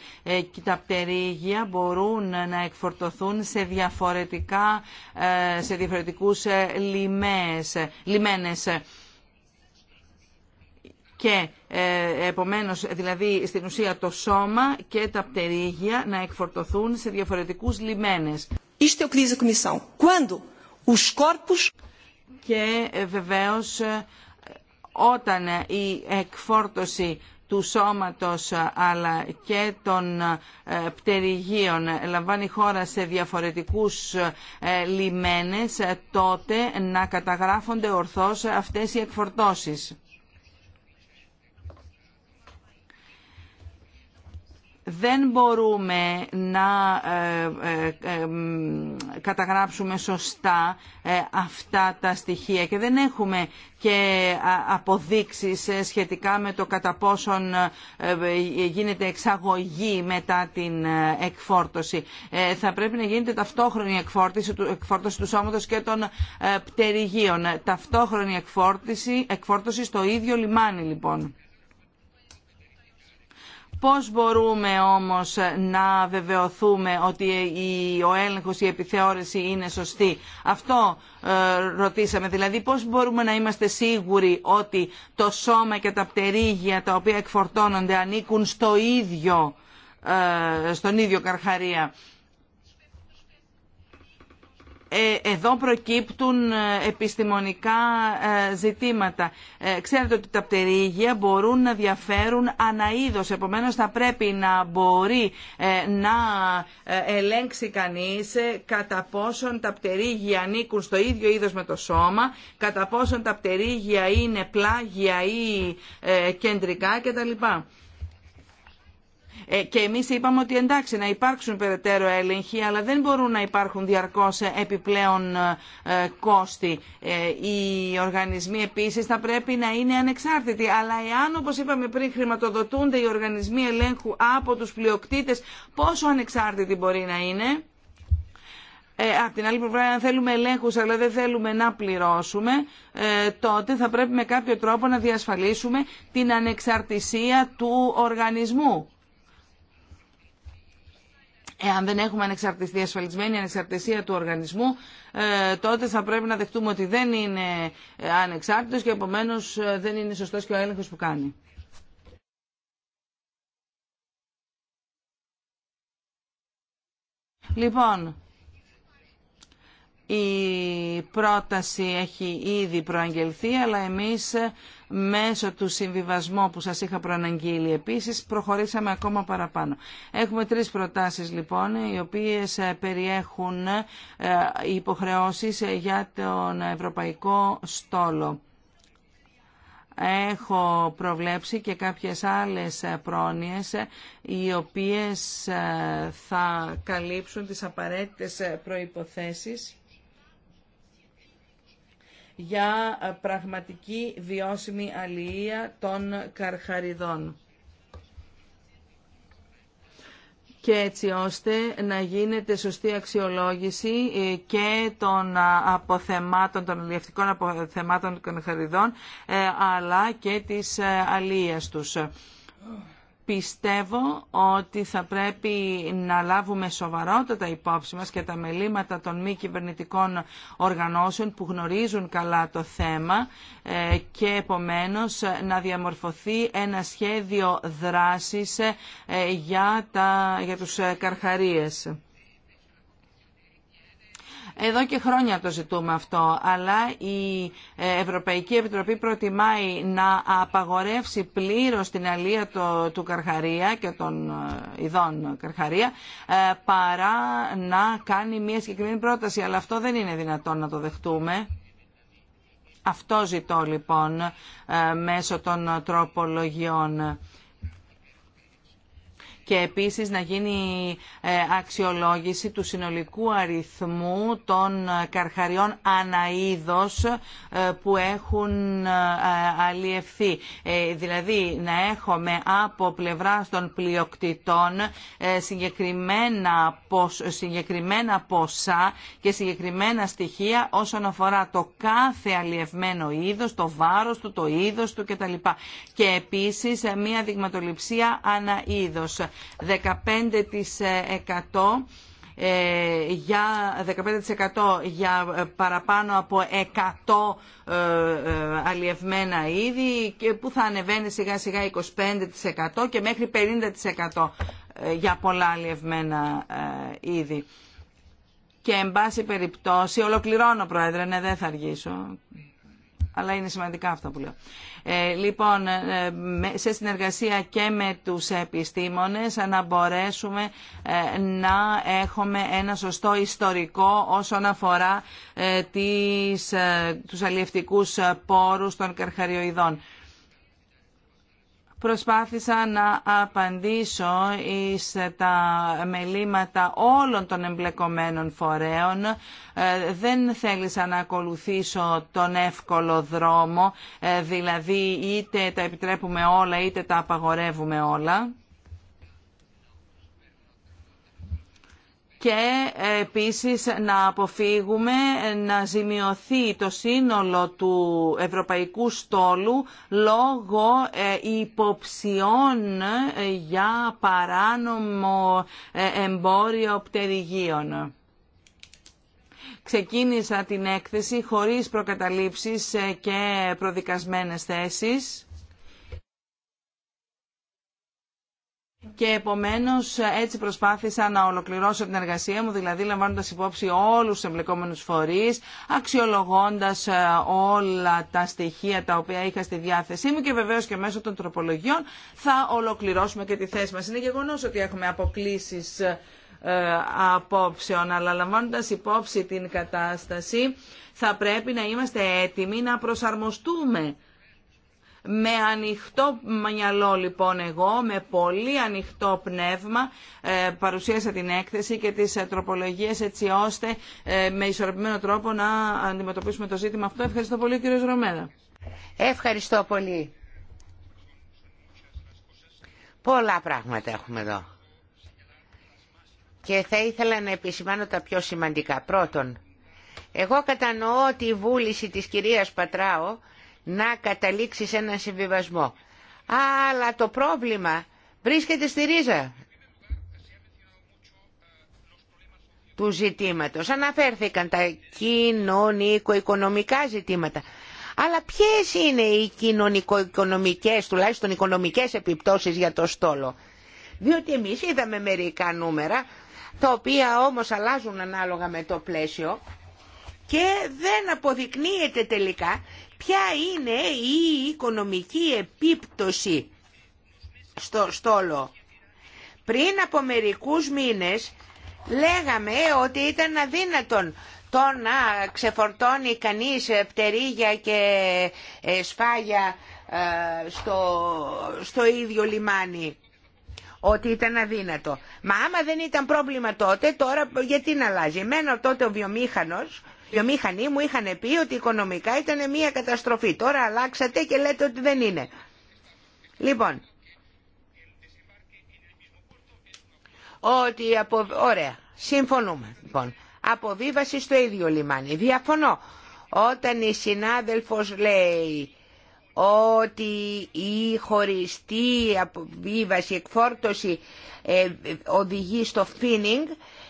τα πτερήγια μπορούν να εκφορτωθούν σε, διαφορετικά, σε διαφορετικούς λιμένες και ε, επομένως δηλαδή στην ουσία το σώμα και τα πτερίγια να εκφορτωθούν σε διαφορετικούς λιμένες. Είστε ο Και ε, βεβαίως ε, όταν η εκφόρτωση του σώματος αλλά και των πτερυγίων λαμβάνει χώρα σε διαφορετικούς λιμένες, τότε να καταγράφονται ορθώς αυτές οι εκφορτώσεις. δεν μπορούμε να ε, ε, ε, καταγράψουμε σωστά αυτά τα στοιχεία και δεν έχουμε και αποδείξεις σχετικά με το κατά πόσον γίνεται εξαγωγή μετά την εκφόρτωση. Θα πρέπει να γίνεται ταυτόχρονη εκφόρτωση, εκφόρτωση του σώματος και των πτερυγίων. Ταυτόχρονη εκφόρτωση, εκφόρτωση στο ίδιο λιμάνι λοιπόν. Πώς μπορούμε όμως να βεβαιωθούμε ότι ο έλεγχος, η επιθεώρηση είναι σωστή. Αυτό ε, ρωτήσαμε. Δηλαδή πώς μπορούμε να είμαστε σίγουροι ότι το σώμα και τα πτερίγια τα οποία εκφορτώνονται ανήκουν στο ίδιο, ε, στον ίδιο καρχαρία. Ε, εδώ προκύπτουν ε, επιστημονικά ε, ζητήματα. Ξέρετε ότι τα πτερήγια μπορούν να διαφέρουν αναείδος, επομένως θα πρέπει να μπορεί να ελέγξει κανείς κατά πόσον τα πτερήγια ανήκουν στο ίδιο είδος με το σώμα, κατά πόσον τα πτερήγια είναι πλάγια ή κεντρικά κτλ. Ε, και εμείς είπαμε ότι εντάξει να υπάρξουν περαιτέρω έλεγχοι αλλά δεν μπορούν να υπάρχουν διαρκώς επιπλέον ε, ε, κόστη. Οι οργανισμοί επίσης θα πρέπει να είναι ανεξάρτητοι αλλά εάν όπως είπαμε πριν χρηματοδοτούνται οι οργανισμοί ελέγχου από τους πλειοκτήτες πόσο ανεξάρτητοι μπορεί να είναι. Ε, απ' την άλλη πλευρά, αν θέλουμε ελέγχους αλλά δεν θέλουμε να πληρώσουμε, ε, τότε θα πρέπει με κάποιο τρόπο να διασφαλίσουμε την ανεξαρτησία του οργανισμού. Εάν δεν έχουμε ανεξαρτησία, ασφαλισμένη ανεξαρτησία του οργανισμού, ε, τότε θα πρέπει να δεχτούμε ότι δεν είναι ε, ανεξάρτητος και επομένως ε, δεν είναι σωστός και ο έλεγχος που κάνει. Λοιπόν, η πρόταση έχει ήδη προαγγελθεί, αλλά εμείς μέσω του συμβιβασμού που σας είχα προαναγγείλει επίσης προχωρήσαμε ακόμα παραπάνω. Έχουμε τρεις προτάσεις λοιπόν, οι οποίες ε, περιέχουν ε, υποχρεώσεις για τον Ευρωπαϊκό Στόλο. Έχω προβλέψει και κάποιες άλλες πρόνοιες ε, οι οποίες θα καλύψουν τις απαραίτητες προϋποθέσεις για ε, πραγματική βιώσιμη αλληλεία των καρχαριδών. και έτσι ώστε να γίνεται σωστή αξιολόγηση ε, και των ε, αποθεμάτων, των αλληλευτικών αποθεμάτων των καρχαριδών, αλλά και της αλίας τους πιστεύω ότι θα πρέπει να λάβουμε σοβαρότατα υπόψη μας και τα μελήματα των μη κυβερνητικών οργανώσεων που γνωρίζουν καλά το θέμα ε, και επομένως να διαμορφωθεί ένα σχέδιο δράσης ε, για, τα, για τους καρχαρίες. Εδώ και χρόνια το ζητούμε αυτό, αλλά η ε, Ευρωπαϊκή Επιτροπή προτιμάει να απαγορεύσει πλήρως την αλία του Καρχαρία και των ε, ειδών Καρχαρία, ε, παρά να κάνει μια συγκεκριμένη πρόταση. Αλλά αυτό δεν είναι δυνατόν να το δεχτούμε. Αυτό ζητώ λοιπόν μέσω των τροπολογιών και επίσης να γίνει ε, αξιολόγηση του συνολικού αριθμού των ε, καρχαριών αναείδος ε, που έχουν αλλιευθεί. Δηλαδή να έχουμε από πλευρά των πλειοκτητών συγκεκριμένα, συγκεκριμένα ποσά και συγκεκριμένα στοιχεία όσον αφορά το κάθε αλλιευμένο είδος, το βάρος του, το είδος του κτλ. Και επίσης μια δειγματοληψία αναείδος. 15% ε, για 15% για παραπάνω από 100 ε, ε, αλλιευμένα είδη και που θα ανεβαίνει σιγά σιγά 25% και μέχρι 50% για πολλά αλλιευμένα είδη. Και εν πάση περιπτώσει, ολοκληρώνω Πρόεδρε, ναι δεν θα αργήσω αλλά είναι σημαντικά αυτά που λέω. Ε, λοιπόν, ε, σε συνεργασία και με τους επιστήμονες να μπορέσουμε ε, να έχουμε ένα σωστό ιστορικό όσον αφορά ε, τις, τους αλλιευτικούς πόρους των καρχαριοειδών προσπάθησα να απαντήσω εις τα μελήματα όλων των εμπλεκομένων φορέων. Ε, δεν θέλησα να ακολουθήσω τον εύκολο δρόμο, ε, δηλαδή είτε τα επιτρέπουμε όλα είτε τα απαγορεύουμε όλα. και ε, επίσης να αποφύγουμε να ζημιωθεί το σύνολο του ευρωπαϊκού στόλου λόγω ε, υποψιών ε, για παράνομο εμπόριο πτερυγίων. Ξεκίνησα την έκθεση χωρίς προκαταλήψεις και προδικασμένες θέσεις και επομένως έτσι προσπάθησα να ολοκληρώσω την εργασία μου, δηλαδή λαμβάνοντας υπόψη όλους τους εμπλεκόμενους φορείς, αξιολογώντας ε, όλα τα στοιχεία τα οποία είχα στη διάθεσή μου και βεβαίως και μέσω των τροπολογιών θα ολοκληρώσουμε και τη θέση μας. Είναι γεγονός ότι έχουμε αποκλήσεις ε, απόψεων, αλλά λαμβάνοντα υπόψη την κατάσταση θα πρέπει να είμαστε έτοιμοι να προσαρμοστούμε με ανοιχτό μυαλό, λοιπόν εγώ, με πολύ ανοιχτό πνεύμα ε, παρουσίασα την έκθεση και τις ε, τροπολογίες έτσι ώστε ε, με ισορροπημένο τρόπο να αντιμετωπίσουμε το ζήτημα αυτό. Ευχαριστώ πολύ κύριε Ρωμέδα. Ευχαριστώ πολύ. Πολλά πράγματα έχουμε εδώ. Και θα ήθελα να επισημάνω τα πιο σημαντικά. Πρώτον, εγώ κατανοώ τη βούληση της κυρίας Πατράω να καταλήξει σε έναν συμβιβασμό. Αλλά το πρόβλημα βρίσκεται στη ρίζα του ζητήματος. Αναφέρθηκαν τα κοινωνικο-οικονομικά ζητήματα. Αλλά ποιες είναι οι κοινωνικο-οικονομικές, τουλάχιστον οικονομικές επιπτώσεις για το στόλο. Διότι εμείς είδαμε μερικά νούμερα, τα οποία όμως αλλάζουν ανάλογα με το πλαίσιο και δεν αποδεικνύεται τελικά Ποια είναι η οικονομική επίπτωση στο στόλο. Πριν από μερικούς μήνες λέγαμε ότι ήταν αδύνατον το να ξεφορτώνει κανείς πτερίγια και ε, σφάγια ε, στο, στο ίδιο λιμάνι. Ότι ήταν αδύνατο. Μα άμα δεν ήταν πρόβλημα τότε, τώρα γιατί να αλλάζει. Εμένα τότε ο βιομήχανος βιομήχανοί μου είχαν πει ότι οικονομικά ήταν μια καταστροφή. Τώρα αλλάξατε και λέτε ότι δεν είναι. Λοιπόν, ότι απο... Ωραία, συμφωνούμε. Λοιπόν, αποβίβαση στο ίδιο λιμάνι. Διαφωνώ. Όταν η συνάδελφος λέει ότι η χωριστή αποβίβαση, εκφόρτωση ε, οδηγεί στο φίνινγκ,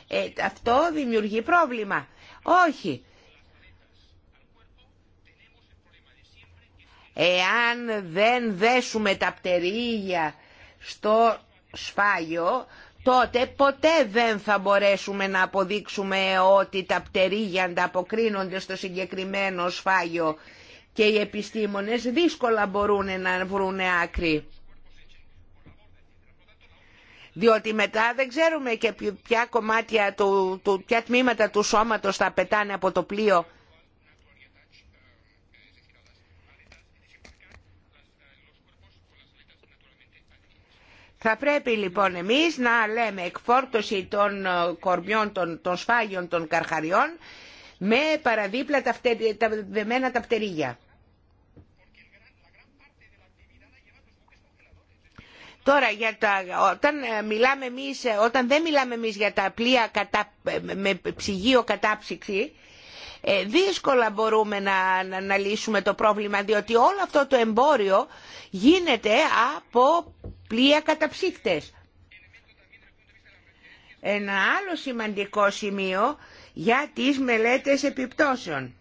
ε, αυτό δημιουργεί πρόβλημα. Όχι, Εάν δεν δέσουμε τα πτερίγια στο σφάγιο, τότε ποτέ δεν θα μπορέσουμε να αποδείξουμε ότι τα πτερίγια ανταποκρίνονται στο συγκεκριμένο σφάγιο και οι επιστήμονες δύσκολα μπορούν να βρουν άκρη. Διότι μετά δεν ξέρουμε και ποια, κομμάτια του, ποια τμήματα του σώματος θα πετάνε από το πλοίο Θα πρέπει λοιπόν εμείς να λέμε εκφόρτωση των ε, κορμιών, των, των σφάγιων, των καρχαριών με παραδίπλα τα, φτε, τα δεμένα τα Τώρα, για όταν, ε, μιλάμε εμείς, ε, όταν δεν μιλάμε εμείς για τα πλοία με ψυγείο κατάψυξη, δύσκολα μπορούμε να, να, λύσουμε το πρόβλημα, διότι όλο αυτό το εμπόριο γίνεται από πλοία καταψύχτες. Ένα άλλο σημαντικό σημείο για τις μελέτες επιπτώσεων.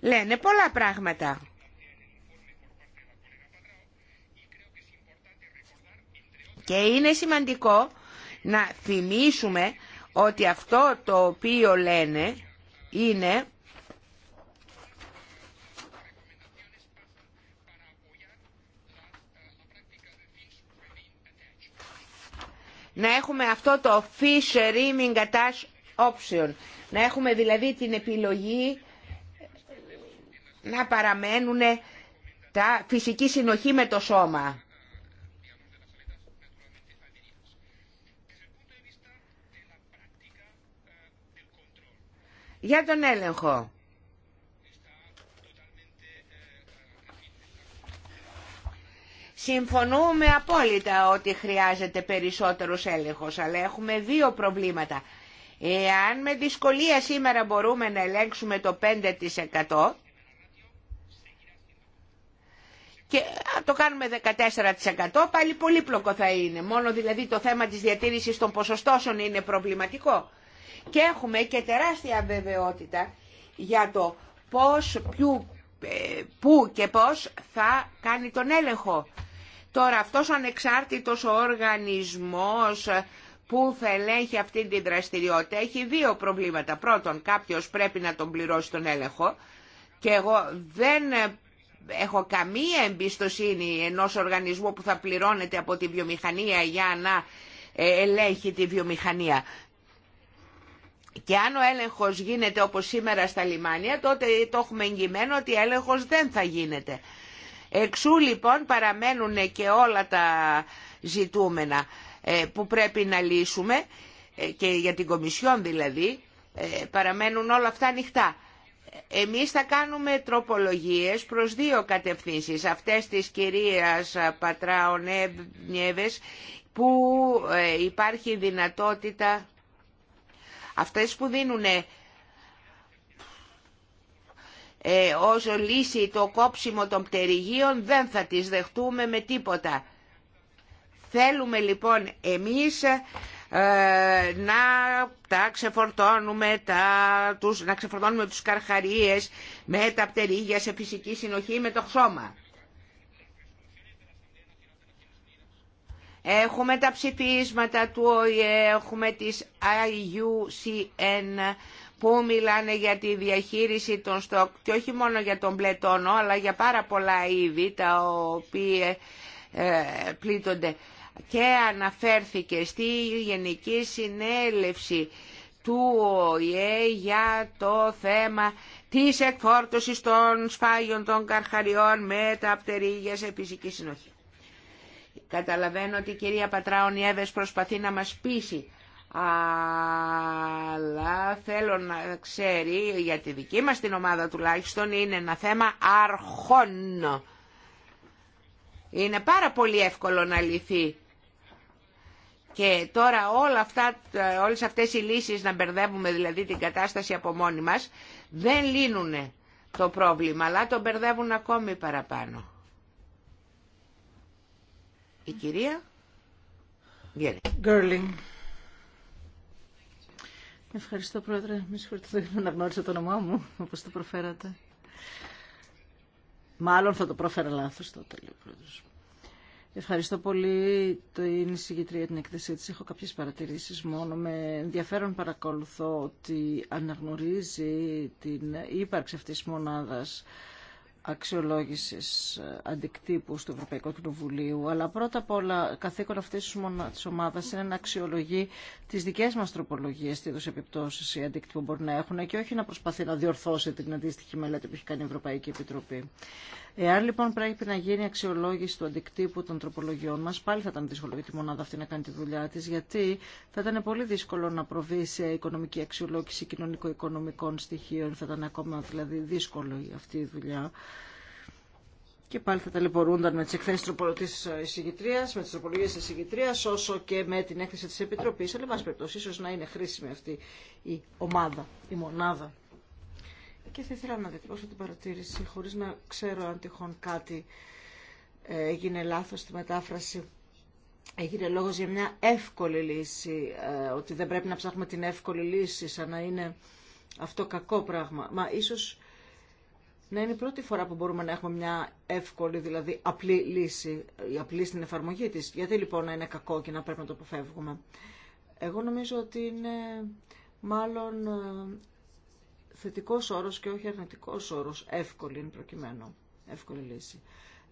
Λένε πολλά πράγματα. Και είναι σημαντικό να θυμίσουμε ότι αυτό το οποίο λένε είναι να έχουμε αυτό το fish reaming attach option. Να έχουμε δηλαδή την επιλογή να παραμένουν τα φυσική συνοχή με το σώμα. Για τον έλεγχο. Συμφωνούμε απόλυτα ότι χρειάζεται περισσότερος έλεγχος, αλλά έχουμε δύο προβλήματα. Εάν με δυσκολία σήμερα μπορούμε να ελέγξουμε το 5% και το κάνουμε 14% πάλι πολύπλοκο θα είναι. Μόνο δηλαδή το θέμα της διατήρησης των ποσοστώσεων είναι προβληματικό. Και έχουμε και τεράστια βεβαιότητα για το πώς, ε, πού και πώς θα κάνει τον έλεγχο. Τώρα αυτός ο ανεξάρτητος οργανισμός που θα ελέγχει αυτή την δραστηριότητα έχει δύο προβλήματα. Πρώτον, κάποιος πρέπει να τον πληρώσει τον έλεγχο και εγώ δεν έχω καμία εμπιστοσύνη ενός οργανισμού που θα πληρώνεται από τη βιομηχανία για να ε, ελέγχει τη βιομηχανία. Και αν ο έλεγχος γίνεται όπως σήμερα στα λιμάνια, τότε το έχουμε εγγυημένο ότι έλεγχος δεν θα γίνεται. Εξού λοιπόν παραμένουν και όλα τα ζητούμενα ε, που πρέπει να λύσουμε ε, και για την Κομισιόν δηλαδή ε, παραμένουν όλα αυτά ανοιχτά. Εμείς θα κάνουμε τροπολογίες προς δύο κατευθύνσεις. Αυτές της κυρίας Πατράων που υπάρχει δυνατότητα αυτές που δίνουν ε, λύσει το κόψιμο των πτερυγίων δεν θα τις δεχτούμε με τίποτα. Θέλουμε λοιπόν εμείς ε, να τα ξεφορτώνουμε, τα, τους, να ξεφορτώνουμε τους καρχαρίες με τα πτερίγια σε φυσική συνοχή με το χρώμα. Έχουμε τα ψηφίσματα του ΟΗΕ, έχουμε τις IUCN που μιλάνε για τη διαχείριση των στόκ και όχι μόνο για τον πλετόνο, αλλά για πάρα πολλά είδη τα οποία ε, πλήττονται. Και αναφέρθηκε στη Γενική Συνέλευση του ΟΗΕ για το θέμα της εκφόρτωσης των σφάγιων των καρχαριών με τα πτερίγια σε φυσική συνοχή. Καταλαβαίνω ότι η κυρία Πατράων Ιέβες προσπαθεί να μας πείσει αλλά θέλω να ξέρει για τη δική μας την ομάδα τουλάχιστον είναι ένα θέμα αρχών. Είναι πάρα πολύ εύκολο να λυθεί. Και τώρα όλα αυτά, όλες αυτές οι λύσεις να μπερδεύουμε δηλαδή την κατάσταση από μόνοι μας δεν λύνουν το πρόβλημα αλλά το μπερδεύουν ακόμη παραπάνω. Η κυρία Γκέρλινγκ. Ευχαριστώ, Πρόεδρε. Με συγχωρείτε, δεν αναγνώρισα το όνομά μου, όπως το προφέρατε. Μάλλον θα το πρόφερα λάθος το λέει ο Ευχαριστώ πολύ την συγκεκριμένη την εκθεσή τη. Έχω κάποιες παρατηρήσεις μόνο. Με ενδιαφέρον παρακολουθώ ότι αναγνωρίζει την ύπαρξη αυτής τη μονάδας αξιολόγησης ε, αντικτύπου του Ευρωπαϊκού Κοινοβουλίου, αλλά πρώτα απ' όλα καθήκον αυτής της ομάδας είναι να αξιολογεί τις δικές μας τροπολογίες, τι είδους επιπτώσεις οι αντικτύπου μπορεί να έχουν και όχι να προσπαθεί να διορθώσει την αντίστοιχη μελέτη που έχει κάνει η Ευρωπαϊκή Επιτροπή. Εάν λοιπόν πρέπει να γίνει αξιολόγηση του αντικτύπου των τροπολογιών μα, πάλι θα ήταν δύσκολο για τη μονάδα αυτή να κάνει τη δουλειά τη, γιατί θα ήταν πολύ δύσκολο να προβεί σε οικονομική αξιολόγηση κοινωνικο-οικονομικών στοιχείων, θα ήταν ακόμα δηλαδή δύσκολο αυτή η δουλειά. Και πάλι θα ταλαιπωρούνταν με τι εκθέσει τη εισηγητρία, με τι τροπολογίε τη εισηγητρία, όσο και με την έκθεση τη Επιτροπή. Αλλά, εν πάση περιπτώσει, ίσω να είναι χρήσιμη αυτή η ομάδα, η μονάδα και θα ήθελα να διατυπώσω την παρατήρηση χωρίς να ξέρω αν τυχόν κάτι ε, έγινε λάθος στη μετάφραση. Έγινε λόγος για μια εύκολη λύση, ε, ότι δεν πρέπει να ψάχνουμε την εύκολη λύση σαν να είναι αυτό κακό πράγμα. Μα ίσως να είναι η πρώτη φορά που μπορούμε να έχουμε μια εύκολη, δηλαδή απλή λύση, η απλή στην εφαρμογή της. Γιατί λοιπόν να είναι κακό και να πρέπει να το αποφεύγουμε. Εγώ νομίζω ότι είναι μάλλον ε, θετικός όρος και όχι αρνητικός όρος, εύκολη είναι προκειμένου, εύκολη λύση.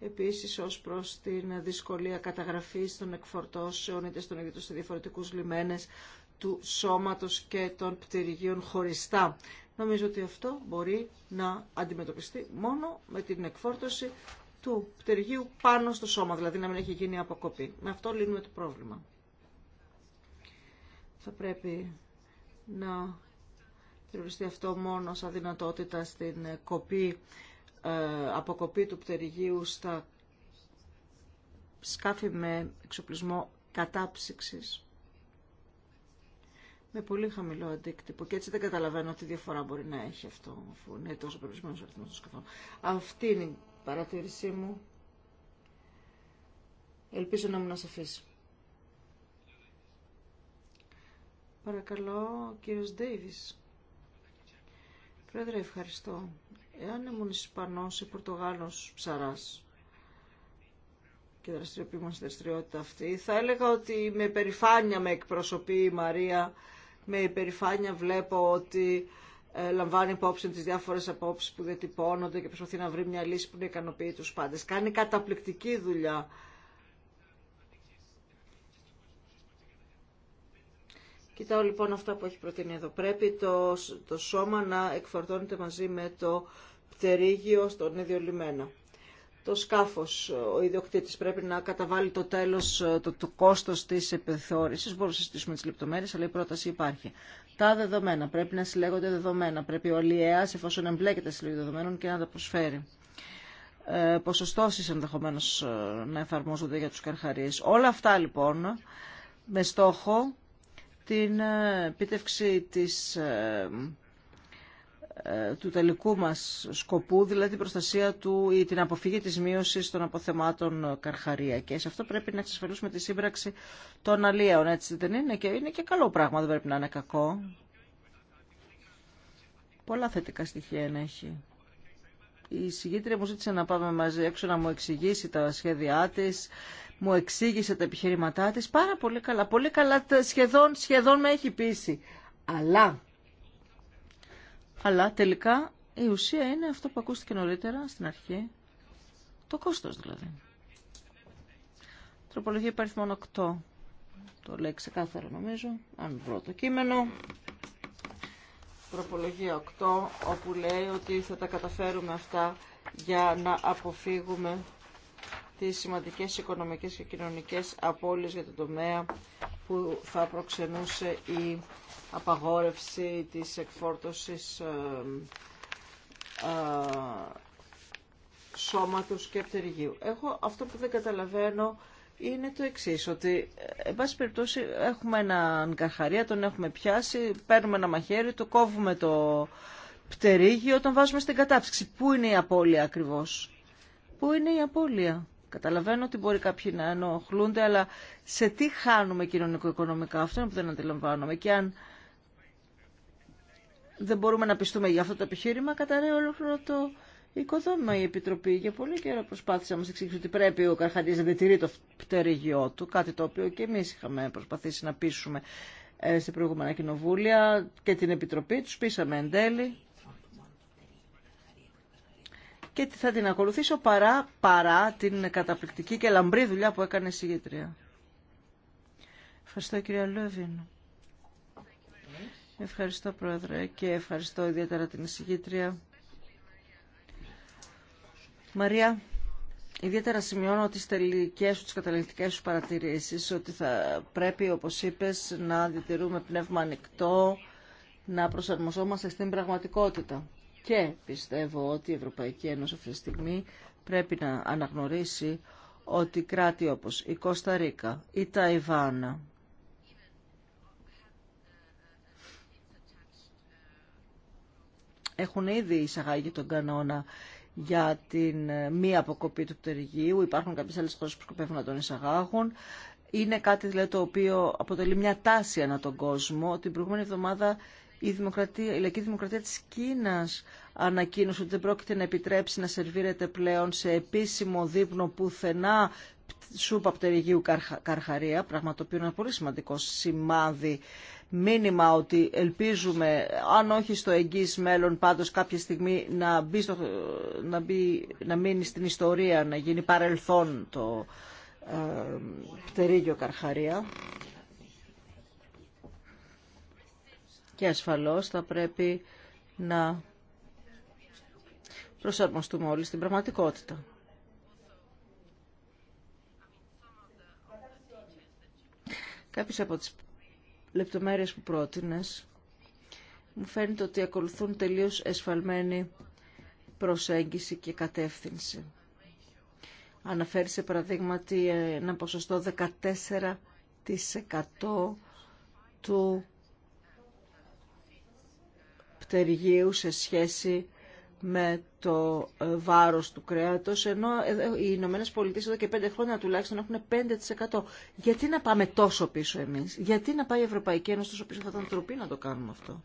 Επίσης, ως προς την δυσκολία καταγραφής των εκφορτώσεων είτε στον ίδιο σε διαφορετικούς λιμένες του σώματος και των πτυριγίων χωριστά. Νομίζω ότι αυτό μπορεί να αντιμετωπιστεί μόνο με την εκφόρτωση του πτυριγίου πάνω στο σώμα, δηλαδή να μην έχει γίνει αποκοπή. Με αυτό λύνουμε το πρόβλημα. Θα πρέπει να Θεωρηστεί αυτό μόνο σαν δυνατότητα στην ε, κοπή, ε, αποκοπή του πτερυγίου στα σκάφη με εξοπλισμό κατάψυξης με πολύ χαμηλό αντίκτυπο. Και έτσι δεν καταλαβαίνω τι διαφορά μπορεί να έχει αυτό, αφού είναι τόσο περιορισμένο ο αριθμό των σκαφών. Αυτή είναι η παρατήρησή μου. Ελπίζω να να σα αφήσει. Παρακαλώ, κύριος Ντέιβις. Πρόεδρε, ευχαριστώ. Εάν ήμουν Ισπανός ή Πορτογάλος ψαράς και δραστηριοποιήμουν στη δραστηριότητα αυτή, θα έλεγα ότι με περηφάνεια με εκπροσωπεί η Μαρία, με υπερηφάνεια βλέπω ότι ε, λαμβάνει υπόψη τις διάφορες απόψεις που διατυπώνονται και δραστηριοποιημουν στην δραστηριοτητα αυτη θα ελεγα οτι με υπερηφανεια με εκπροσωπει η μαρια με υπερηφανεια βλεπω οτι λαμβανει υποψη τις διαφορες αποψεις που διατυπωνονται και προσπαθει να βρει μια λύση που να ικανοποιεί τους πάντες. Κάνει καταπληκτική δουλειά Κοιτάω λοιπόν αυτά που έχει προτείνει εδώ. Πρέπει το, το σώμα να εκφορτώνεται μαζί με το πτερίγιο στον ίδιο λιμένα. Το σκάφος, ο ιδιοκτήτης πρέπει να καταβάλει το τέλος, το, το κόστος της επιθεώρησης. Μπορούμε να συζητήσουμε τις λεπτομέρειες, αλλά η πρόταση υπάρχει. Τα δεδομένα, πρέπει να συλλέγονται δεδομένα. Πρέπει ο ΛΙΕΑΣ, εφόσον εμπλέκεται στη συλλέγει δεδομένων, και να τα προσφέρει ε, ποσοστώσεις ενδεχομένως ε, να εφαρμόζονται για τους καρχαρίες. Όλα αυτά λοιπόν με στόχο την ε, επίτευξη της, ε, ε, του τελικού μας σκοπού, δηλαδή την προστασία του ή την αποφύγη της μείωσης των αποθεμάτων καρχαρία. Και σε αυτό πρέπει να εξασφαλίσουμε τη σύμπραξη των αλλιέων, έτσι δεν είναι και, είναι και καλό πράγμα, δεν πρέπει να είναι κακό. Πολλά θετικά στοιχεία να έχει η συγγήτρια μου ζήτησε να πάμε μαζί έξω να μου εξηγήσει τα σχέδιά τη, μου εξήγησε τα επιχειρηματά τη. πάρα πολύ καλά, πολύ καλά σχεδόν, σχεδόν με έχει πείσει. Αλλά, αλλά τελικά η ουσία είναι αυτό που ακούστηκε νωρίτερα στην αρχή, το κόστος δηλαδή. Τροπολογία υπάρχει μόνο 8. Το λέει ξεκάθαρα νομίζω, αν βρω το κείμενο τροπολογία 8 όπου λέει ότι θα τα καταφέρουμε αυτά για να αποφύγουμε τις σημαντικές οικονομικές και κοινωνικές απώλειες για το τομέα που θα προξενούσε η απαγόρευση της εκφόρτωσης ε, ε, σώματος και πτεργίου. Έχω αυτό που δεν καταλαβαίνω είναι το εξή, ότι ε, εν πάση περιπτώσει έχουμε έναν καρχαρία, τον έχουμε πιάσει, παίρνουμε ένα μαχαίρι, το κόβουμε το πτερίγιο, τον βάζουμε στην κατάψυξη. Πού είναι η απώλεια ακριβώς. Πού είναι η απώλεια. Καταλαβαίνω ότι μπορεί κάποιοι να ενοχλούνται, αλλά σε τι χάνουμε κοινωνικο-οικονομικά, αυτό είναι που δεν αντιλαμβάνομαι. Και αν δεν μπορούμε να πιστούμε για αυτό το επιχείρημα, καταραίει ολόκληρο το οικοδόμημα η Επιτροπή. Για πολύ καιρό προσπάθησε να μα εξηγήσει ότι πρέπει ο Καρχαντή να διατηρεί το πτερυγιό του, κάτι το οποίο και εμεί είχαμε προσπαθήσει να πείσουμε ε, σε προηγούμενα κοινοβούλια και την Επιτροπή. Του πείσαμε εν τέλει. Και θα την ακολουθήσω παρά, παρά την καταπληκτική και λαμπρή δουλειά που έκανε η συγγετρία. Ευχαριστώ κυρία Λόβιν. Ευχαριστώ πρόεδρε και ευχαριστώ ιδιαίτερα την συγγετρία Μαρία, ιδιαίτερα σημειώνω τις τελικές σου, τις καταληκτικές σου παρατηρήσεις, ότι θα πρέπει, όπως είπες, να διατηρούμε πνεύμα ανοιχτό, να προσαρμοζόμαστε στην πραγματικότητα. Και πιστεύω ότι η Ευρωπαϊκή Ένωση αυτή τη στιγμή πρέπει να αναγνωρίσει ότι κράτη όπως η Κωνσταντίνα, η Ταϊβάνα, έχουν ήδη εισαγάγει τον κανόνα για την ε, μη αποκοπή του πτερυγίου. Υπάρχουν κάποιες άλλες χώρες που σκοπεύουν να τον εισαγάγουν. Είναι κάτι δηλαδή, το οποίο αποτελεί μια τάση ανά τον κόσμο. Την προηγούμενη εβδομάδα η, δημοκρατία, η Λαϊκή Δημοκρατία της Κίνας ανακοίνωσε ότι δεν πρόκειται να επιτρέψει να σερβίρεται πλέον σε επίσημο δείπνο πουθενά σούπα πτερυγίου καρχαρία, πράγμα το οποίο είναι ένα πολύ σημαντικό σημάδι μήνυμα ότι ελπίζουμε, αν όχι στο εγγύς μέλλον, πάντως κάποια στιγμή να, μπει να, να μείνει στην ιστορία, να γίνει παρελθόν το ε, πτερίγιο Καρχαρία. Και ασφαλώς θα πρέπει να προσαρμοστούμε όλοι στην πραγματικότητα. Κάποιες από τις λεπτομέρειες που πρότεινες, μου φαίνεται ότι ακολουθούν τελείως εσφαλμένη προσέγγιση και κατεύθυνση. Αναφέρει σε παραδείγματι ένα ποσοστό 14% του πτεργίου σε σχέση με το ε, βάρος του κρέατος, ενώ ε, ε, οι Ηνωμένε Πολιτείες εδώ και πέντε χρόνια τουλάχιστον έχουν 5%. Γιατί να πάμε τόσο πίσω εμείς, γιατί να πάει η Ευρωπαϊκή Ένωση τόσο πίσω, θα ήταν τροπή να το κάνουμε αυτό.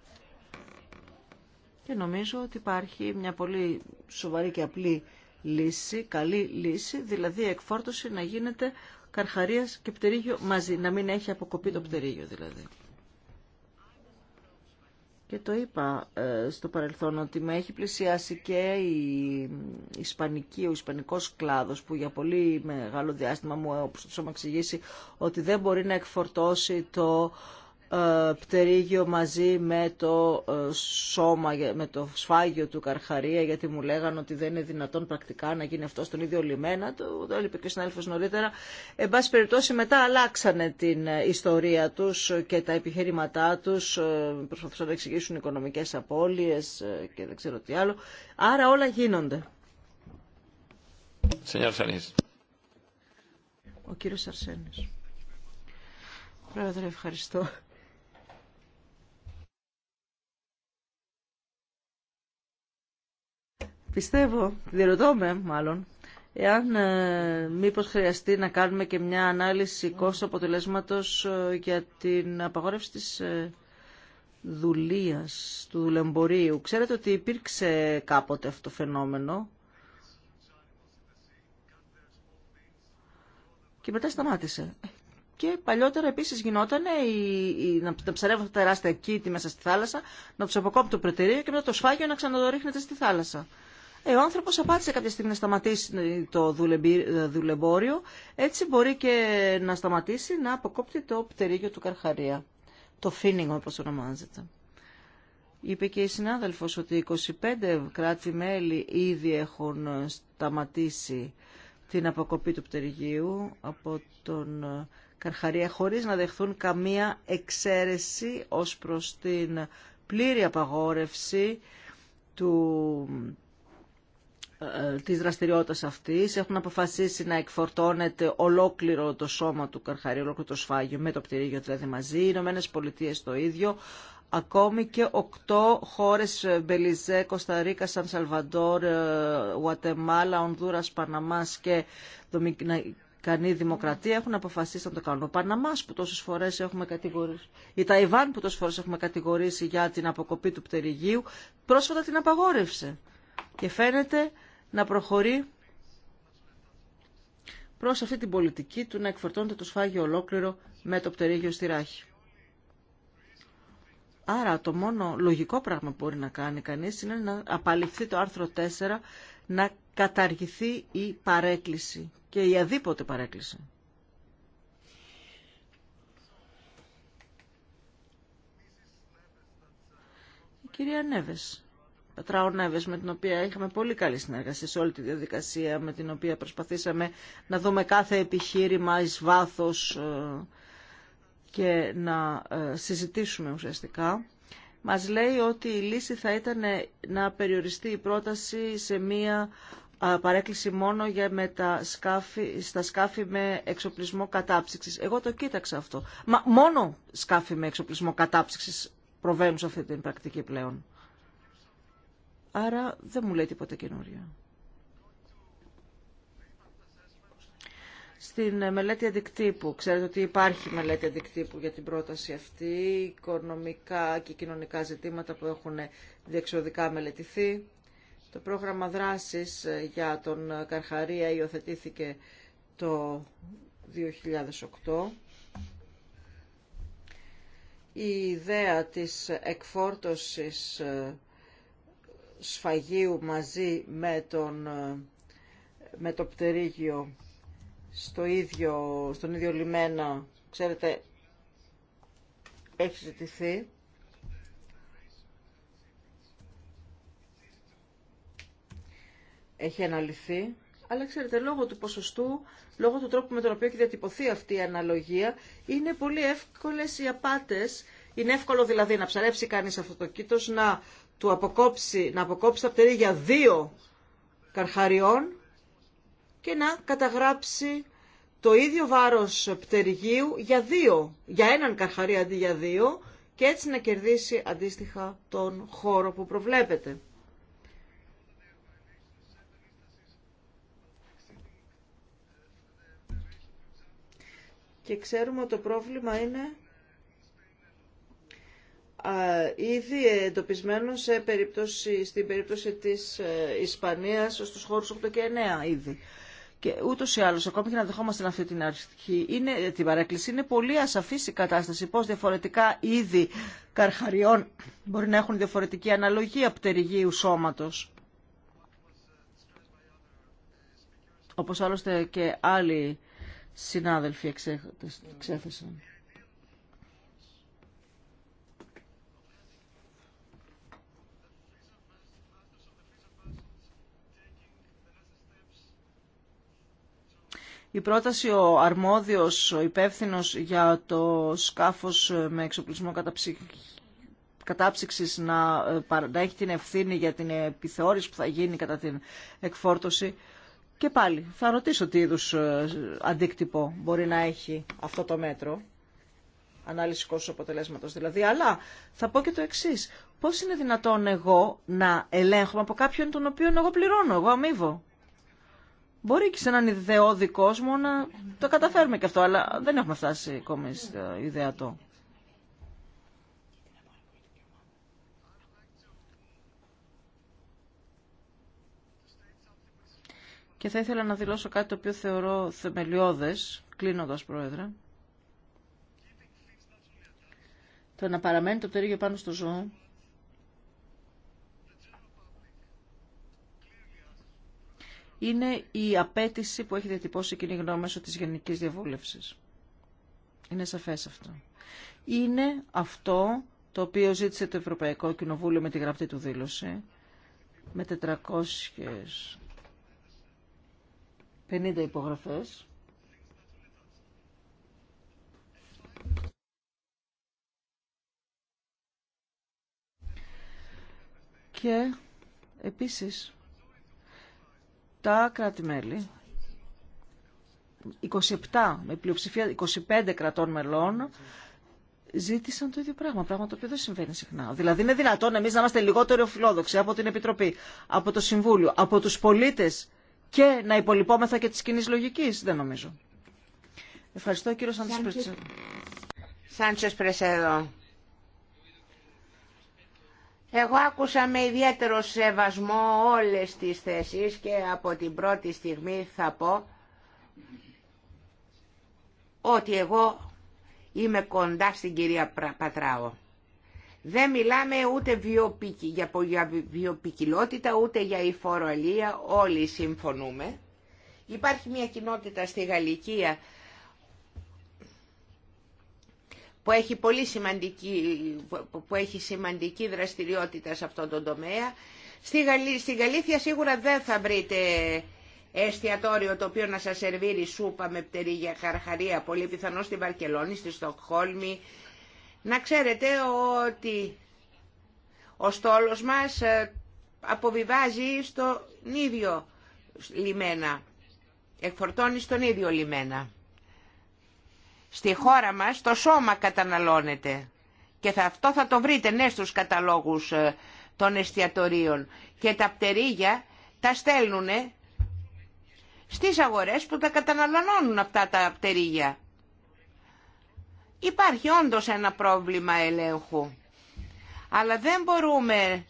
Και νομίζω ότι υπάρχει μια πολύ σοβαρή και απλή λύση, καλή λύση, δηλαδή η εκφόρτωση να γίνεται καρχαρίας και πτερίγιο μαζί, να μην έχει αποκοπεί το πτερίγιο δηλαδή. Και το είπα ε, στο παρελθόν ότι με έχει πλησιάσει και η ισπανική, ο ισπανικός κλάδος που για πολύ μεγάλο διάστημα μου όπως μου εξηγήσει ότι δεν μπορεί να εκφορτώσει το ε, πτερίγιο μαζί με το ε, σώμα, με το σφάγιο του Καρχαρία, γιατί μου λέγανε ότι δεν είναι δυνατόν πρακτικά να γίνει αυτό στον ίδιο λιμένα. Το, το και ο συνάδελφο νωρίτερα. Εν πάση περιπτώσει μετά αλλάξανε την ε, ιστορία τους και τα επιχειρηματά τους, προσπαθούσαν να εξηγήσουν οικονομικές απώλειες και δεν ξέρω τι άλλο. Άρα όλα γίνονται. Ο κύριος Αρσένης. Πρόεδρε, ευχαριστώ. Πιστεύω, διερωτώ με μάλλον, εάν ε, μήπως χρειαστεί να κάνουμε και μια ανάλυση κόστος αποτελέσματος ε, για την απαγόρευση της ε, του δουλεμπορίου. Ξέρετε ότι υπήρξε κάποτε αυτό το φαινόμενο και μετά σταμάτησε. Και παλιότερα επίσης γινόταν η η, να, να ψαρεύουν τεράστια κήτη μέσα στη θάλασσα, να του αποκόπτουν το πρετηρίο και μετά το σφάγιο να ξαναδορίχνεται στη θάλασσα. Ε, ο άνθρωπος απάντησε κάποια στιγμή να σταματήσει το δουλεμπόριο, έτσι μπορεί και να σταματήσει να αποκόπτει το πτερίγιο του Καρχαρία. Το φίνιγμα όπως ονομάζεται. Είπε και η συνάδελφος ότι 25 κράτη-μέλη ήδη έχουν σταματήσει την αποκοπή του πτεριγίου από τον Καρχαρία χωρίς να δεχθούν καμία εξαίρεση ως προς την πλήρη απαγόρευση του ε, της δραστηριότητας αυτής. Έχουν αποφασίσει να εκφορτώνεται ολόκληρο το σώμα του καρχαρίου, ολόκληρο το σφάγιο με το πτυρίγιο δηλαδή μαζί. Οι Ηνωμένε Πολιτείε το ίδιο. Ακόμη και οκτώ χώρες, ε, Μπελιζέ, Κωνσταντίνα, Σαν Σαλβαντόρ, ε, Γουατεμάλα, Ονδούρας, Παναμάς και Κανή δημοκρατία έχουν αποφασίσει να το κάνουν. Ο Παναμά που τόσε φορέ έχουμε κατηγορήσει, η Ταϊβάν που τόσε φορέ έχουμε κατηγορήσει για την αποκοπή του πτερυγίου, πρόσφατα την απαγόρευσε. Και φαίνεται να προχωρεί προς αυτή την πολιτική του να εκφορτώνεται το σφάγιο ολόκληρο με το πτερίγιο στη ράχη. Άρα το μόνο λογικό πράγμα που μπορεί να κάνει κανείς είναι να απαλληφθεί το άρθρο 4, να καταργηθεί η παρέκκληση και η αδίποτε παρέκκληση. Η κυρία Νέβες με την οποία είχαμε πολύ καλή συνεργασία σε όλη τη διαδικασία με την οποία προσπαθήσαμε να δούμε κάθε επιχείρημα εις βάθος ε, και να ε, συζητήσουμε ουσιαστικά. Μας λέει ότι η λύση θα ήταν να περιοριστεί η πρόταση σε μία παρέκκληση μόνο για με τα σκάφη, στα σκάφη με εξοπλισμό κατάψυξης. Εγώ το κοίταξα αυτό. Μα μόνο σκάφη με εξοπλισμό κατάψυξης προβαίνουν σε αυτή την πρακτική πλέον. Άρα δεν μου λέει τίποτα καινούριο. Στην ε, μελέτη αντικτύπου, ξέρετε ότι υπάρχει μελέτη αντικτύπου για την πρόταση αυτή, οικονομικά και κοινωνικά ζητήματα που έχουν διεξοδικά μελετηθεί. Το πρόγραμμα δράσης ε, για τον ε, Καρχαρία υιοθετήθηκε το 2008. Η ιδέα της εκφόρτωσης σφαγίου μαζί με, τον, ε, με το πτερίγιο στο ίδιο, στον ίδιο λιμένα, ξέρετε, έχει ζητηθεί. Έχει αναλυθεί. Αλλά ξέρετε, λόγω του ποσοστού, λόγω του τρόπου με τον οποίο έχει διατυπωθεί αυτή η αναλογία, είναι πολύ εύκολες οι απάτες. Είναι εύκολο δηλαδή να ψαρέψει κανείς αυτό το κήτος, να του αποκόψει, να αποκόψει τα για δύο καρχαριών και να καταγράψει το ίδιο βάρος πτεριγίου για δύο, για έναν καρχαρί αντί για δύο και έτσι να κερδίσει αντίστοιχα τον χώρο που προβλέπεται. Και ξέρουμε ότι το πρόβλημα είναι ήδη εντοπισμένο σε περίπτωση, στην περίπτωση της ε, Ισπανίας στους χώρους 8 και 9 ήδη. Και ούτω ή άλλω, ακόμη και να δεχόμαστε αυτή την αρχή, είναι, την παρέκκληση, είναι πολύ ασαφή η κατάσταση. Πώ διαφορετικά είδη καρχαριών μπορεί να έχουν διαφορετική αναλογία πτερυγίου σώματο. Όπω άλλωστε και άλλοι συνάδελφοι εξέθεσαν. η πρόταση ο αρμόδιος, ο υπεύθυνος για το σκάφος με εξοπλισμό κατάψυξης να, ε, να έχει την ευθύνη για την επιθεώρηση που θα γίνει κατά την εκφόρτωση. Και πάλι θα ρωτήσω τι είδους ε, αντίκτυπο μπορεί να έχει αυτό το μέτρο ανάλυση κόστου αποτελέσματος δηλαδή. Αλλά θα πω και το εξή. Πώς είναι δυνατόν εγώ να ελέγχω από κάποιον τον οποίο εγώ πληρώνω, εγώ αμείβω. Μπορεί και σε έναν ιδεώδη κόσμο να το καταφέρουμε και αυτό, αλλά δεν έχουμε φτάσει ακόμη στο ιδεατό. Και θα ήθελα να δηλώσω κάτι το οποίο θεωρώ θεμελιώδες, κλείνοντας πρόεδρε. Το να παραμένει το πτέρυγιο πάνω στο ζώο είναι η απέτηση που έχει διατυπώσει η κοινή γνώμη μέσω της γενικής διαβούλευσης. Είναι σαφές αυτό. Είναι αυτό το οποίο ζήτησε το Ευρωπαϊκό Κοινοβούλιο με τη γραπτή του δήλωση, με 450 υπογραφές. Και επίσης τα κράτη-μέλη, 27 με πλειοψηφία 25 κρατών μελών, ζήτησαν το ίδιο πράγμα. Πράγμα το οποίο δεν συμβαίνει συχνά. Δηλαδή, είναι δυνατόν εμείς να είμαστε λιγότερο φιλόδοξοι από την Επιτροπή, από το Συμβούλιο, από τους πολίτες και να υπολοιπόμεθα και τη κοινή λογική. Δεν νομίζω. Ευχαριστώ, κύριο Σάντσε εγώ άκουσα με ιδιαίτερο σεβασμό όλες τις θέσεις και από την πρώτη στιγμή θα πω ότι εγώ είμαι κοντά στην κυρία πατράω. Δεν μιλάμε ούτε για βιοπικιλότητα ούτε για υφοροαλία, όλοι συμφωνούμε. Υπάρχει μια κοινότητα στη Γαλλικία που έχει, πολύ σημαντική, που έχει σημαντική δραστηριότητα σε αυτόν τον τομέα. Στη στην Γαλήθεια σίγουρα δεν θα βρείτε εστιατόριο το οποίο να σας σερβίρει σούπα με πτερίγια χαρχαρία, πολύ πιθανό στη Βαρκελόνη, στη Στοκχόλμη. Να ξέρετε ότι ο στόλος μας ε, αποβιβάζει στον ίδιο λιμένα, εκφορτώνει στον ίδιο λιμένα. Στη χώρα μας το σώμα καταναλώνεται και θα, αυτό θα το βρείτε ναι στους καταλόγους ε, των εστιατορίων και τα πτερίγια τα στέλνουν στις αγορές που τα καταναλώνουν αυτά τα πτερίγια. Υπάρχει όντως ένα πρόβλημα ελέγχου. Αλλά δεν μπορούμε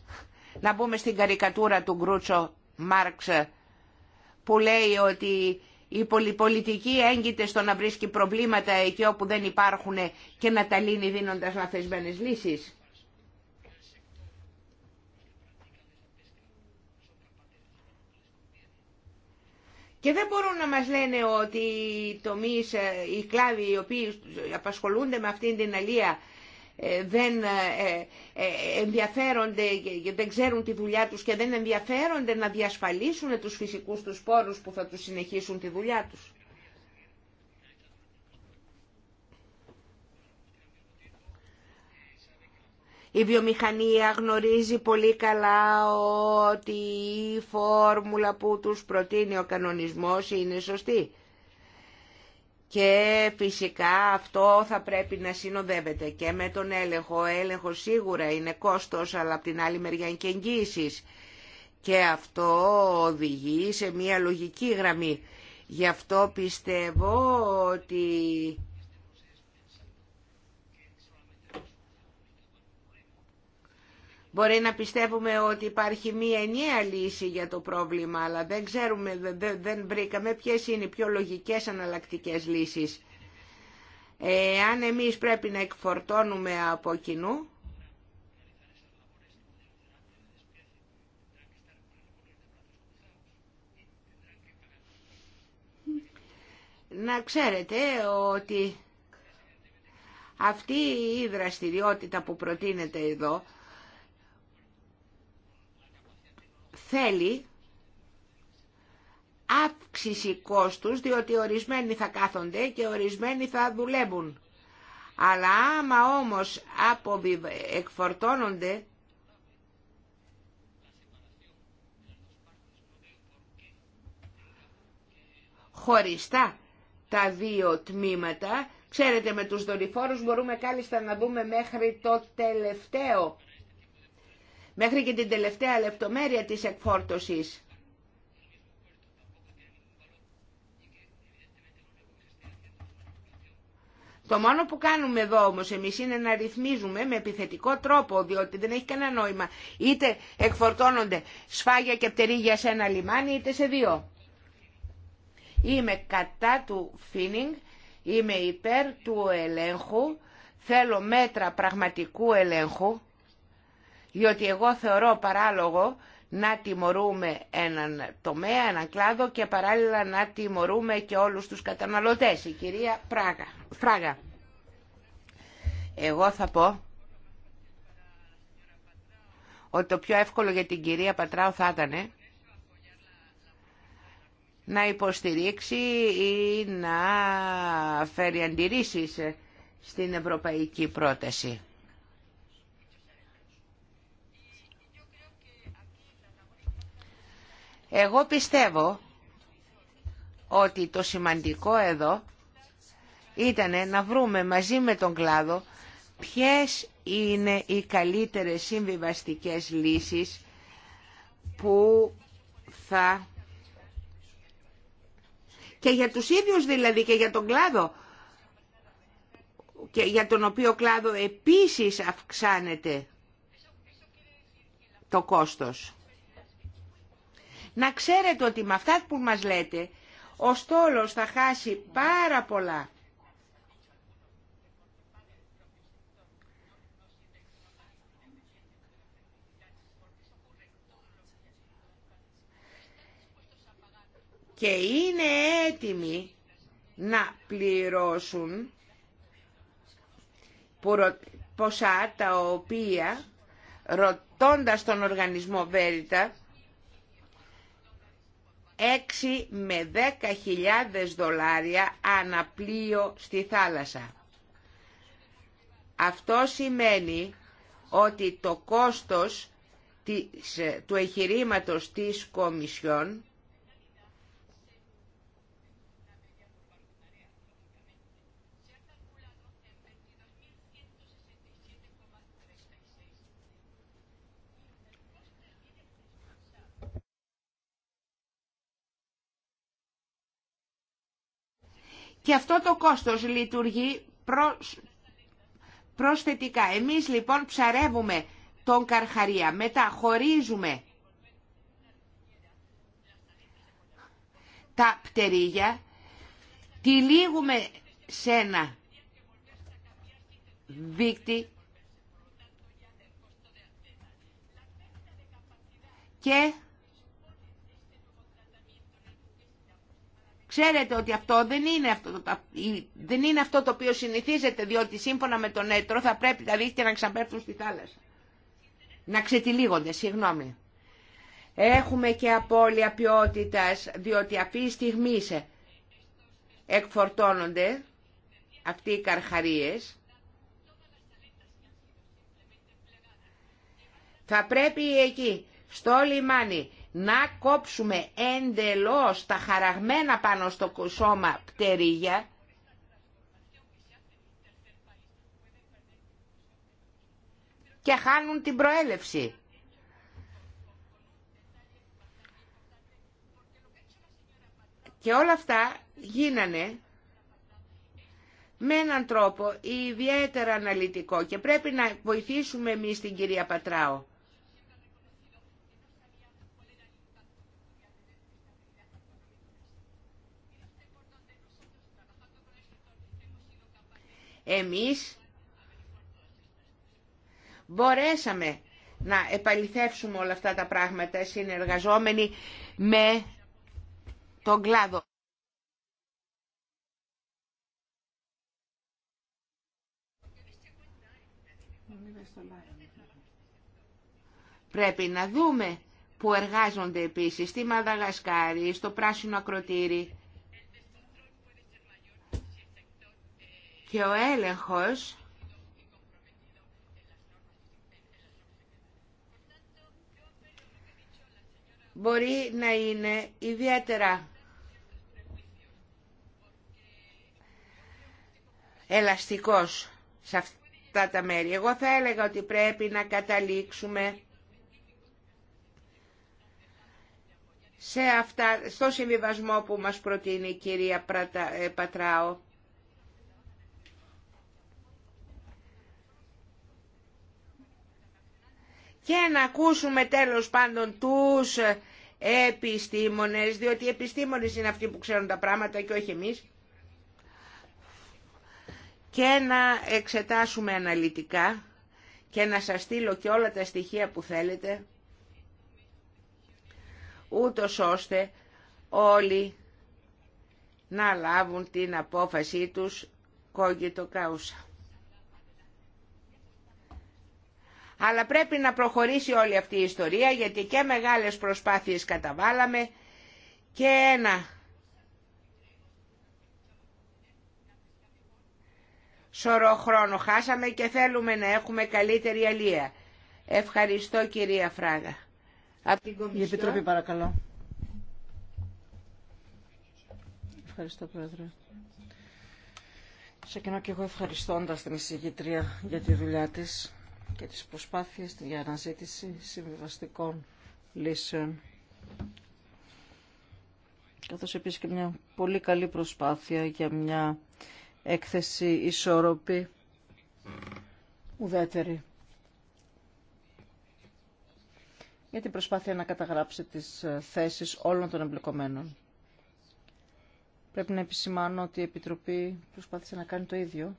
να μπούμε στην καρικατούρα του Γκρούτσο Μάρξ που λέει ότι η πολυπολιτική έγκυται στο να βρίσκει προβλήματα εκεί όπου δεν υπάρχουν και να τα λύνει δίνοντας λαθεσμένες λύσεις. Και δεν μπορούν να μας λένε ότι οι τομείς, ε, οι κλάδοι οι οποίοι απασχολούνται με αυτήν την αλία ε, δεν ε, ε, ενδιαφέρονται, δεν ξέρουν τη δουλειά τους και δεν ενδιαφέρονται να διασφαλίσουν τους φυσικούς τους πόρους που θα τους συνεχίσουν τη δουλειά τους. Η βιομηχανία γνωρίζει πολύ καλά ότι η φόρμουλα που τους προτείνει ο κανονισμός είναι σωστή και φυσικά αυτό θα πρέπει να συνοδεύεται και με τον έλεγχο. Ο έλεγχο σίγουρα είναι κόστος, αλλά από την άλλη μεριά είναι και εγγύησης. Και αυτό οδηγεί σε μία λογική γραμμή. Γι' αυτό πιστεύω ότι Μπορεί να πιστεύουμε ότι υπάρχει μία ενιαία λύση για το πρόβλημα, αλλά δεν ξέρουμε, δεν βρήκαμε ποιες είναι οι πιο λογικές αναλλακτικές λύσεις. Ε, αν εμείς πρέπει να εκφορτώνουμε από κοινού, να ξέρετε ότι αυτή η δραστηριότητα που προτείνεται εδώ θέλει αύξηση κόστους διότι ορισμένοι θα κάθονται και ορισμένοι θα δουλεύουν. Αλλά άμα όμως εκφορτώνονται χωριστά τα δύο τμήματα, ξέρετε με τους δορυφόρους μπορούμε κάλλιστα να δούμε μέχρι το τελευταίο μέχρι και την τελευταία λεπτομέρεια της εκφόρτωσης. Το μόνο που κάνουμε εδώ όμως εμείς είναι να ρυθμίζουμε με επιθετικό τρόπο, διότι δεν έχει κανένα νόημα. Είτε εκφορτώνονται σφάγια και πτερίγια σε ένα λιμάνι, είτε σε δύο. Είμαι κατά του φίνινγκ, είμαι υπέρ του ελέγχου, θέλω μέτρα πραγματικού ελέγχου διότι εγώ θεωρώ παράλογο να τιμωρούμε έναν τομέα, έναν κλάδο και παράλληλα να τιμωρούμε και όλους τους καταναλωτές. Η κυρία Πράγα. Φράγα. Εγώ θα πω ότι το πιο εύκολο για την κυρία Πατράου θα ήταν να υποστηρίξει ή να φέρει αντιρρήσεις στην ευρωπαϊκή πρόταση. Εγώ πιστεύω ότι το σημαντικό εδώ ήταν να βρούμε μαζί με τον κλάδο ποιες είναι οι καλύτερες συμβιβαστικές λύσεις που θα... Και για τους ίδιους δηλαδή και για τον κλάδο, και για τον οποίο κλάδο επίσης αυξάνεται το κόστος. Να ξέρετε ότι με αυτά που μας λέτε, ο στόλος θα χάσει πάρα πολλά. και είναι έτοιμοι να πληρώσουν ποσά τα οποία ρωτώντας τον οργανισμό Βέριτα 6 με 10.000 δολάρια αναπλοίο στη θάλασσα. Αυτό σημαίνει ότι το κόστος ε, του εχειρήματος της Κομισιόν Και αυτό το κόστος λειτουργεί προς, προσθετικά. Εμείς λοιπόν ψαρεύουμε τον καρχαρία, μετά χωρίζουμε τα πτερίγια, τυλίγουμε σε ένα δίκτυ και Ξέρετε ότι αυτό δεν είναι αυτό, δεν είναι αυτό το οποίο συνηθίζεται, διότι σύμφωνα με τον έτρο θα πρέπει τα δίχτυα να ξαπέφτουν στη θάλασσα. Να ξετυλίγονται, συγγνώμη. Έχουμε και απώλεια ποιότητα, διότι αυτή τη στιγμή εκφορτώνονται αυτοί οι καρχαρίες. Θα πρέπει εκεί, στο λιμάνι, να κόψουμε εντελώς τα χαραγμένα πάνω στο σώμα πτερίγια, και χάνουν την προέλευση. Και όλα αυτά γίνανε με έναν τρόπο ιδιαίτερα αναλυτικό και πρέπει να βοηθήσουμε εμείς την κυρία Πατράο. Εμείς μπορέσαμε να επαληθεύσουμε όλα αυτά τα πράγματα συνεργαζόμενοι με τον κλάδο. Πρέπει να δούμε που εργάζονται επίσης στη Μαδαγασκάρη, στο Πράσινο Ακροτήρι. και ο έλεγχος μπορεί να είναι ιδιαίτερα ελαστικός σε αυτά τα μέρη. Εγώ θα έλεγα ότι πρέπει να καταλήξουμε σε αυτά, στο συμβιβασμό που μας προτείνει η κυρία ε, Πατράο. και να ακούσουμε τέλος πάντων τους επιστήμονες, διότι οι επιστήμονες είναι αυτοί που ξέρουν τα πράγματα και όχι εμείς, και να εξετάσουμε αναλυτικά και να σας στείλω και όλα τα στοιχεία που θέλετε, ούτω ώστε όλοι να λάβουν την απόφασή τους κόγκιτο κάουσα. Αλλά πρέπει να προχωρήσει όλη αυτή η ιστορία γιατί και μεγάλες προσπάθειες καταβάλαμε και ένα σωρό χρόνο χάσαμε και θέλουμε να έχουμε καλύτερη αλία. Ευχαριστώ κυρία Φράγα. Από την Κομισιό. Η Επιτροπή παρακαλώ. Ευχαριστώ Πρόεδρε. Ξεκινώ και εγώ ευχαριστώντας την εισηγητρία για τη δουλειά της και τις προσπάθειες για αναζήτηση συμβιβαστικών λύσεων. Καθώς επίσης και μια πολύ καλή προσπάθεια για μια έκθεση ισόρροπη, ουδέτερη. Για την προσπάθεια να καταγράψει τις ε, θέσεις όλων των εμπλεκομένων. Πρέπει να επισημάνω ότι η Επιτροπή προσπάθησε να κάνει το ίδιο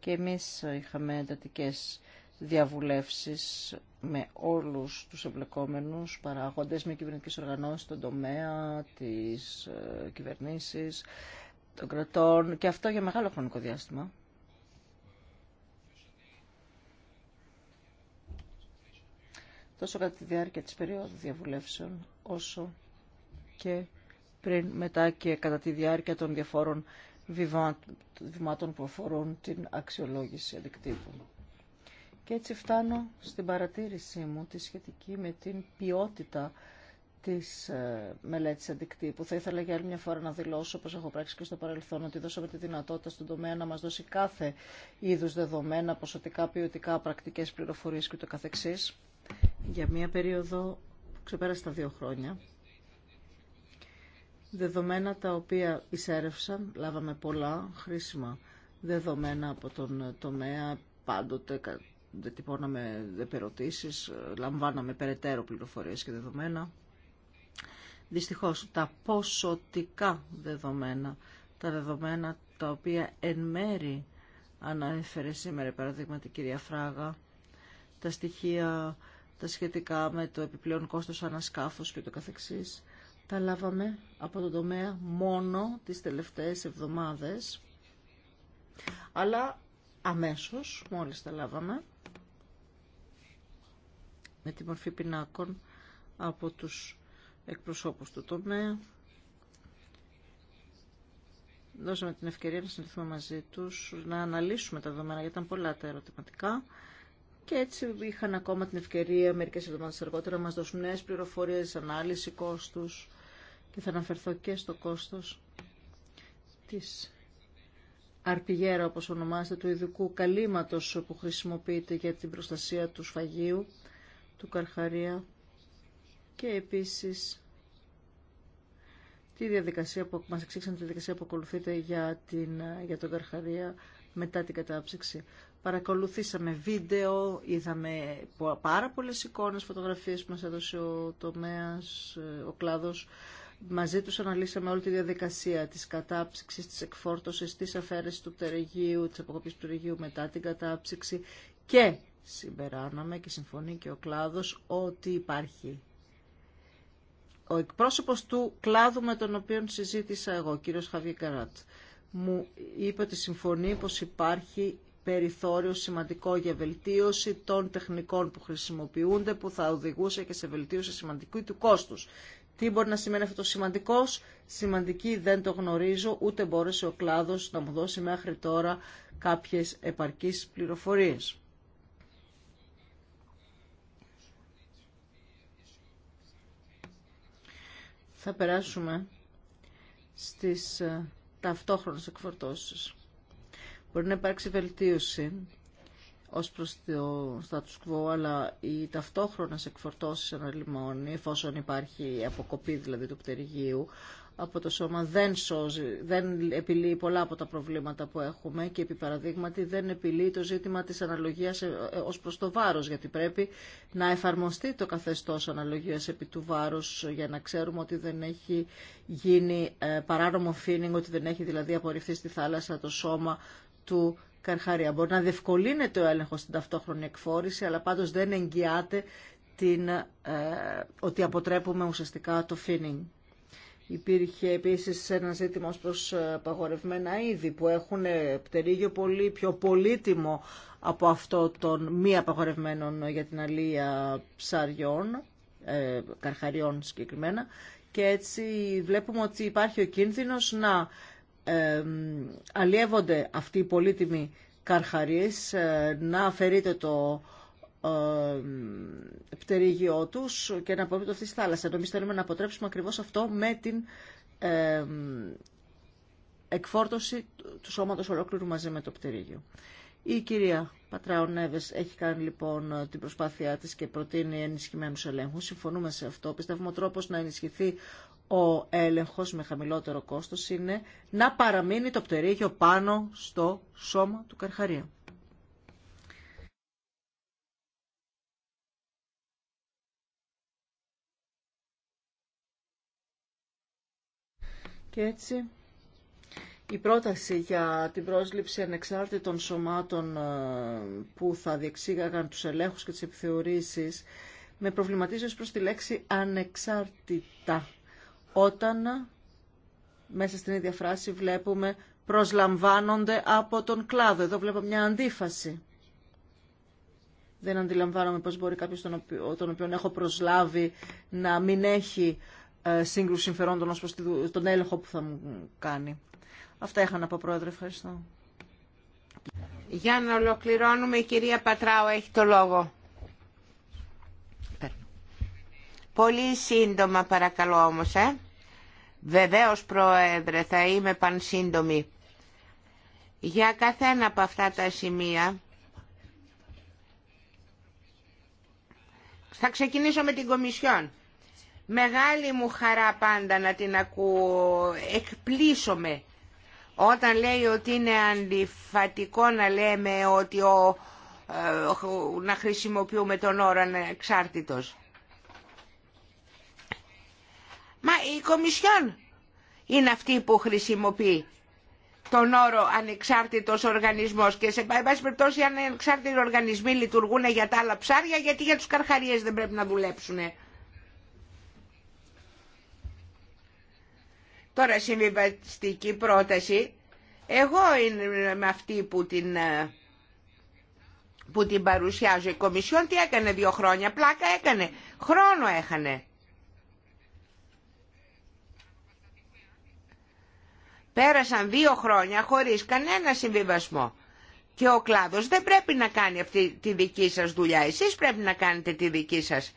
και εμείς είχαμε εντατικές διαβουλεύσεις με όλους τους εμπλεκόμενους παράγοντες, με κυβερνητικές οργανώσεις, τον τομέα, της ε, κυβερνήσεις, των κρατών και αυτό για μεγάλο χρονικό διάστημα. Τόσο κατά τη διάρκεια της περίοδου διαβουλεύσεων, όσο και πριν, μετά και κατά τη διάρκεια των διαφόρων βημάτων που αφορούν την αξιολόγηση αντικτύπων. Και έτσι φτάνω στην παρατήρησή μου, τη σχετική με την ποιότητα της ε, μελέτης αντικτύπου. Θα ήθελα για άλλη μια φορά να δηλώσω, όπως έχω πράξει και στο παρελθόν, ότι δώσαμε τη δυνατότητα στον τομέα να μας δώσει κάθε είδους δεδομένα, ποσοτικά, ποιοτικά, πρακτικές πληροφορίες και το καθεξής, για μια περίοδο που ξεπέρασε τα δύο χρόνια. Δεδομένα τα οποία εισέρευσαν, λάβαμε πολλά χρήσιμα δεδομένα από τον τομέα, πάντοτε δεν τυπώναμε επερωτήσει, λαμβάναμε περαιτέρω πληροφορίες και δεδομένα. Δυστυχώ, τα ποσοτικά δεδομένα, τα δεδομένα τα οποία εν μέρη ανέφερε σήμερα παραδείγματι η κυρία Φράγα, τα στοιχεία τα σχετικά με το επιπλέον κόστος ανασκάφους και το καθεξής, τα λάβαμε από τον τομέα μόνο τις τελευταίες εβδομάδες, αλλά αμέσως μόλις τα λάβαμε με τη μορφή πινάκων από τους εκπροσώπους του τομέα. Δώσαμε την ευκαιρία να συνεχίσουμε μαζί τους, να αναλύσουμε τα δεδομένα, γιατί ήταν πολλά τα ερωτηματικά. Και έτσι είχαν ακόμα την ευκαιρία μερικές εβδομάδες αργότερα να μας δώσουν νέες πληροφορίες, ανάλυση κόστους και θα αναφερθώ και στο κόστος της αρπιγέρα όπως ονομάζεται του ειδικού καλύματος που χρησιμοποιείται για την προστασία του σφαγίου του Καρχαρία και επίσης τη διαδικασία που μας εξήξαν τη διαδικασία που ακολουθείται για, την, για τον Καρχαρία μετά την κατάψυξη. Παρακολουθήσαμε βίντεο, είδαμε πάρα πολλές εικόνες, φωτογραφίες που μας έδωσε ο τομέας, ο κλάδος. Μαζί τους αναλύσαμε όλη τη διαδικασία της κατάψυξης, της εκφόρτωσης, της αφαίρεσης του πτερεγίου, της αποκοπής του πτερεγίου μετά την κατάψυξη και συμπεράναμε και συμφωνεί και ο κλάδος ότι υπάρχει ο εκπρόσωπος του κλάδου με τον οποίο συζήτησα εγώ, ο κύριος Χαβί Καράτ, μου είπε ότι συμφωνεί πως υπάρχει περιθώριο σημαντικό για βελτίωση των τεχνικών που χρησιμοποιούνται, που θα οδηγούσε και σε βελτίωση σημαντικού του κόστους. Τι μπορεί να σημαίνει αυτό το σημαντικό σημαντική δεν το γνωρίζω, ούτε μπόρεσε ο κλάδος να μου δώσει μέχρι τώρα κάποιες επαρκείς πληροφορίες. θα περάσουμε στις ε, ταυτόχρονες εκφορτώσεις. Μπορεί να υπάρξει βελτίωση ως προς το status quo, αλλά οι ταυτόχρονες εκφορτώσεις ένα λιμόνι, εφόσον υπάρχει αποκοπή δηλαδή του πτερυγίου, από το σώμα δεν σώζει, δεν επιλύει πολλά από τα προβλήματα που έχουμε και επί παραδείγματι δεν επιλύει το ζήτημα της αναλογίας ε, ε, ως προς το βάρος γιατί πρέπει να εφαρμοστεί το καθεστώς αναλογίας επί του βάρους για να ξέρουμε ότι δεν έχει γίνει ε, παράνομο φίνινγκ, ότι δεν έχει δηλαδή απορριφθεί στη θάλασσα το σώμα του καρχαρία. Μπορεί να διευκολύνεται ο έλεγχος στην ταυτόχρονη εκφόρηση αλλά πάντως δεν εγγυάται την, ότι αποτρέπουμε ουσιαστικά το φίνινγκ. Υπήρχε επίσης ένα ζήτημα ως προς απαγορευμένα είδη που έχουν πτερίγιο πολύ πιο πολύτιμο από αυτό των μη απαγορευμένων για την αλία ψαριών, ε, καρχαριών συγκεκριμένα. Και έτσι βλέπουμε ότι υπάρχει ο κίνδυνος να αλλιεύονται αυτοί οι πολύτιμοι καρχαρίες, ε, να αφαιρείται το ε, πτερήγιό τους και να απορρίπτουν αυτή τη θάλασσα. Εμεί θέλουμε να αποτρέψουμε ακριβώς αυτό με την ε, εκφόρτωση του σώματος ολόκληρου μαζί με το πτερήγιο. Η κυρία Πατράου Νέβες έχει κάνει λοιπόν την προσπάθειά της και προτείνει ενισχυμένους ελέγχους. Συμφωνούμε σε αυτό. Πιστεύουμε ο τρόπος να ενισχυθεί ο έλεγχος με χαμηλότερο κόστος είναι να παραμείνει το πτερίγιο πάνω στο σώμα του καρχαρίου. Και έτσι η πρόταση για την πρόσληψη ανεξάρτητων σωμάτων ε, που θα διεξήγαγαν τους ελέγχους και τις επιθεωρήσεις με προβληματίζει ως προς τη λέξη ανεξάρτητα. Όταν ε, μέσα στην ίδια φράση βλέπουμε προσλαμβάνονται από τον κλάδο. Εδώ βλέπω μια αντίφαση. Δεν αντιλαμβάνομαι πώς μπορεί κάποιος τον οποίο, έχω προσλάβει να μην έχει ε, σύγκρουση συμφερόντων ως τον έλεγχο που θα μου κάνει. Αυτά είχα να πω, Πρόεδρε. Ευχαριστώ. Για να ολοκληρώνουμε, η κυρία Πατράου έχει το λόγο. Πολύ σύντομα παρακαλώ όμως, ε. Βεβαίως, Πρόεδρε, θα είμαι πανσύντομη. Για καθένα από αυτά τα σημεία... Θα ξεκινήσω με την Κομισιόν. Μεγάλη μου χαρά πάντα να την ακούω, εκπλήσωμε όταν λέει ότι είναι αντιφατικό να λέμε ότι ο, ε, να χρησιμοποιούμε τον όρο ανεξάρτητος. Μα η Κομισιόν είναι αυτή που χρησιμοποιεί τον όρο ανεξάρτητος οργανισμός και σε πάση περιπτώσει οι ανεξάρτητοι οργανισμοί λειτουργούν για τα άλλα ψάρια γιατί για τους καρχαρίες δεν πρέπει να δουλέψουν. Τώρα συμβιβαστική πρόταση, εγώ είμαι αυτή που την, ε, που την παρουσιάζω. Η Κομισιόν τι έκανε δύο χρόνια, πλάκα έκανε, χρόνο έχανε. Πέρασαν δύο χρόνια χωρίς κανένα συμβιβασμό. Και ο κλάδος δεν πρέπει να κάνει αυτή τη δική σας δουλειά. Εσείς πρέπει να κάνετε τη δική σας.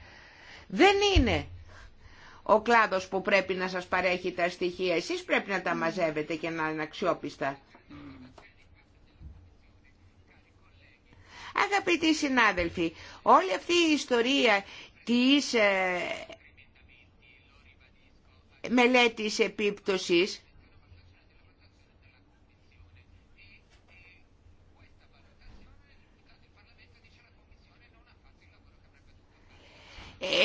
Δεν είναι ο κλάδος που πρέπει να σας παρέχει τα στοιχεία. Εσείς πρέπει να τα μαζεύετε και να είναι αξιόπιστα. Αγαπητοί συνάδελφοι, όλη αυτή η ιστορία της ε, μελέτης επίπτωσης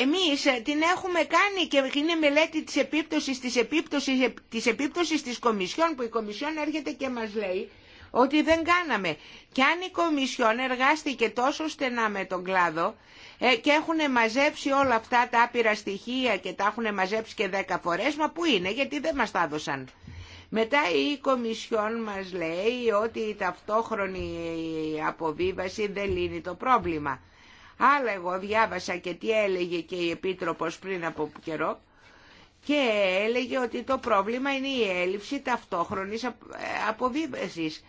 Εμείς ε, την έχουμε κάνει και είναι μελέτη της επίπτωσης της επίπτωσης ε, της, επίπτωσης της Κομισιόν που η Κομισιόν έρχεται και μας λέει ότι δεν κάναμε. Και αν η Κομισιόν εργάστηκε τόσο στενά με τον κλάδο ε, και έχουν μαζέψει όλα αυτά τα άπειρα στοιχεία και τα έχουν μαζέψει και δέκα φορές, μα που είναι γιατί δεν μας τα έδωσαν. Μετά η Κομισιόν μας λέει ότι η ταυτόχρονη αποβίβαση δεν λύνει το πρόβλημα. Αλλά εγώ διάβασα και τι έλεγε και η Επίτροπος πριν από καιρό και έλεγε ότι το πρόβλημα είναι η έλλειψη ταυτόχρονης ε, αποβίβασης.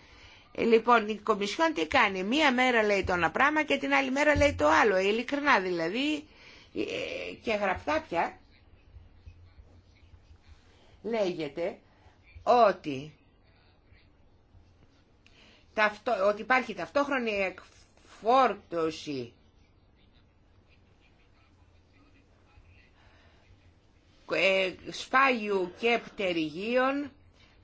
Ε, λοιπόν, η Κομισιόν τι κάνει. Μία μέρα λέει το ένα πράγμα και την άλλη μέρα λέει το άλλο. Ειλικρινά δηλαδή ε, και γραπτά πια λέγεται ότι, ότι υπάρχει ταυτόχρονη εκφόρτωση Ε, σφάγιου και πτερυγίων,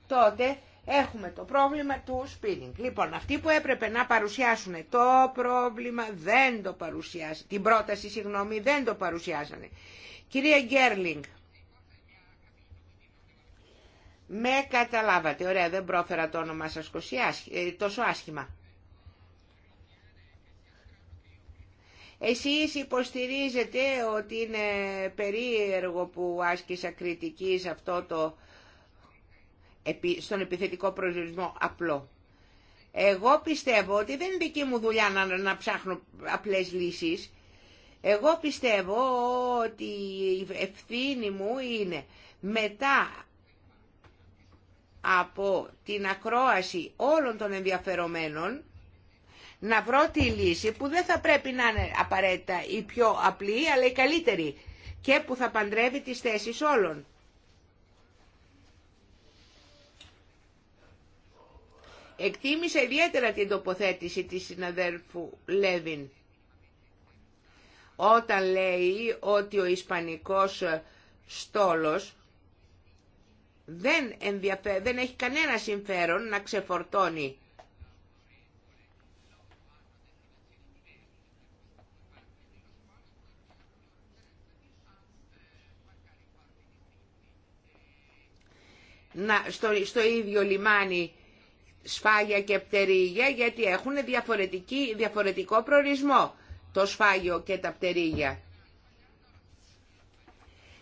τότε έχουμε το πρόβλημα του σπίνινγκ. Λοιπόν, αυτοί που έπρεπε να παρουσιάσουν το πρόβλημα δεν το παρουσιάσανε, την πρόταση συγγνώμη δεν το παρουσιάσανε. Κυρία Γκέρλινγκ, με καταλάβατε, ωραία δεν πρόφερα το όνομά σας ε, τόσο άσχημα. Εσείς υποστηρίζετε ότι είναι περίεργο που άσκησα κριτική σε αυτό το, στον επιθετικό προσδιορισμό απλό. Εγώ πιστεύω ότι δεν είναι δική μου δουλειά να, να ψάχνω απλές λύσεις. Εγώ πιστεύω ότι η ευθύνη μου είναι μετά από την ακρόαση όλων των ενδιαφερομένων να βρω τη λύση που δεν θα πρέπει να είναι απαραίτητα η πιο απλή, αλλά η καλύτερη και που θα παντρεύει τις θέσεις όλων. Εκτίμησε ιδιαίτερα την τοποθέτηση της συναδέρφου Λέβιν όταν λέει ότι ο ισπανικός στόλος δεν, δεν έχει κανένα συμφέρον να ξεφορτώνει στο, ίδιο λιμάνι σφάγια και πτερίγια γιατί έχουν διαφορετική, διαφορετικό προορισμό το σφάγιο και τα πτερίγια.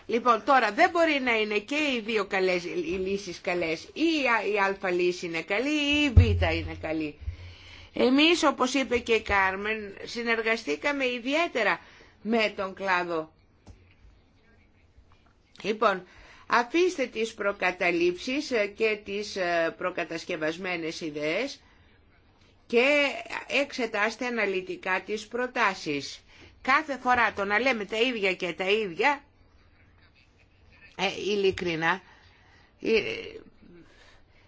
Λοιπόν, τώρα δεν μπορεί να είναι και οι δύο καλές, οι λύσεις καλές. Ή η α λύση είναι καλή ή η β είναι καλή. Εμείς, όπως είπε και η Κάρμεν, συνεργαστήκαμε ιδιαίτερα με τον κλάδο. Λοιπόν, Αφήστε τις προκαταλήψεις και τις ε, προκατασκευασμένες ιδέες και εξετάστε αναλυτικά τις προτάσεις. Κάθε φορά το να λέμε τα ίδια και τα ίδια, ε, ειλικρινά, ε,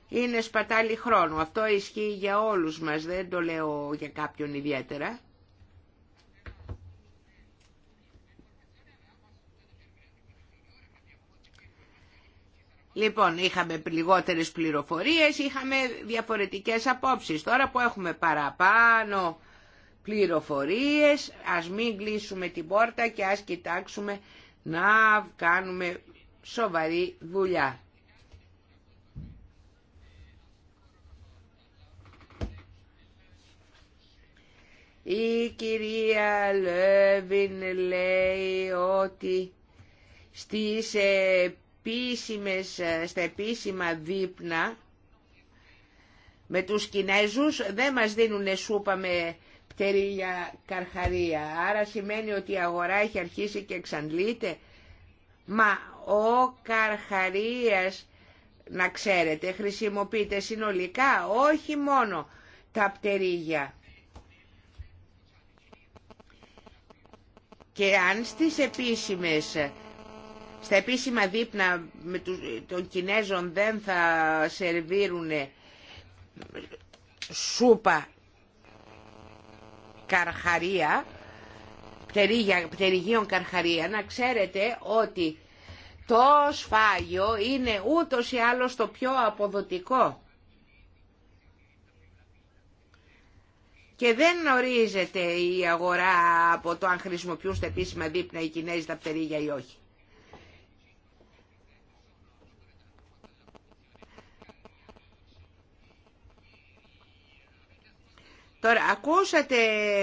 είναι σπατάλι χρόνου. Αυτό ισχύει για όλους μας, δεν το λέω για κάποιον ιδιαίτερα. Λοιπόν, είχαμε λιγότερες πληροφορίες, είχαμε διαφορετικές απόψεις. Τώρα που έχουμε παραπάνω πληροφορίες, ας μην κλείσουμε την πόρτα και ας κοιτάξουμε να κάνουμε σοβαρή δουλειά. Η κυρία Λέβιν λέει ότι στις επίσημες, ε, στα επίσημα δείπνα με τους Κινέζους δεν μας δίνουν σούπα με πτερίλια καρχαρία. Άρα σημαίνει ότι η αγορά έχει αρχίσει και εξαντλείται. Μα ο καρχαρίας, να ξέρετε, χρησιμοποιείται συνολικά, όχι μόνο τα πτερίγια. Και αν στις επίσημες στα επίσημα δείπνα με των Κινέζων δεν θα σερβίρουν σούπα καρχαρία, πτεριγίων καρχαρία. Να ξέρετε ότι το σφάγιο είναι ούτως ή άλλως το πιο αποδοτικό. Και δεν ορίζεται η αγορά από το αν χρησιμοποιούν στα επίσημα δείπνα οι Κινέζοι τα πτερίγια ή όχι. Τώρα, ακούσατε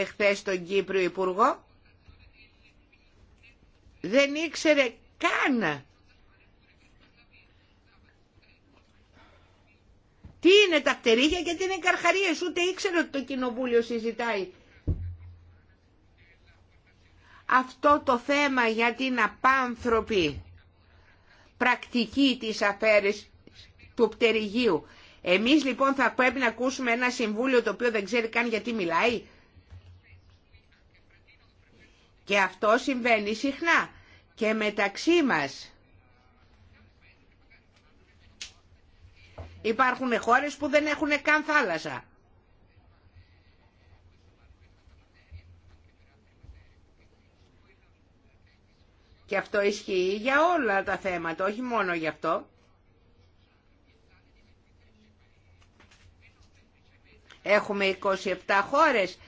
χθε τον Κύπριο Υπουργό, δεν ήξερε καν τι είναι τα πτερίγια και τι είναι οι καρχαρίες, ούτε ήξερε ότι το Κοινοβούλιο συζητάει αυτό το θέμα για την απάνθρωπη πρακτική της αφαίρεσης του πτεριγίου εμείς λοιπόν θα πρέπει να ακούσουμε ένα συμβούλιο το οποίο δεν ξέρει καν γιατί μιλάει. Και αυτό συμβαίνει συχνά και μεταξύ μας. Υπάρχουν χώρες που δεν έχουν καν θάλασσα. Και αυτό ισχύει για όλα τα θέματα, όχι μόνο για αυτό. Έχουμε 27 χώρες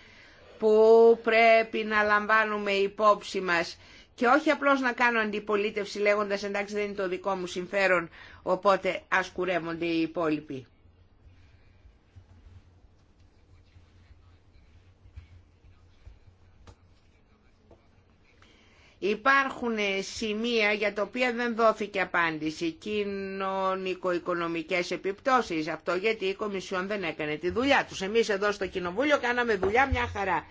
που πρέπει να λαμβάνουμε υπόψη μας και όχι απλώς να κάνω αντιπολίτευση λέγοντας εντάξει δεν είναι το δικό μου συμφέρον οπότε ας κουρεύονται οι υπόλοιποι. Υπάρχουν σημεία για τα οποία δεν δόθηκε απάντηση. Κοινωνικο-οικονομικές επιπτώσεις. Αυτό γιατί η Κομισιόν δεν έκανε τη δουλειά τους. Εμείς εδώ στο Κοινοβούλιο κάναμε δουλειά μια χαρά.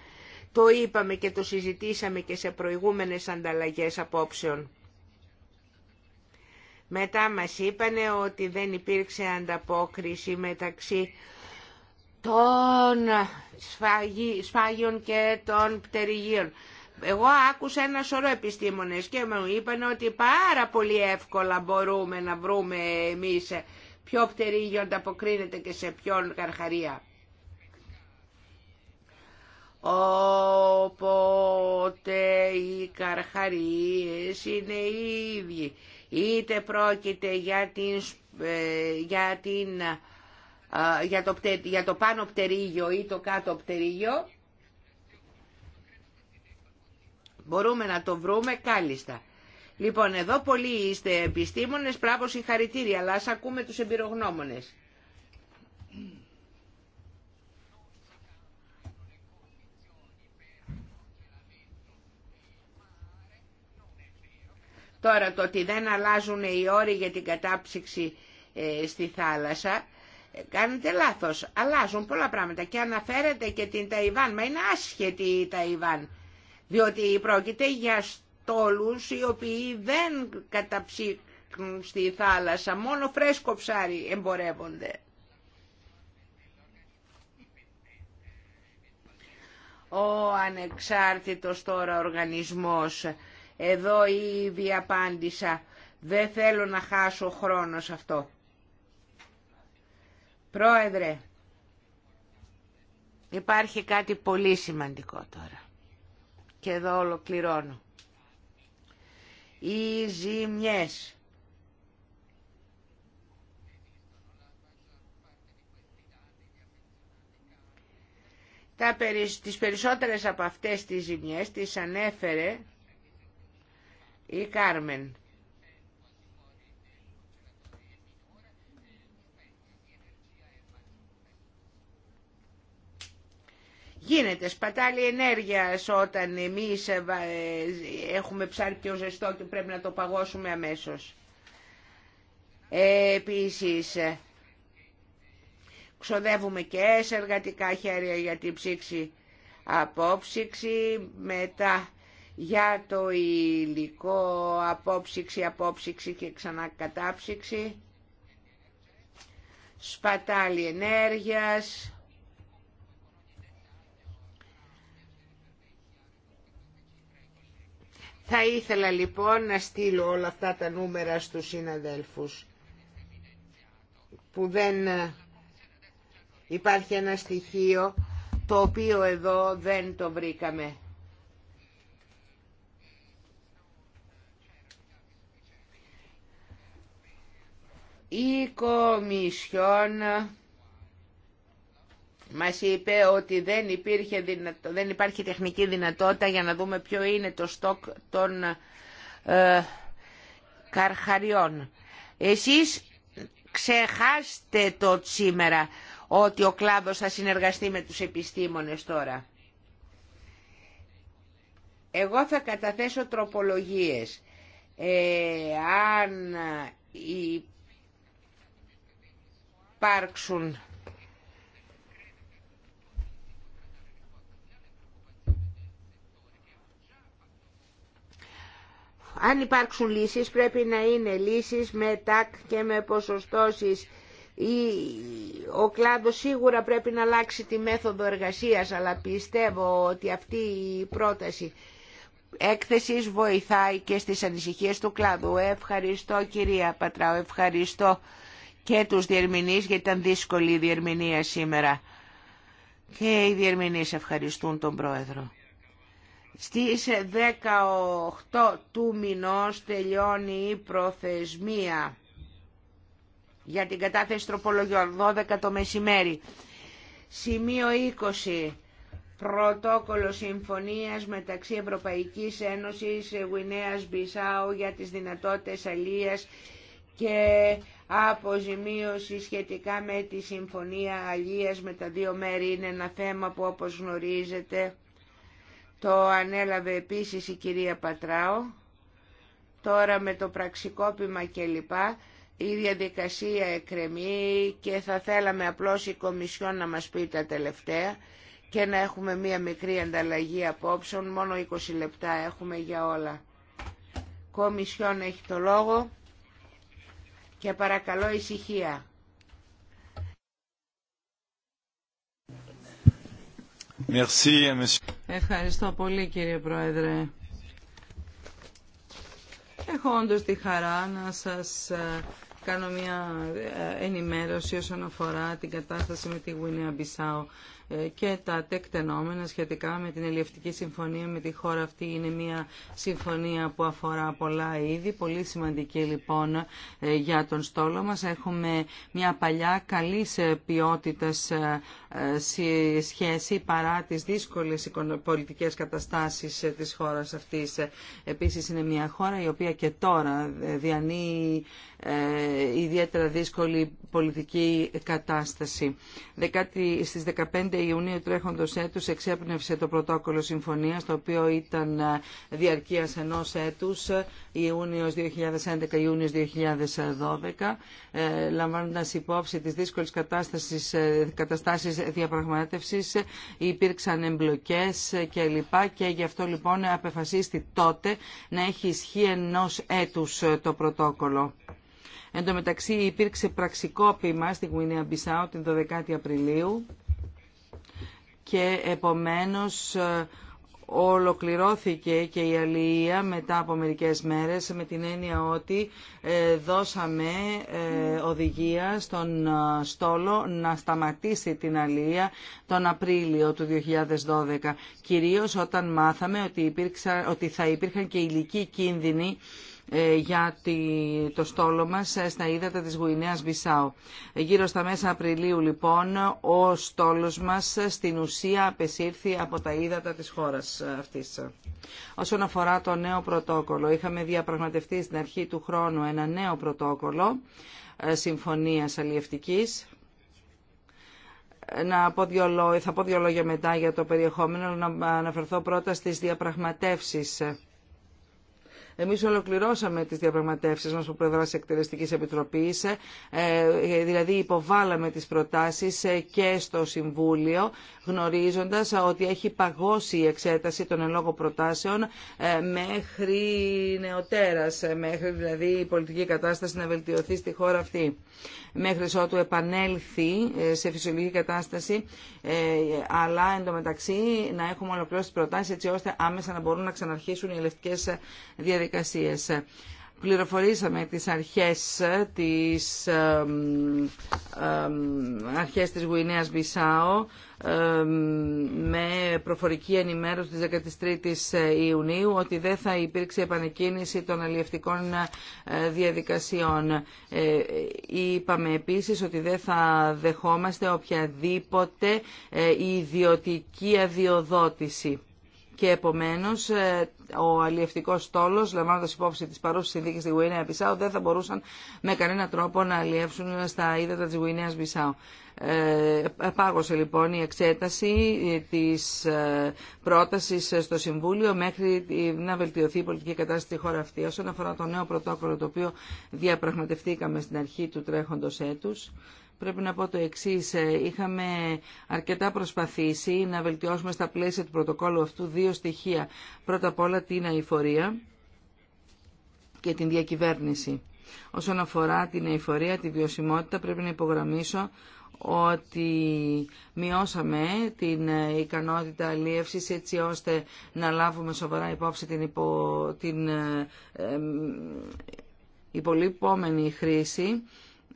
Το είπαμε και το συζητήσαμε και σε προηγούμενες ανταλλαγές απόψεων. Μετά μας είπανε ότι δεν υπήρξε ανταπόκριση μεταξύ των σφάγιων και των πτερυγίων. Εγώ άκουσα ένα σωρό επιστήμονες και μου είπαν ότι πάρα πολύ εύκολα μπορούμε να βρούμε εμείς ποιο πτερίγιο ανταποκρίνεται και σε ποιον καρχαρία. Οπότε οι καρχαρίες είναι οι ίδιοι. Είτε πρόκειται για, την, ε, για, την, ε, για, το, για το πάνω πτερίγιο ή το κάτω πτερίγιο, Μπορούμε να το βρούμε κάλλιστα. Λοιπόν, εδώ πολλοί είστε επιστήμονες, πράγμα συγχαρητήρια, αλλά ας ακούμε τους εμπειρογνώμονες. Τώρα το ότι δεν αλλάζουν οι όροι για την κατάψυξη ε, στη θάλασσα, ε, κάνετε λάθος. Αλλάζουν πολλά πράγματα και αναφέρετε και την Ταϊβάν, μα είναι άσχετη η Ταϊβάν διότι πρόκειται για στόλους οι οποίοι δεν καταψύχνουν στη θάλασσα, μόνο φρέσκο ψάρι εμπορεύονται. Ο ανεξάρτητος τώρα οργανισμός, εδώ ήδη απάντησα, δεν θέλω να χάσω χρόνο σε αυτό. Πρόεδρε, υπάρχει κάτι πολύ σημαντικό τώρα και εδώ ολοκληρώνω. Οι ζημιές. Τα, τις περισσότερες από αυτές τις ζημιές τις ανέφερε η Κάρμεν. Γίνεται σπατάλη ενέργειας όταν εμείς ε, ε, έχουμε ψάρι πιο ζεστό και πρέπει να το παγώσουμε αμέσως. Ε, επίσης, ξοδεύουμε και σε εργατικά χέρια για την ψήξη απόψυξη, μετά για το υλικό απόψυξη, απόψυξη και ξανακατάψυξη, σπατάλη ενέργειας, Θα ήθελα λοιπόν να στείλω όλα αυτά τα νούμερα στους συναδέλφους που δεν ε, υπάρχει ένα στοιχείο το οποίο εδώ δεν το βρήκαμε. Η Κομισιόν μας είπε ότι δεν, υπάρχει τεχνική δυνατότητα για να δούμε ποιο είναι το στόκ των ε, καρχαριών. Εσείς ξεχάστε το σήμερα ότι ο κλάδος θα συνεργαστεί με τους επιστήμονες τώρα. Εγώ θα καταθέσω τροπολογίες. Ε, αν υπάρξουν αν υπάρξουν λύσεις πρέπει να είναι λύσεις με τάκ και με ποσοστώσεις ο κλάδος σίγουρα πρέπει να αλλάξει τη μέθοδο εργασίας αλλά πιστεύω ότι αυτή η πρόταση έκθεσης βοηθάει και στις ανησυχίες του κλάδου. Ευχαριστώ κυρία Πατράου, ευχαριστώ και τους διερμηνείς γιατί ήταν δύσκολη η διερμηνία σήμερα. Και οι διερμηνείς ευχαριστούν τον Πρόεδρο. Στις 18 του μηνός τελειώνει η προθεσμία για την κατάθεση τροπολογιών, 12 το μεσημέρι. Σημείο 20. Πρωτόκολλο συμφωνίας μεταξύ Ευρωπαϊκής Ένωσης Γουινέας Μπισάου για τις δυνατότητες αλίας και αποζημίωση σχετικά με τη συμφωνία αλίας με τα δύο μέρη είναι ένα θέμα που όπως γνωρίζετε το ανέλαβε επίσης η κυρία Πατράο. Τώρα με το πραξικόπημα κλπ. Η διαδικασία εκκρεμεί και θα θέλαμε απλώς η Κομισιόν να μας πει τα τελευταία και να έχουμε μία μικρή ανταλλαγή απόψεων. Μόνο 20 λεπτά έχουμε για όλα. Κομισιόν έχει το λόγο και παρακαλώ ησυχία. Ευχαριστώ πολύ κύριε Πρόεδρε. Έχω όντως τη χαρά να σας ε, κάνω μια ε, ενημέρωση όσον αφορά την κατάσταση με τη Γουινέα Μπισάου ε, και τα τεκτενόμενα σχετικά με την ελληνική Συμφωνία με τη χώρα αυτή. Είναι μια συμφωνία που αφορά πολλά είδη, πολύ σημαντική λοιπόν για τον στόλο μας. Έχουμε μια παλιά καλής ποιότητας σχέση παρά τις δύσκολες πολιτικές καταστάσεις ε, της χώρας αυτής. Ε, επίσης είναι μια χώρα η οποία και τώρα ε, διανύει ιδιαίτερα δύσκολη πολιτική κατάσταση. Στις 15 Ιουνίου τρέχοντος έτους εξέπνευσε το πρωτόκολλο συμφωνίας το οποίο ήταν διαρκείας ενός έτους Ιούνιος 2011 Ιούνιος 2012 λαμβάνοντας υπόψη τις δύσκολες κατάστασεις, διαπραγμάτευσης υπήρξαν εμπλοκές κλπ. Και γι' αυτό λοιπόν απεφασίστη τότε να έχει ισχύ ενός έτους το πρωτόκολλο. Εν τω μεταξύ υπήρξε πραξικόπημα στην Γουινέα Μπισάου την 12η Απριλίου και επομένως ε, ολοκληρώθηκε και η αλληλεία μετά από μερικές μέρες με την έννοια ότι ε, δώσαμε ε, οδηγία στον ε, στόλο να σταματήσει την αλληλεία τον Απρίλιο του 2012. Κυρίως όταν μάθαμε ότι, υπήρξα, ότι θα υπήρχαν και υλικοί κίνδυνοι ε, για το στόλο μας ε, στα ύδατα της Γουινέας Μπισάου. Ε, γύρω στα μέσα Απριλίου λοιπόν ο στόλος μας στην ουσία απεσήρθη από τα ύδατα της χώρας αυτής. Όσον αφορά το νέο πρωτόκολλο, είχαμε διαπραγματευτεί στην αρχή του χρόνου ένα νέο πρωτόκολλο συμφωνίας αλλιευτικής να πω θα πω δύο λόγια μετά για το περιεχόμενο, να αναφερθώ πρώτα στις διαπραγματεύσεις εμείς ολοκληρώσαμε τις διαπραγματεύσεις μας που πλευρά Εκτελεστική Εκτελεστικής ε, ε, δηλαδή υποβάλαμε τις προτάσεις ε, και στο Συμβούλιο, γνωρίζοντας ότι έχει παγώσει η εξέταση των εν λόγω προτάσεων ε, μέχρι νεοτέρας, μέχρι δηλαδή η πολιτική κατάσταση να βελτιωθεί στη χώρα αυτή μέχρι ότου επανέλθει ε, σε φυσιολογική κατάσταση, ε, αλλά εν να έχουμε ολοκληρώσει τις προτάσεις έτσι ώστε άμεσα να μπορούν να ξαναρχίσουν οι ελευτικές ε, διαδικασίες πληροφορήσαμε τις αρχές της, αρχές της Γουινέας Μπισάο με προφορική ενημέρωση της 13ης Ιουνίου ότι δεν θα υπήρξε επανεκκίνηση των αλλιευτικών ε, διαδικασιών. Ε, είπαμε επίσης ότι δεν θα δεχόμαστε οποιαδήποτε ε, ιδιωτική αδειοδότηση και επομένω, ε, ο αλλιευτικό τόλος, λαμβάνοντα υπόψη τι παρούσε συνθήκε στη Γουινέα Μπισάου, δεν θα μπορούσαν με κανένα τρόπο να αλλιεύσουν στα ύδατα τη Γουινέα Μπισάου. Ε, πάγωσε λοιπόν η εξέταση ε, της ε, πρότασης στο Συμβούλιο μέχρι να βελτιωθεί η πολιτική κατάσταση στη χώρα αυτή. Όσον αφορά το νέο πρωτόκολλο το οποίο διαπραγματευτήκαμε στην αρχή του τρέχοντος έτους, πρέπει να πω το εξή. Ε, είχαμε αρκετά προσπαθήσει να βελτιώσουμε στα πλαίσια του πρωτοκόλου αυτού δύο στοιχεία. Πρώτα απ' όλα την αηφορία και την διακυβέρνηση. Όσον αφορά την αηφορία, τη βιωσιμότητα, πρέπει να υπογραμμίσω ότι μειώσαμε την ε, ικανότητα αλίευσης έτσι ώστε να λάβουμε σοβαρά υπόψη την, υπο... την ε, χρήση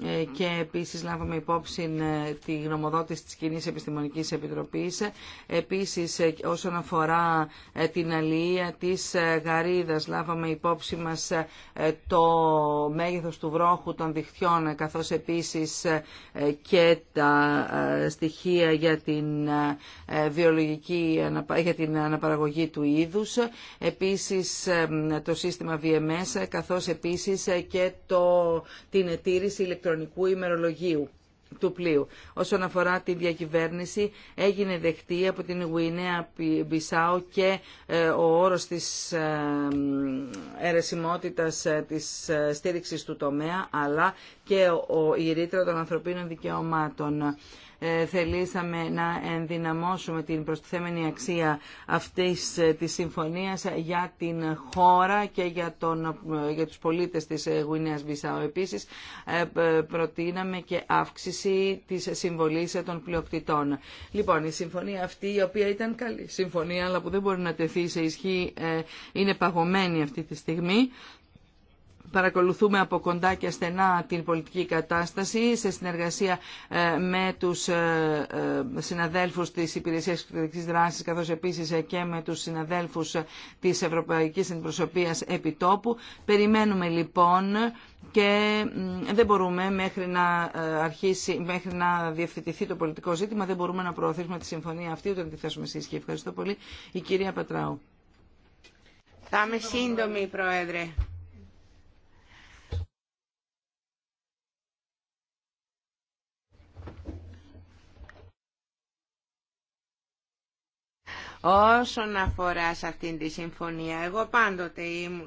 ε, και επίσης λάβαμε υπόψη ε, τη γνωμοδότηση της κοινή Επιστημονικής Επιτροπής. Ε, επίσης όσον αφορά την αλληλεία της Γαρίδας λάβαμε υπόψη μας το μέγεθος του βρόχου των δικτυών καθώς επίσης και τα στοιχεία για την, βιολογική, για την αναπαραγωγή του είδους. Επίσης το σύστημα VMS καθώς επίσης και το, την ετήρηση ηλεκτρονική ηλεκτρονικού ημερολογίου του πλοίου. Όσον αφορά τη διακυβέρνηση, έγινε δεχτή από την Γουινέα Μπισάου και ε, ο όρος της ε, αιρεσιμότητας ε, της στήριξης του τομέα, αλλά και η ρήτρα των ανθρωπίνων δικαιωμάτων. Ε, θελήσαμε να ενδυναμώσουμε την προστιθέμενη αξία αυτής ε, της συμφωνίας για την χώρα και για, τον, ε, για τους πολίτες της Γουινέας Βησάου. Επίσης, προτείναμε και αύξηση της συμβολής των πλειοκτητών. Λοιπόν, η συμφωνία αυτή, η οποία ήταν καλή συμφωνία, αλλά που δεν μπορεί να τεθεί σε ισχύ, είναι παγωμένη αυτή τη στιγμή παρακολουθούμε από κοντά και στενά την πολιτική κατάσταση σε συνεργασία ε, με τους ε, ε, συναδέλφους της Υπηρεσίας Εξωτερικής Δράσης καθώς επίσης και με τους συναδέλφους της Ευρωπαϊκής Αντιπροσωπείας Επιτόπου. Περιμένουμε λοιπόν και δεν μπορούμε μέχρι να αρχίσει, μέχρι να διευθετηθεί το πολιτικό ζήτημα, δεν μπορούμε να προωθήσουμε τη συμφωνία αυτή ούτε τη θέσουμε σε Ευχαριστώ πολύ. Η κυρία Πατράου. Θα είμαι σύντομη, Πρόεδρε. Όσον αφορά σε αυτήν τη συμφωνία, εγώ πάντοτε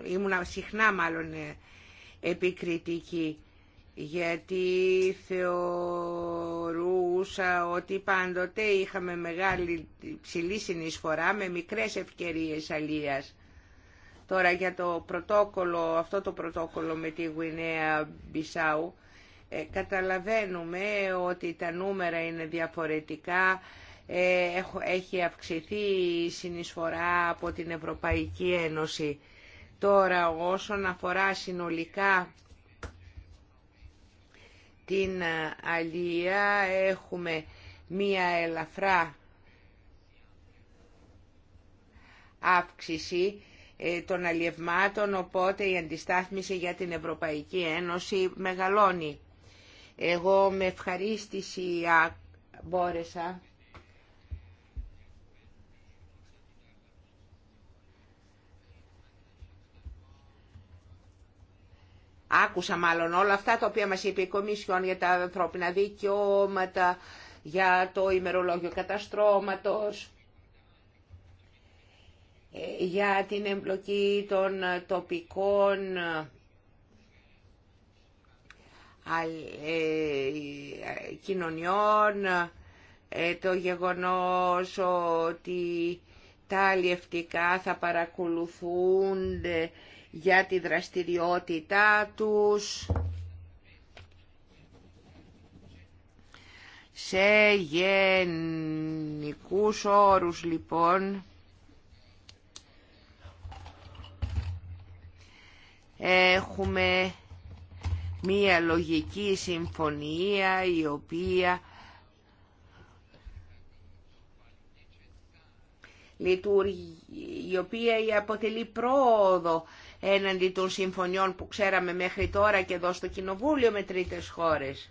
ήμουνα συχνά μάλλον ε, επικριτική γιατί θεωρούσα ότι πάντοτε είχαμε μεγάλη ψηλή συνεισφορά με μικρές ευκαιρίες αλίας. Τώρα για το πρωτόκολλο, αυτό το πρωτόκολλο με τη Γουινέα Μπισάου, ε, καταλαβαίνουμε ότι τα νούμερα είναι διαφορετικά, ε, έχει αυξηθεί η συνεισφορά από την Ευρωπαϊκή Ένωση. Τώρα όσον αφορά συνολικά την αλία έχουμε μία ελαφρά αύξηση ε, των αλλιευμάτων, οπότε η αντιστάθμιση για την Ευρωπαϊκή Ένωση μεγαλώνει. Εγώ με ευχαρίστηση μπόρεσα άκουσα μάλλον όλα αυτά τα οποία μας είπε η Κομισιόν για τα ανθρώπινα δικαιώματα, για το ημερολόγιο καταστρώματος, ε, για την εμπλοκή των τοπικών ε, κοινωνιών, ε, το γεγονός ότι τα αλλιευτικά θα παρακολουθούνται για τη δραστηριότητά τους σε γενικούς όρους λοιπόν έχουμε μία λογική συμφωνία η οποία λειτουργεί η οποία αποτελεί πρόοδο έναντι των συμφωνιών που ξέραμε μέχρι τώρα και εδώ στο Κοινοβούλιο με τρίτες χώρες.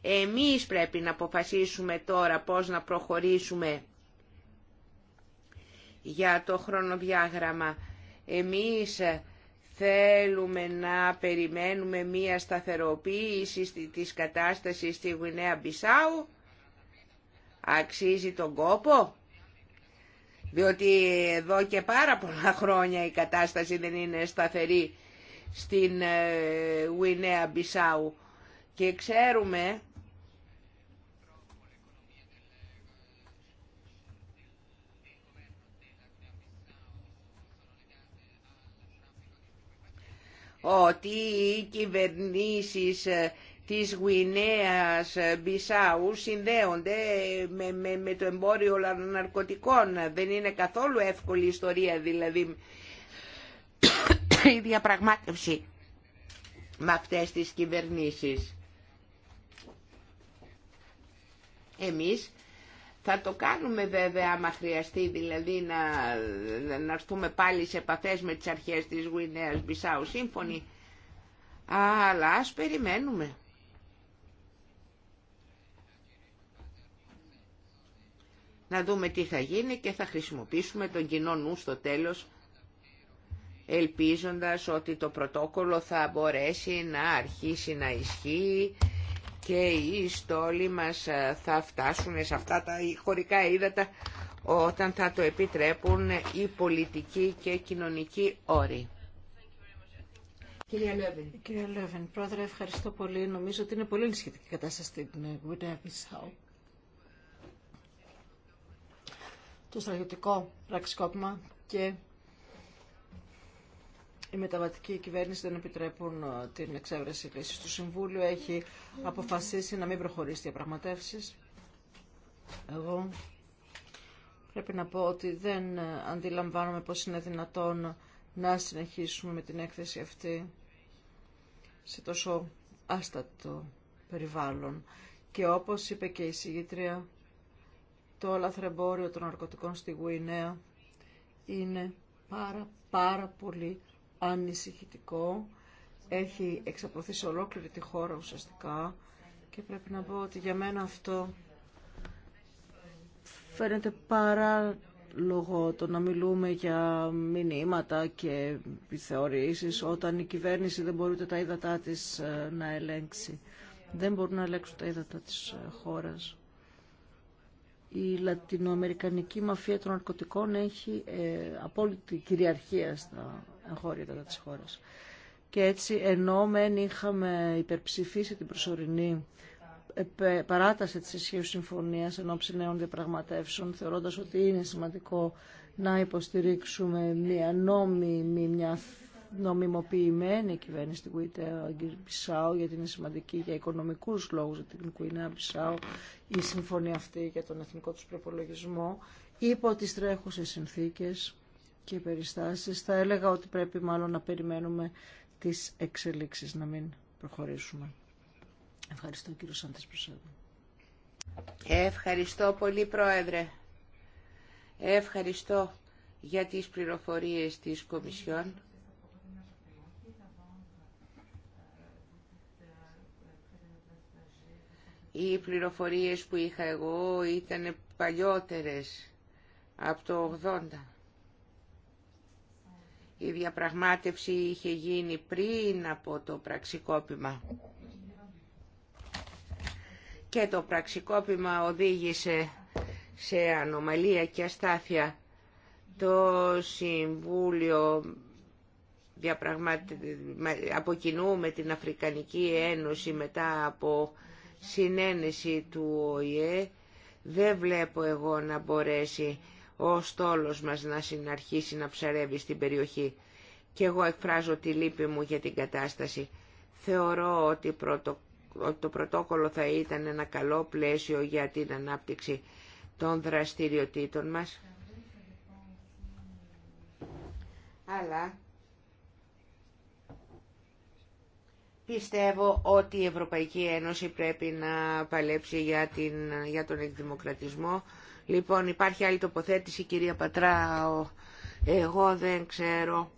Εμείς πρέπει να αποφασίσουμε τώρα πώς να προχωρήσουμε για το χρονοδιάγραμμα. Εμείς θέλουμε να περιμένουμε μία σταθεροποίηση της κατάστασης στη Γουινέα Μπισάου. Αξίζει τον κόπο διότι εδώ και πάρα πολλά χρόνια η κατάσταση δεν είναι σταθερή στην ε, Γουινέα Μπισάου και ξέρουμε ότι οι κυβερνήσεις ε, της Γουινέας Μπισάου συνδέονται με, με, με το εμπόριο ναρκωτικών. Δεν είναι καθόλου εύκολη ιστορία δηλαδή η διαπραγμάτευση με αυτές τις κυβερνήσεις. Εμείς θα το κάνουμε βέβαια άμα χρειαστεί δηλαδή να, να έρθουμε πάλι σε επαφές με τις αρχές της Γουινέας Μπισάου σύμφωνοι. Αλλά ας περιμένουμε. να δούμε τι θα γίνει και θα χρησιμοποιήσουμε τον κοινό νου στο τέλος ελπίζοντας ότι το πρωτόκολλο θα μπορέσει να αρχίσει να ισχύει και οι στόλοι μας ε, θα φτάσουν σε αυτά τα χωρικά ύδατα όταν θα το επιτρέπουν οι πολιτικοί και κοινωνικοί όροι. Κυρία Λέβεν. Κυρία πρόεδρε, ευχαριστώ πολύ. Νομίζω ότι είναι πολύ ενισχυτική κατάσταση στην Γουινέα το στρατιωτικό πραξικόπημα και η μεταβατική κυβέρνηση δεν επιτρέπουν ε, την εξέβρεση λύση. Το Συμβούλιο έχει αποφασίσει να μην προχωρήσει διαπραγματεύσεις. Εγώ πρέπει να πω ότι δεν ε, αντιλαμβάνομαι πώς είναι δυνατόν να συνεχίσουμε με την έκθεση αυτή σε τόσο άστατο περιβάλλον. Και όπως είπε και η συγγήτρια, το λαθρεμπόριο των ναρκωτικών στη Γουινέα είναι πάρα πάρα πολύ ανησυχητικό. Έχει εξαπλωθεί σε ολόκληρη τη χώρα ουσιαστικά και πρέπει να πω ότι για μένα αυτό φαίνεται παράλογο το να μιλούμε για μηνύματα και θεωρήσεις όταν η κυβέρνηση δεν μπορεί τα ύδατά της ε, να ελέγξει. Δεν μπορούν να ελέγξουν τα ύδατα της ε, χώρας η λατινοαμερικανική μαφία των ναρκωτικών έχει ε, απόλυτη κυριαρχία στα εγχώρια τη της χώρας. Και έτσι ενώ μεν είχαμε υπερψηφίσει την προσωρινή ε, παράταση της ισχύου συμφωνίας εν νέων διαπραγματεύσεων, θεωρώντας ότι είναι σημαντικό να υποστηρίξουμε μια νόμιμη, μια νομιμοποιημένη κυβέρνηση στην Κουίτα Μπισάου, γιατί είναι σημαντική για οικονομικού λόγου για την Κουίνα Μπισάου η συμφωνία αυτή για τον εθνικό του προπολογισμό, υπό τι τρέχουσε συνθήκε και περιστάσει. Θα έλεγα ότι πρέπει μάλλον να περιμένουμε τι εξελίξει να μην προχωρήσουμε. Ευχαριστώ κύριο Σάντες Προσέδου. Ευχαριστώ πολύ Πρόεδρε. Ευχαριστώ για τις πληροφορίες της Κομισιόν. Οι πληροφορίες που είχα εγώ ήταν παλιότερες, από το 80. Η διαπραγμάτευση είχε γίνει πριν από το πραξικόπημα. Και το πραξικόπημα οδήγησε σε ανομαλία και αστάθεια. Το Συμβούλιο διαπραγματε... από με την Αφρικανική Ένωση μετά από συνένεση του ΟΗΕ δεν βλέπω εγώ να μπορέσει ο στόλος μας να συναρχίσει να ψαρεύει στην περιοχή. Και εγώ εκφράζω τη λύπη μου για την κατάσταση. Θεωρώ ότι το πρωτόκολλο θα ήταν ένα καλό πλαίσιο για την ανάπτυξη των δραστηριοτήτων μας. Αλλά Πιστεύω ότι η Ευρωπαϊκή Ένωση πρέπει να παλέψει για, την, για τον εκδημοκρατισμό. Λοιπόν, υπάρχει άλλη τοποθέτηση, κυρία Πατράο. Εγώ δεν ξέρω.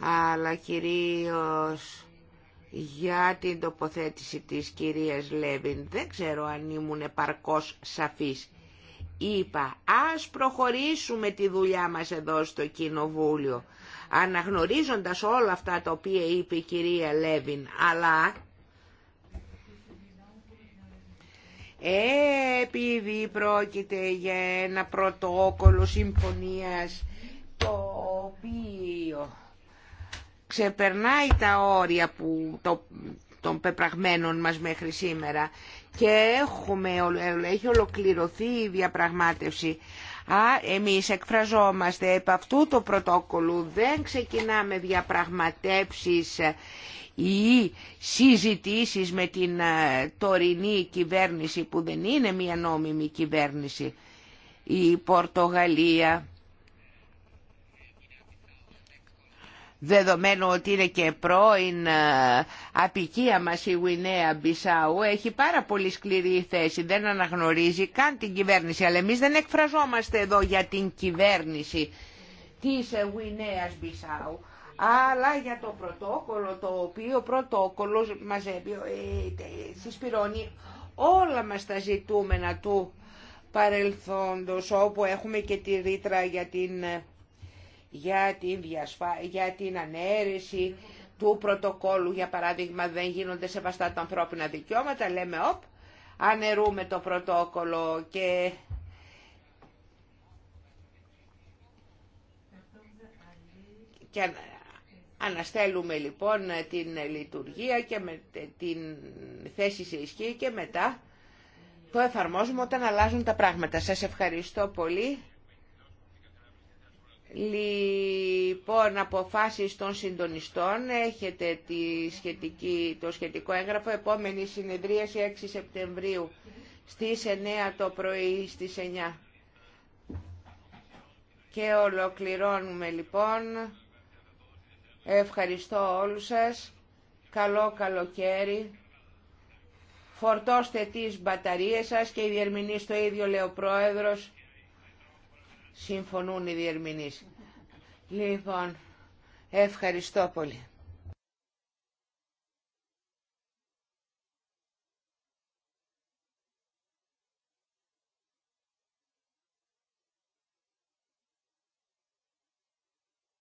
Αλλά κυρίως για την τοποθέτηση της κυρίας Λέβιν. Δεν ξέρω αν ήμουν επαρκώς σαφής. Είπα, ας προχωρήσουμε τη δουλειά μας εδώ στο Κοινοβούλιο αναγνωρίζοντας όλα αυτά τα οποία είπε η κυρία Λέβιν, αλλά επειδή πρόκειται για ένα πρωτόκολλο συμφωνίας το οποίο ξεπερνάει τα όρια που το, των πεπραγμένων μας μέχρι σήμερα και έχουμε, έχει ολοκληρωθεί η διαπραγμάτευση Α, εμείς εκφραζόμαστε επ' αυτού το πρωτόκολλου, δεν ξεκινάμε διαπραγματεύσεις ή συζητήσεις με την ε, τωρινή κυβέρνηση που δεν είναι μια νόμιμη κυβέρνηση. Η Πορτογαλία δεδομένου ότι είναι και πρώην ε, απικία μας η Γουινέα Μπισάου, έχει πάρα πολύ σκληρή θέση, δεν αναγνωρίζει καν την κυβέρνηση, αλλά εμείς δεν εκφραζόμαστε εδώ για την κυβέρνηση τη ε, Γουινέας Μπισάου, αλλά για το πρωτόκολλο, το οποίο πρωτόκολλο μαζεύει, ε, συσπηρώνει όλα μας τα ζητούμενα του παρελθόντος, όπου έχουμε και τη ρήτρα για την για την, διασφα... για την ανέρεση του πρωτοκόλου, για παράδειγμα, δεν γίνονται σεβαστά τα ανθρώπινα δικαιώματα, λέμε, όπ, ανερούμε το πρωτόκολλο και... και αναστέλουμε λοιπόν την λειτουργία και με την θέση σε ισχύ και μετά το εφαρμόζουμε όταν αλλάζουν τα πράγματα. Σας ευχαριστώ πολύ. Λοιπόν, αποφάσεις των συντονιστών, έχετε τη σχετική, το σχετικό έγγραφο, επόμενη συνεδρίαση 6 Σεπτεμβρίου στις 9 το πρωί στις 9. Και ολοκληρώνουμε λοιπόν. Ευχαριστώ όλους σας. Καλό καλοκαίρι. Φορτώστε τις μπαταρίες σας και οι διερμηνείς το ίδιο λέει ο Πρόεδρος. Συμφωνούν οι διερμηνείς. Λοιπόν, ευχαριστώ πολύ.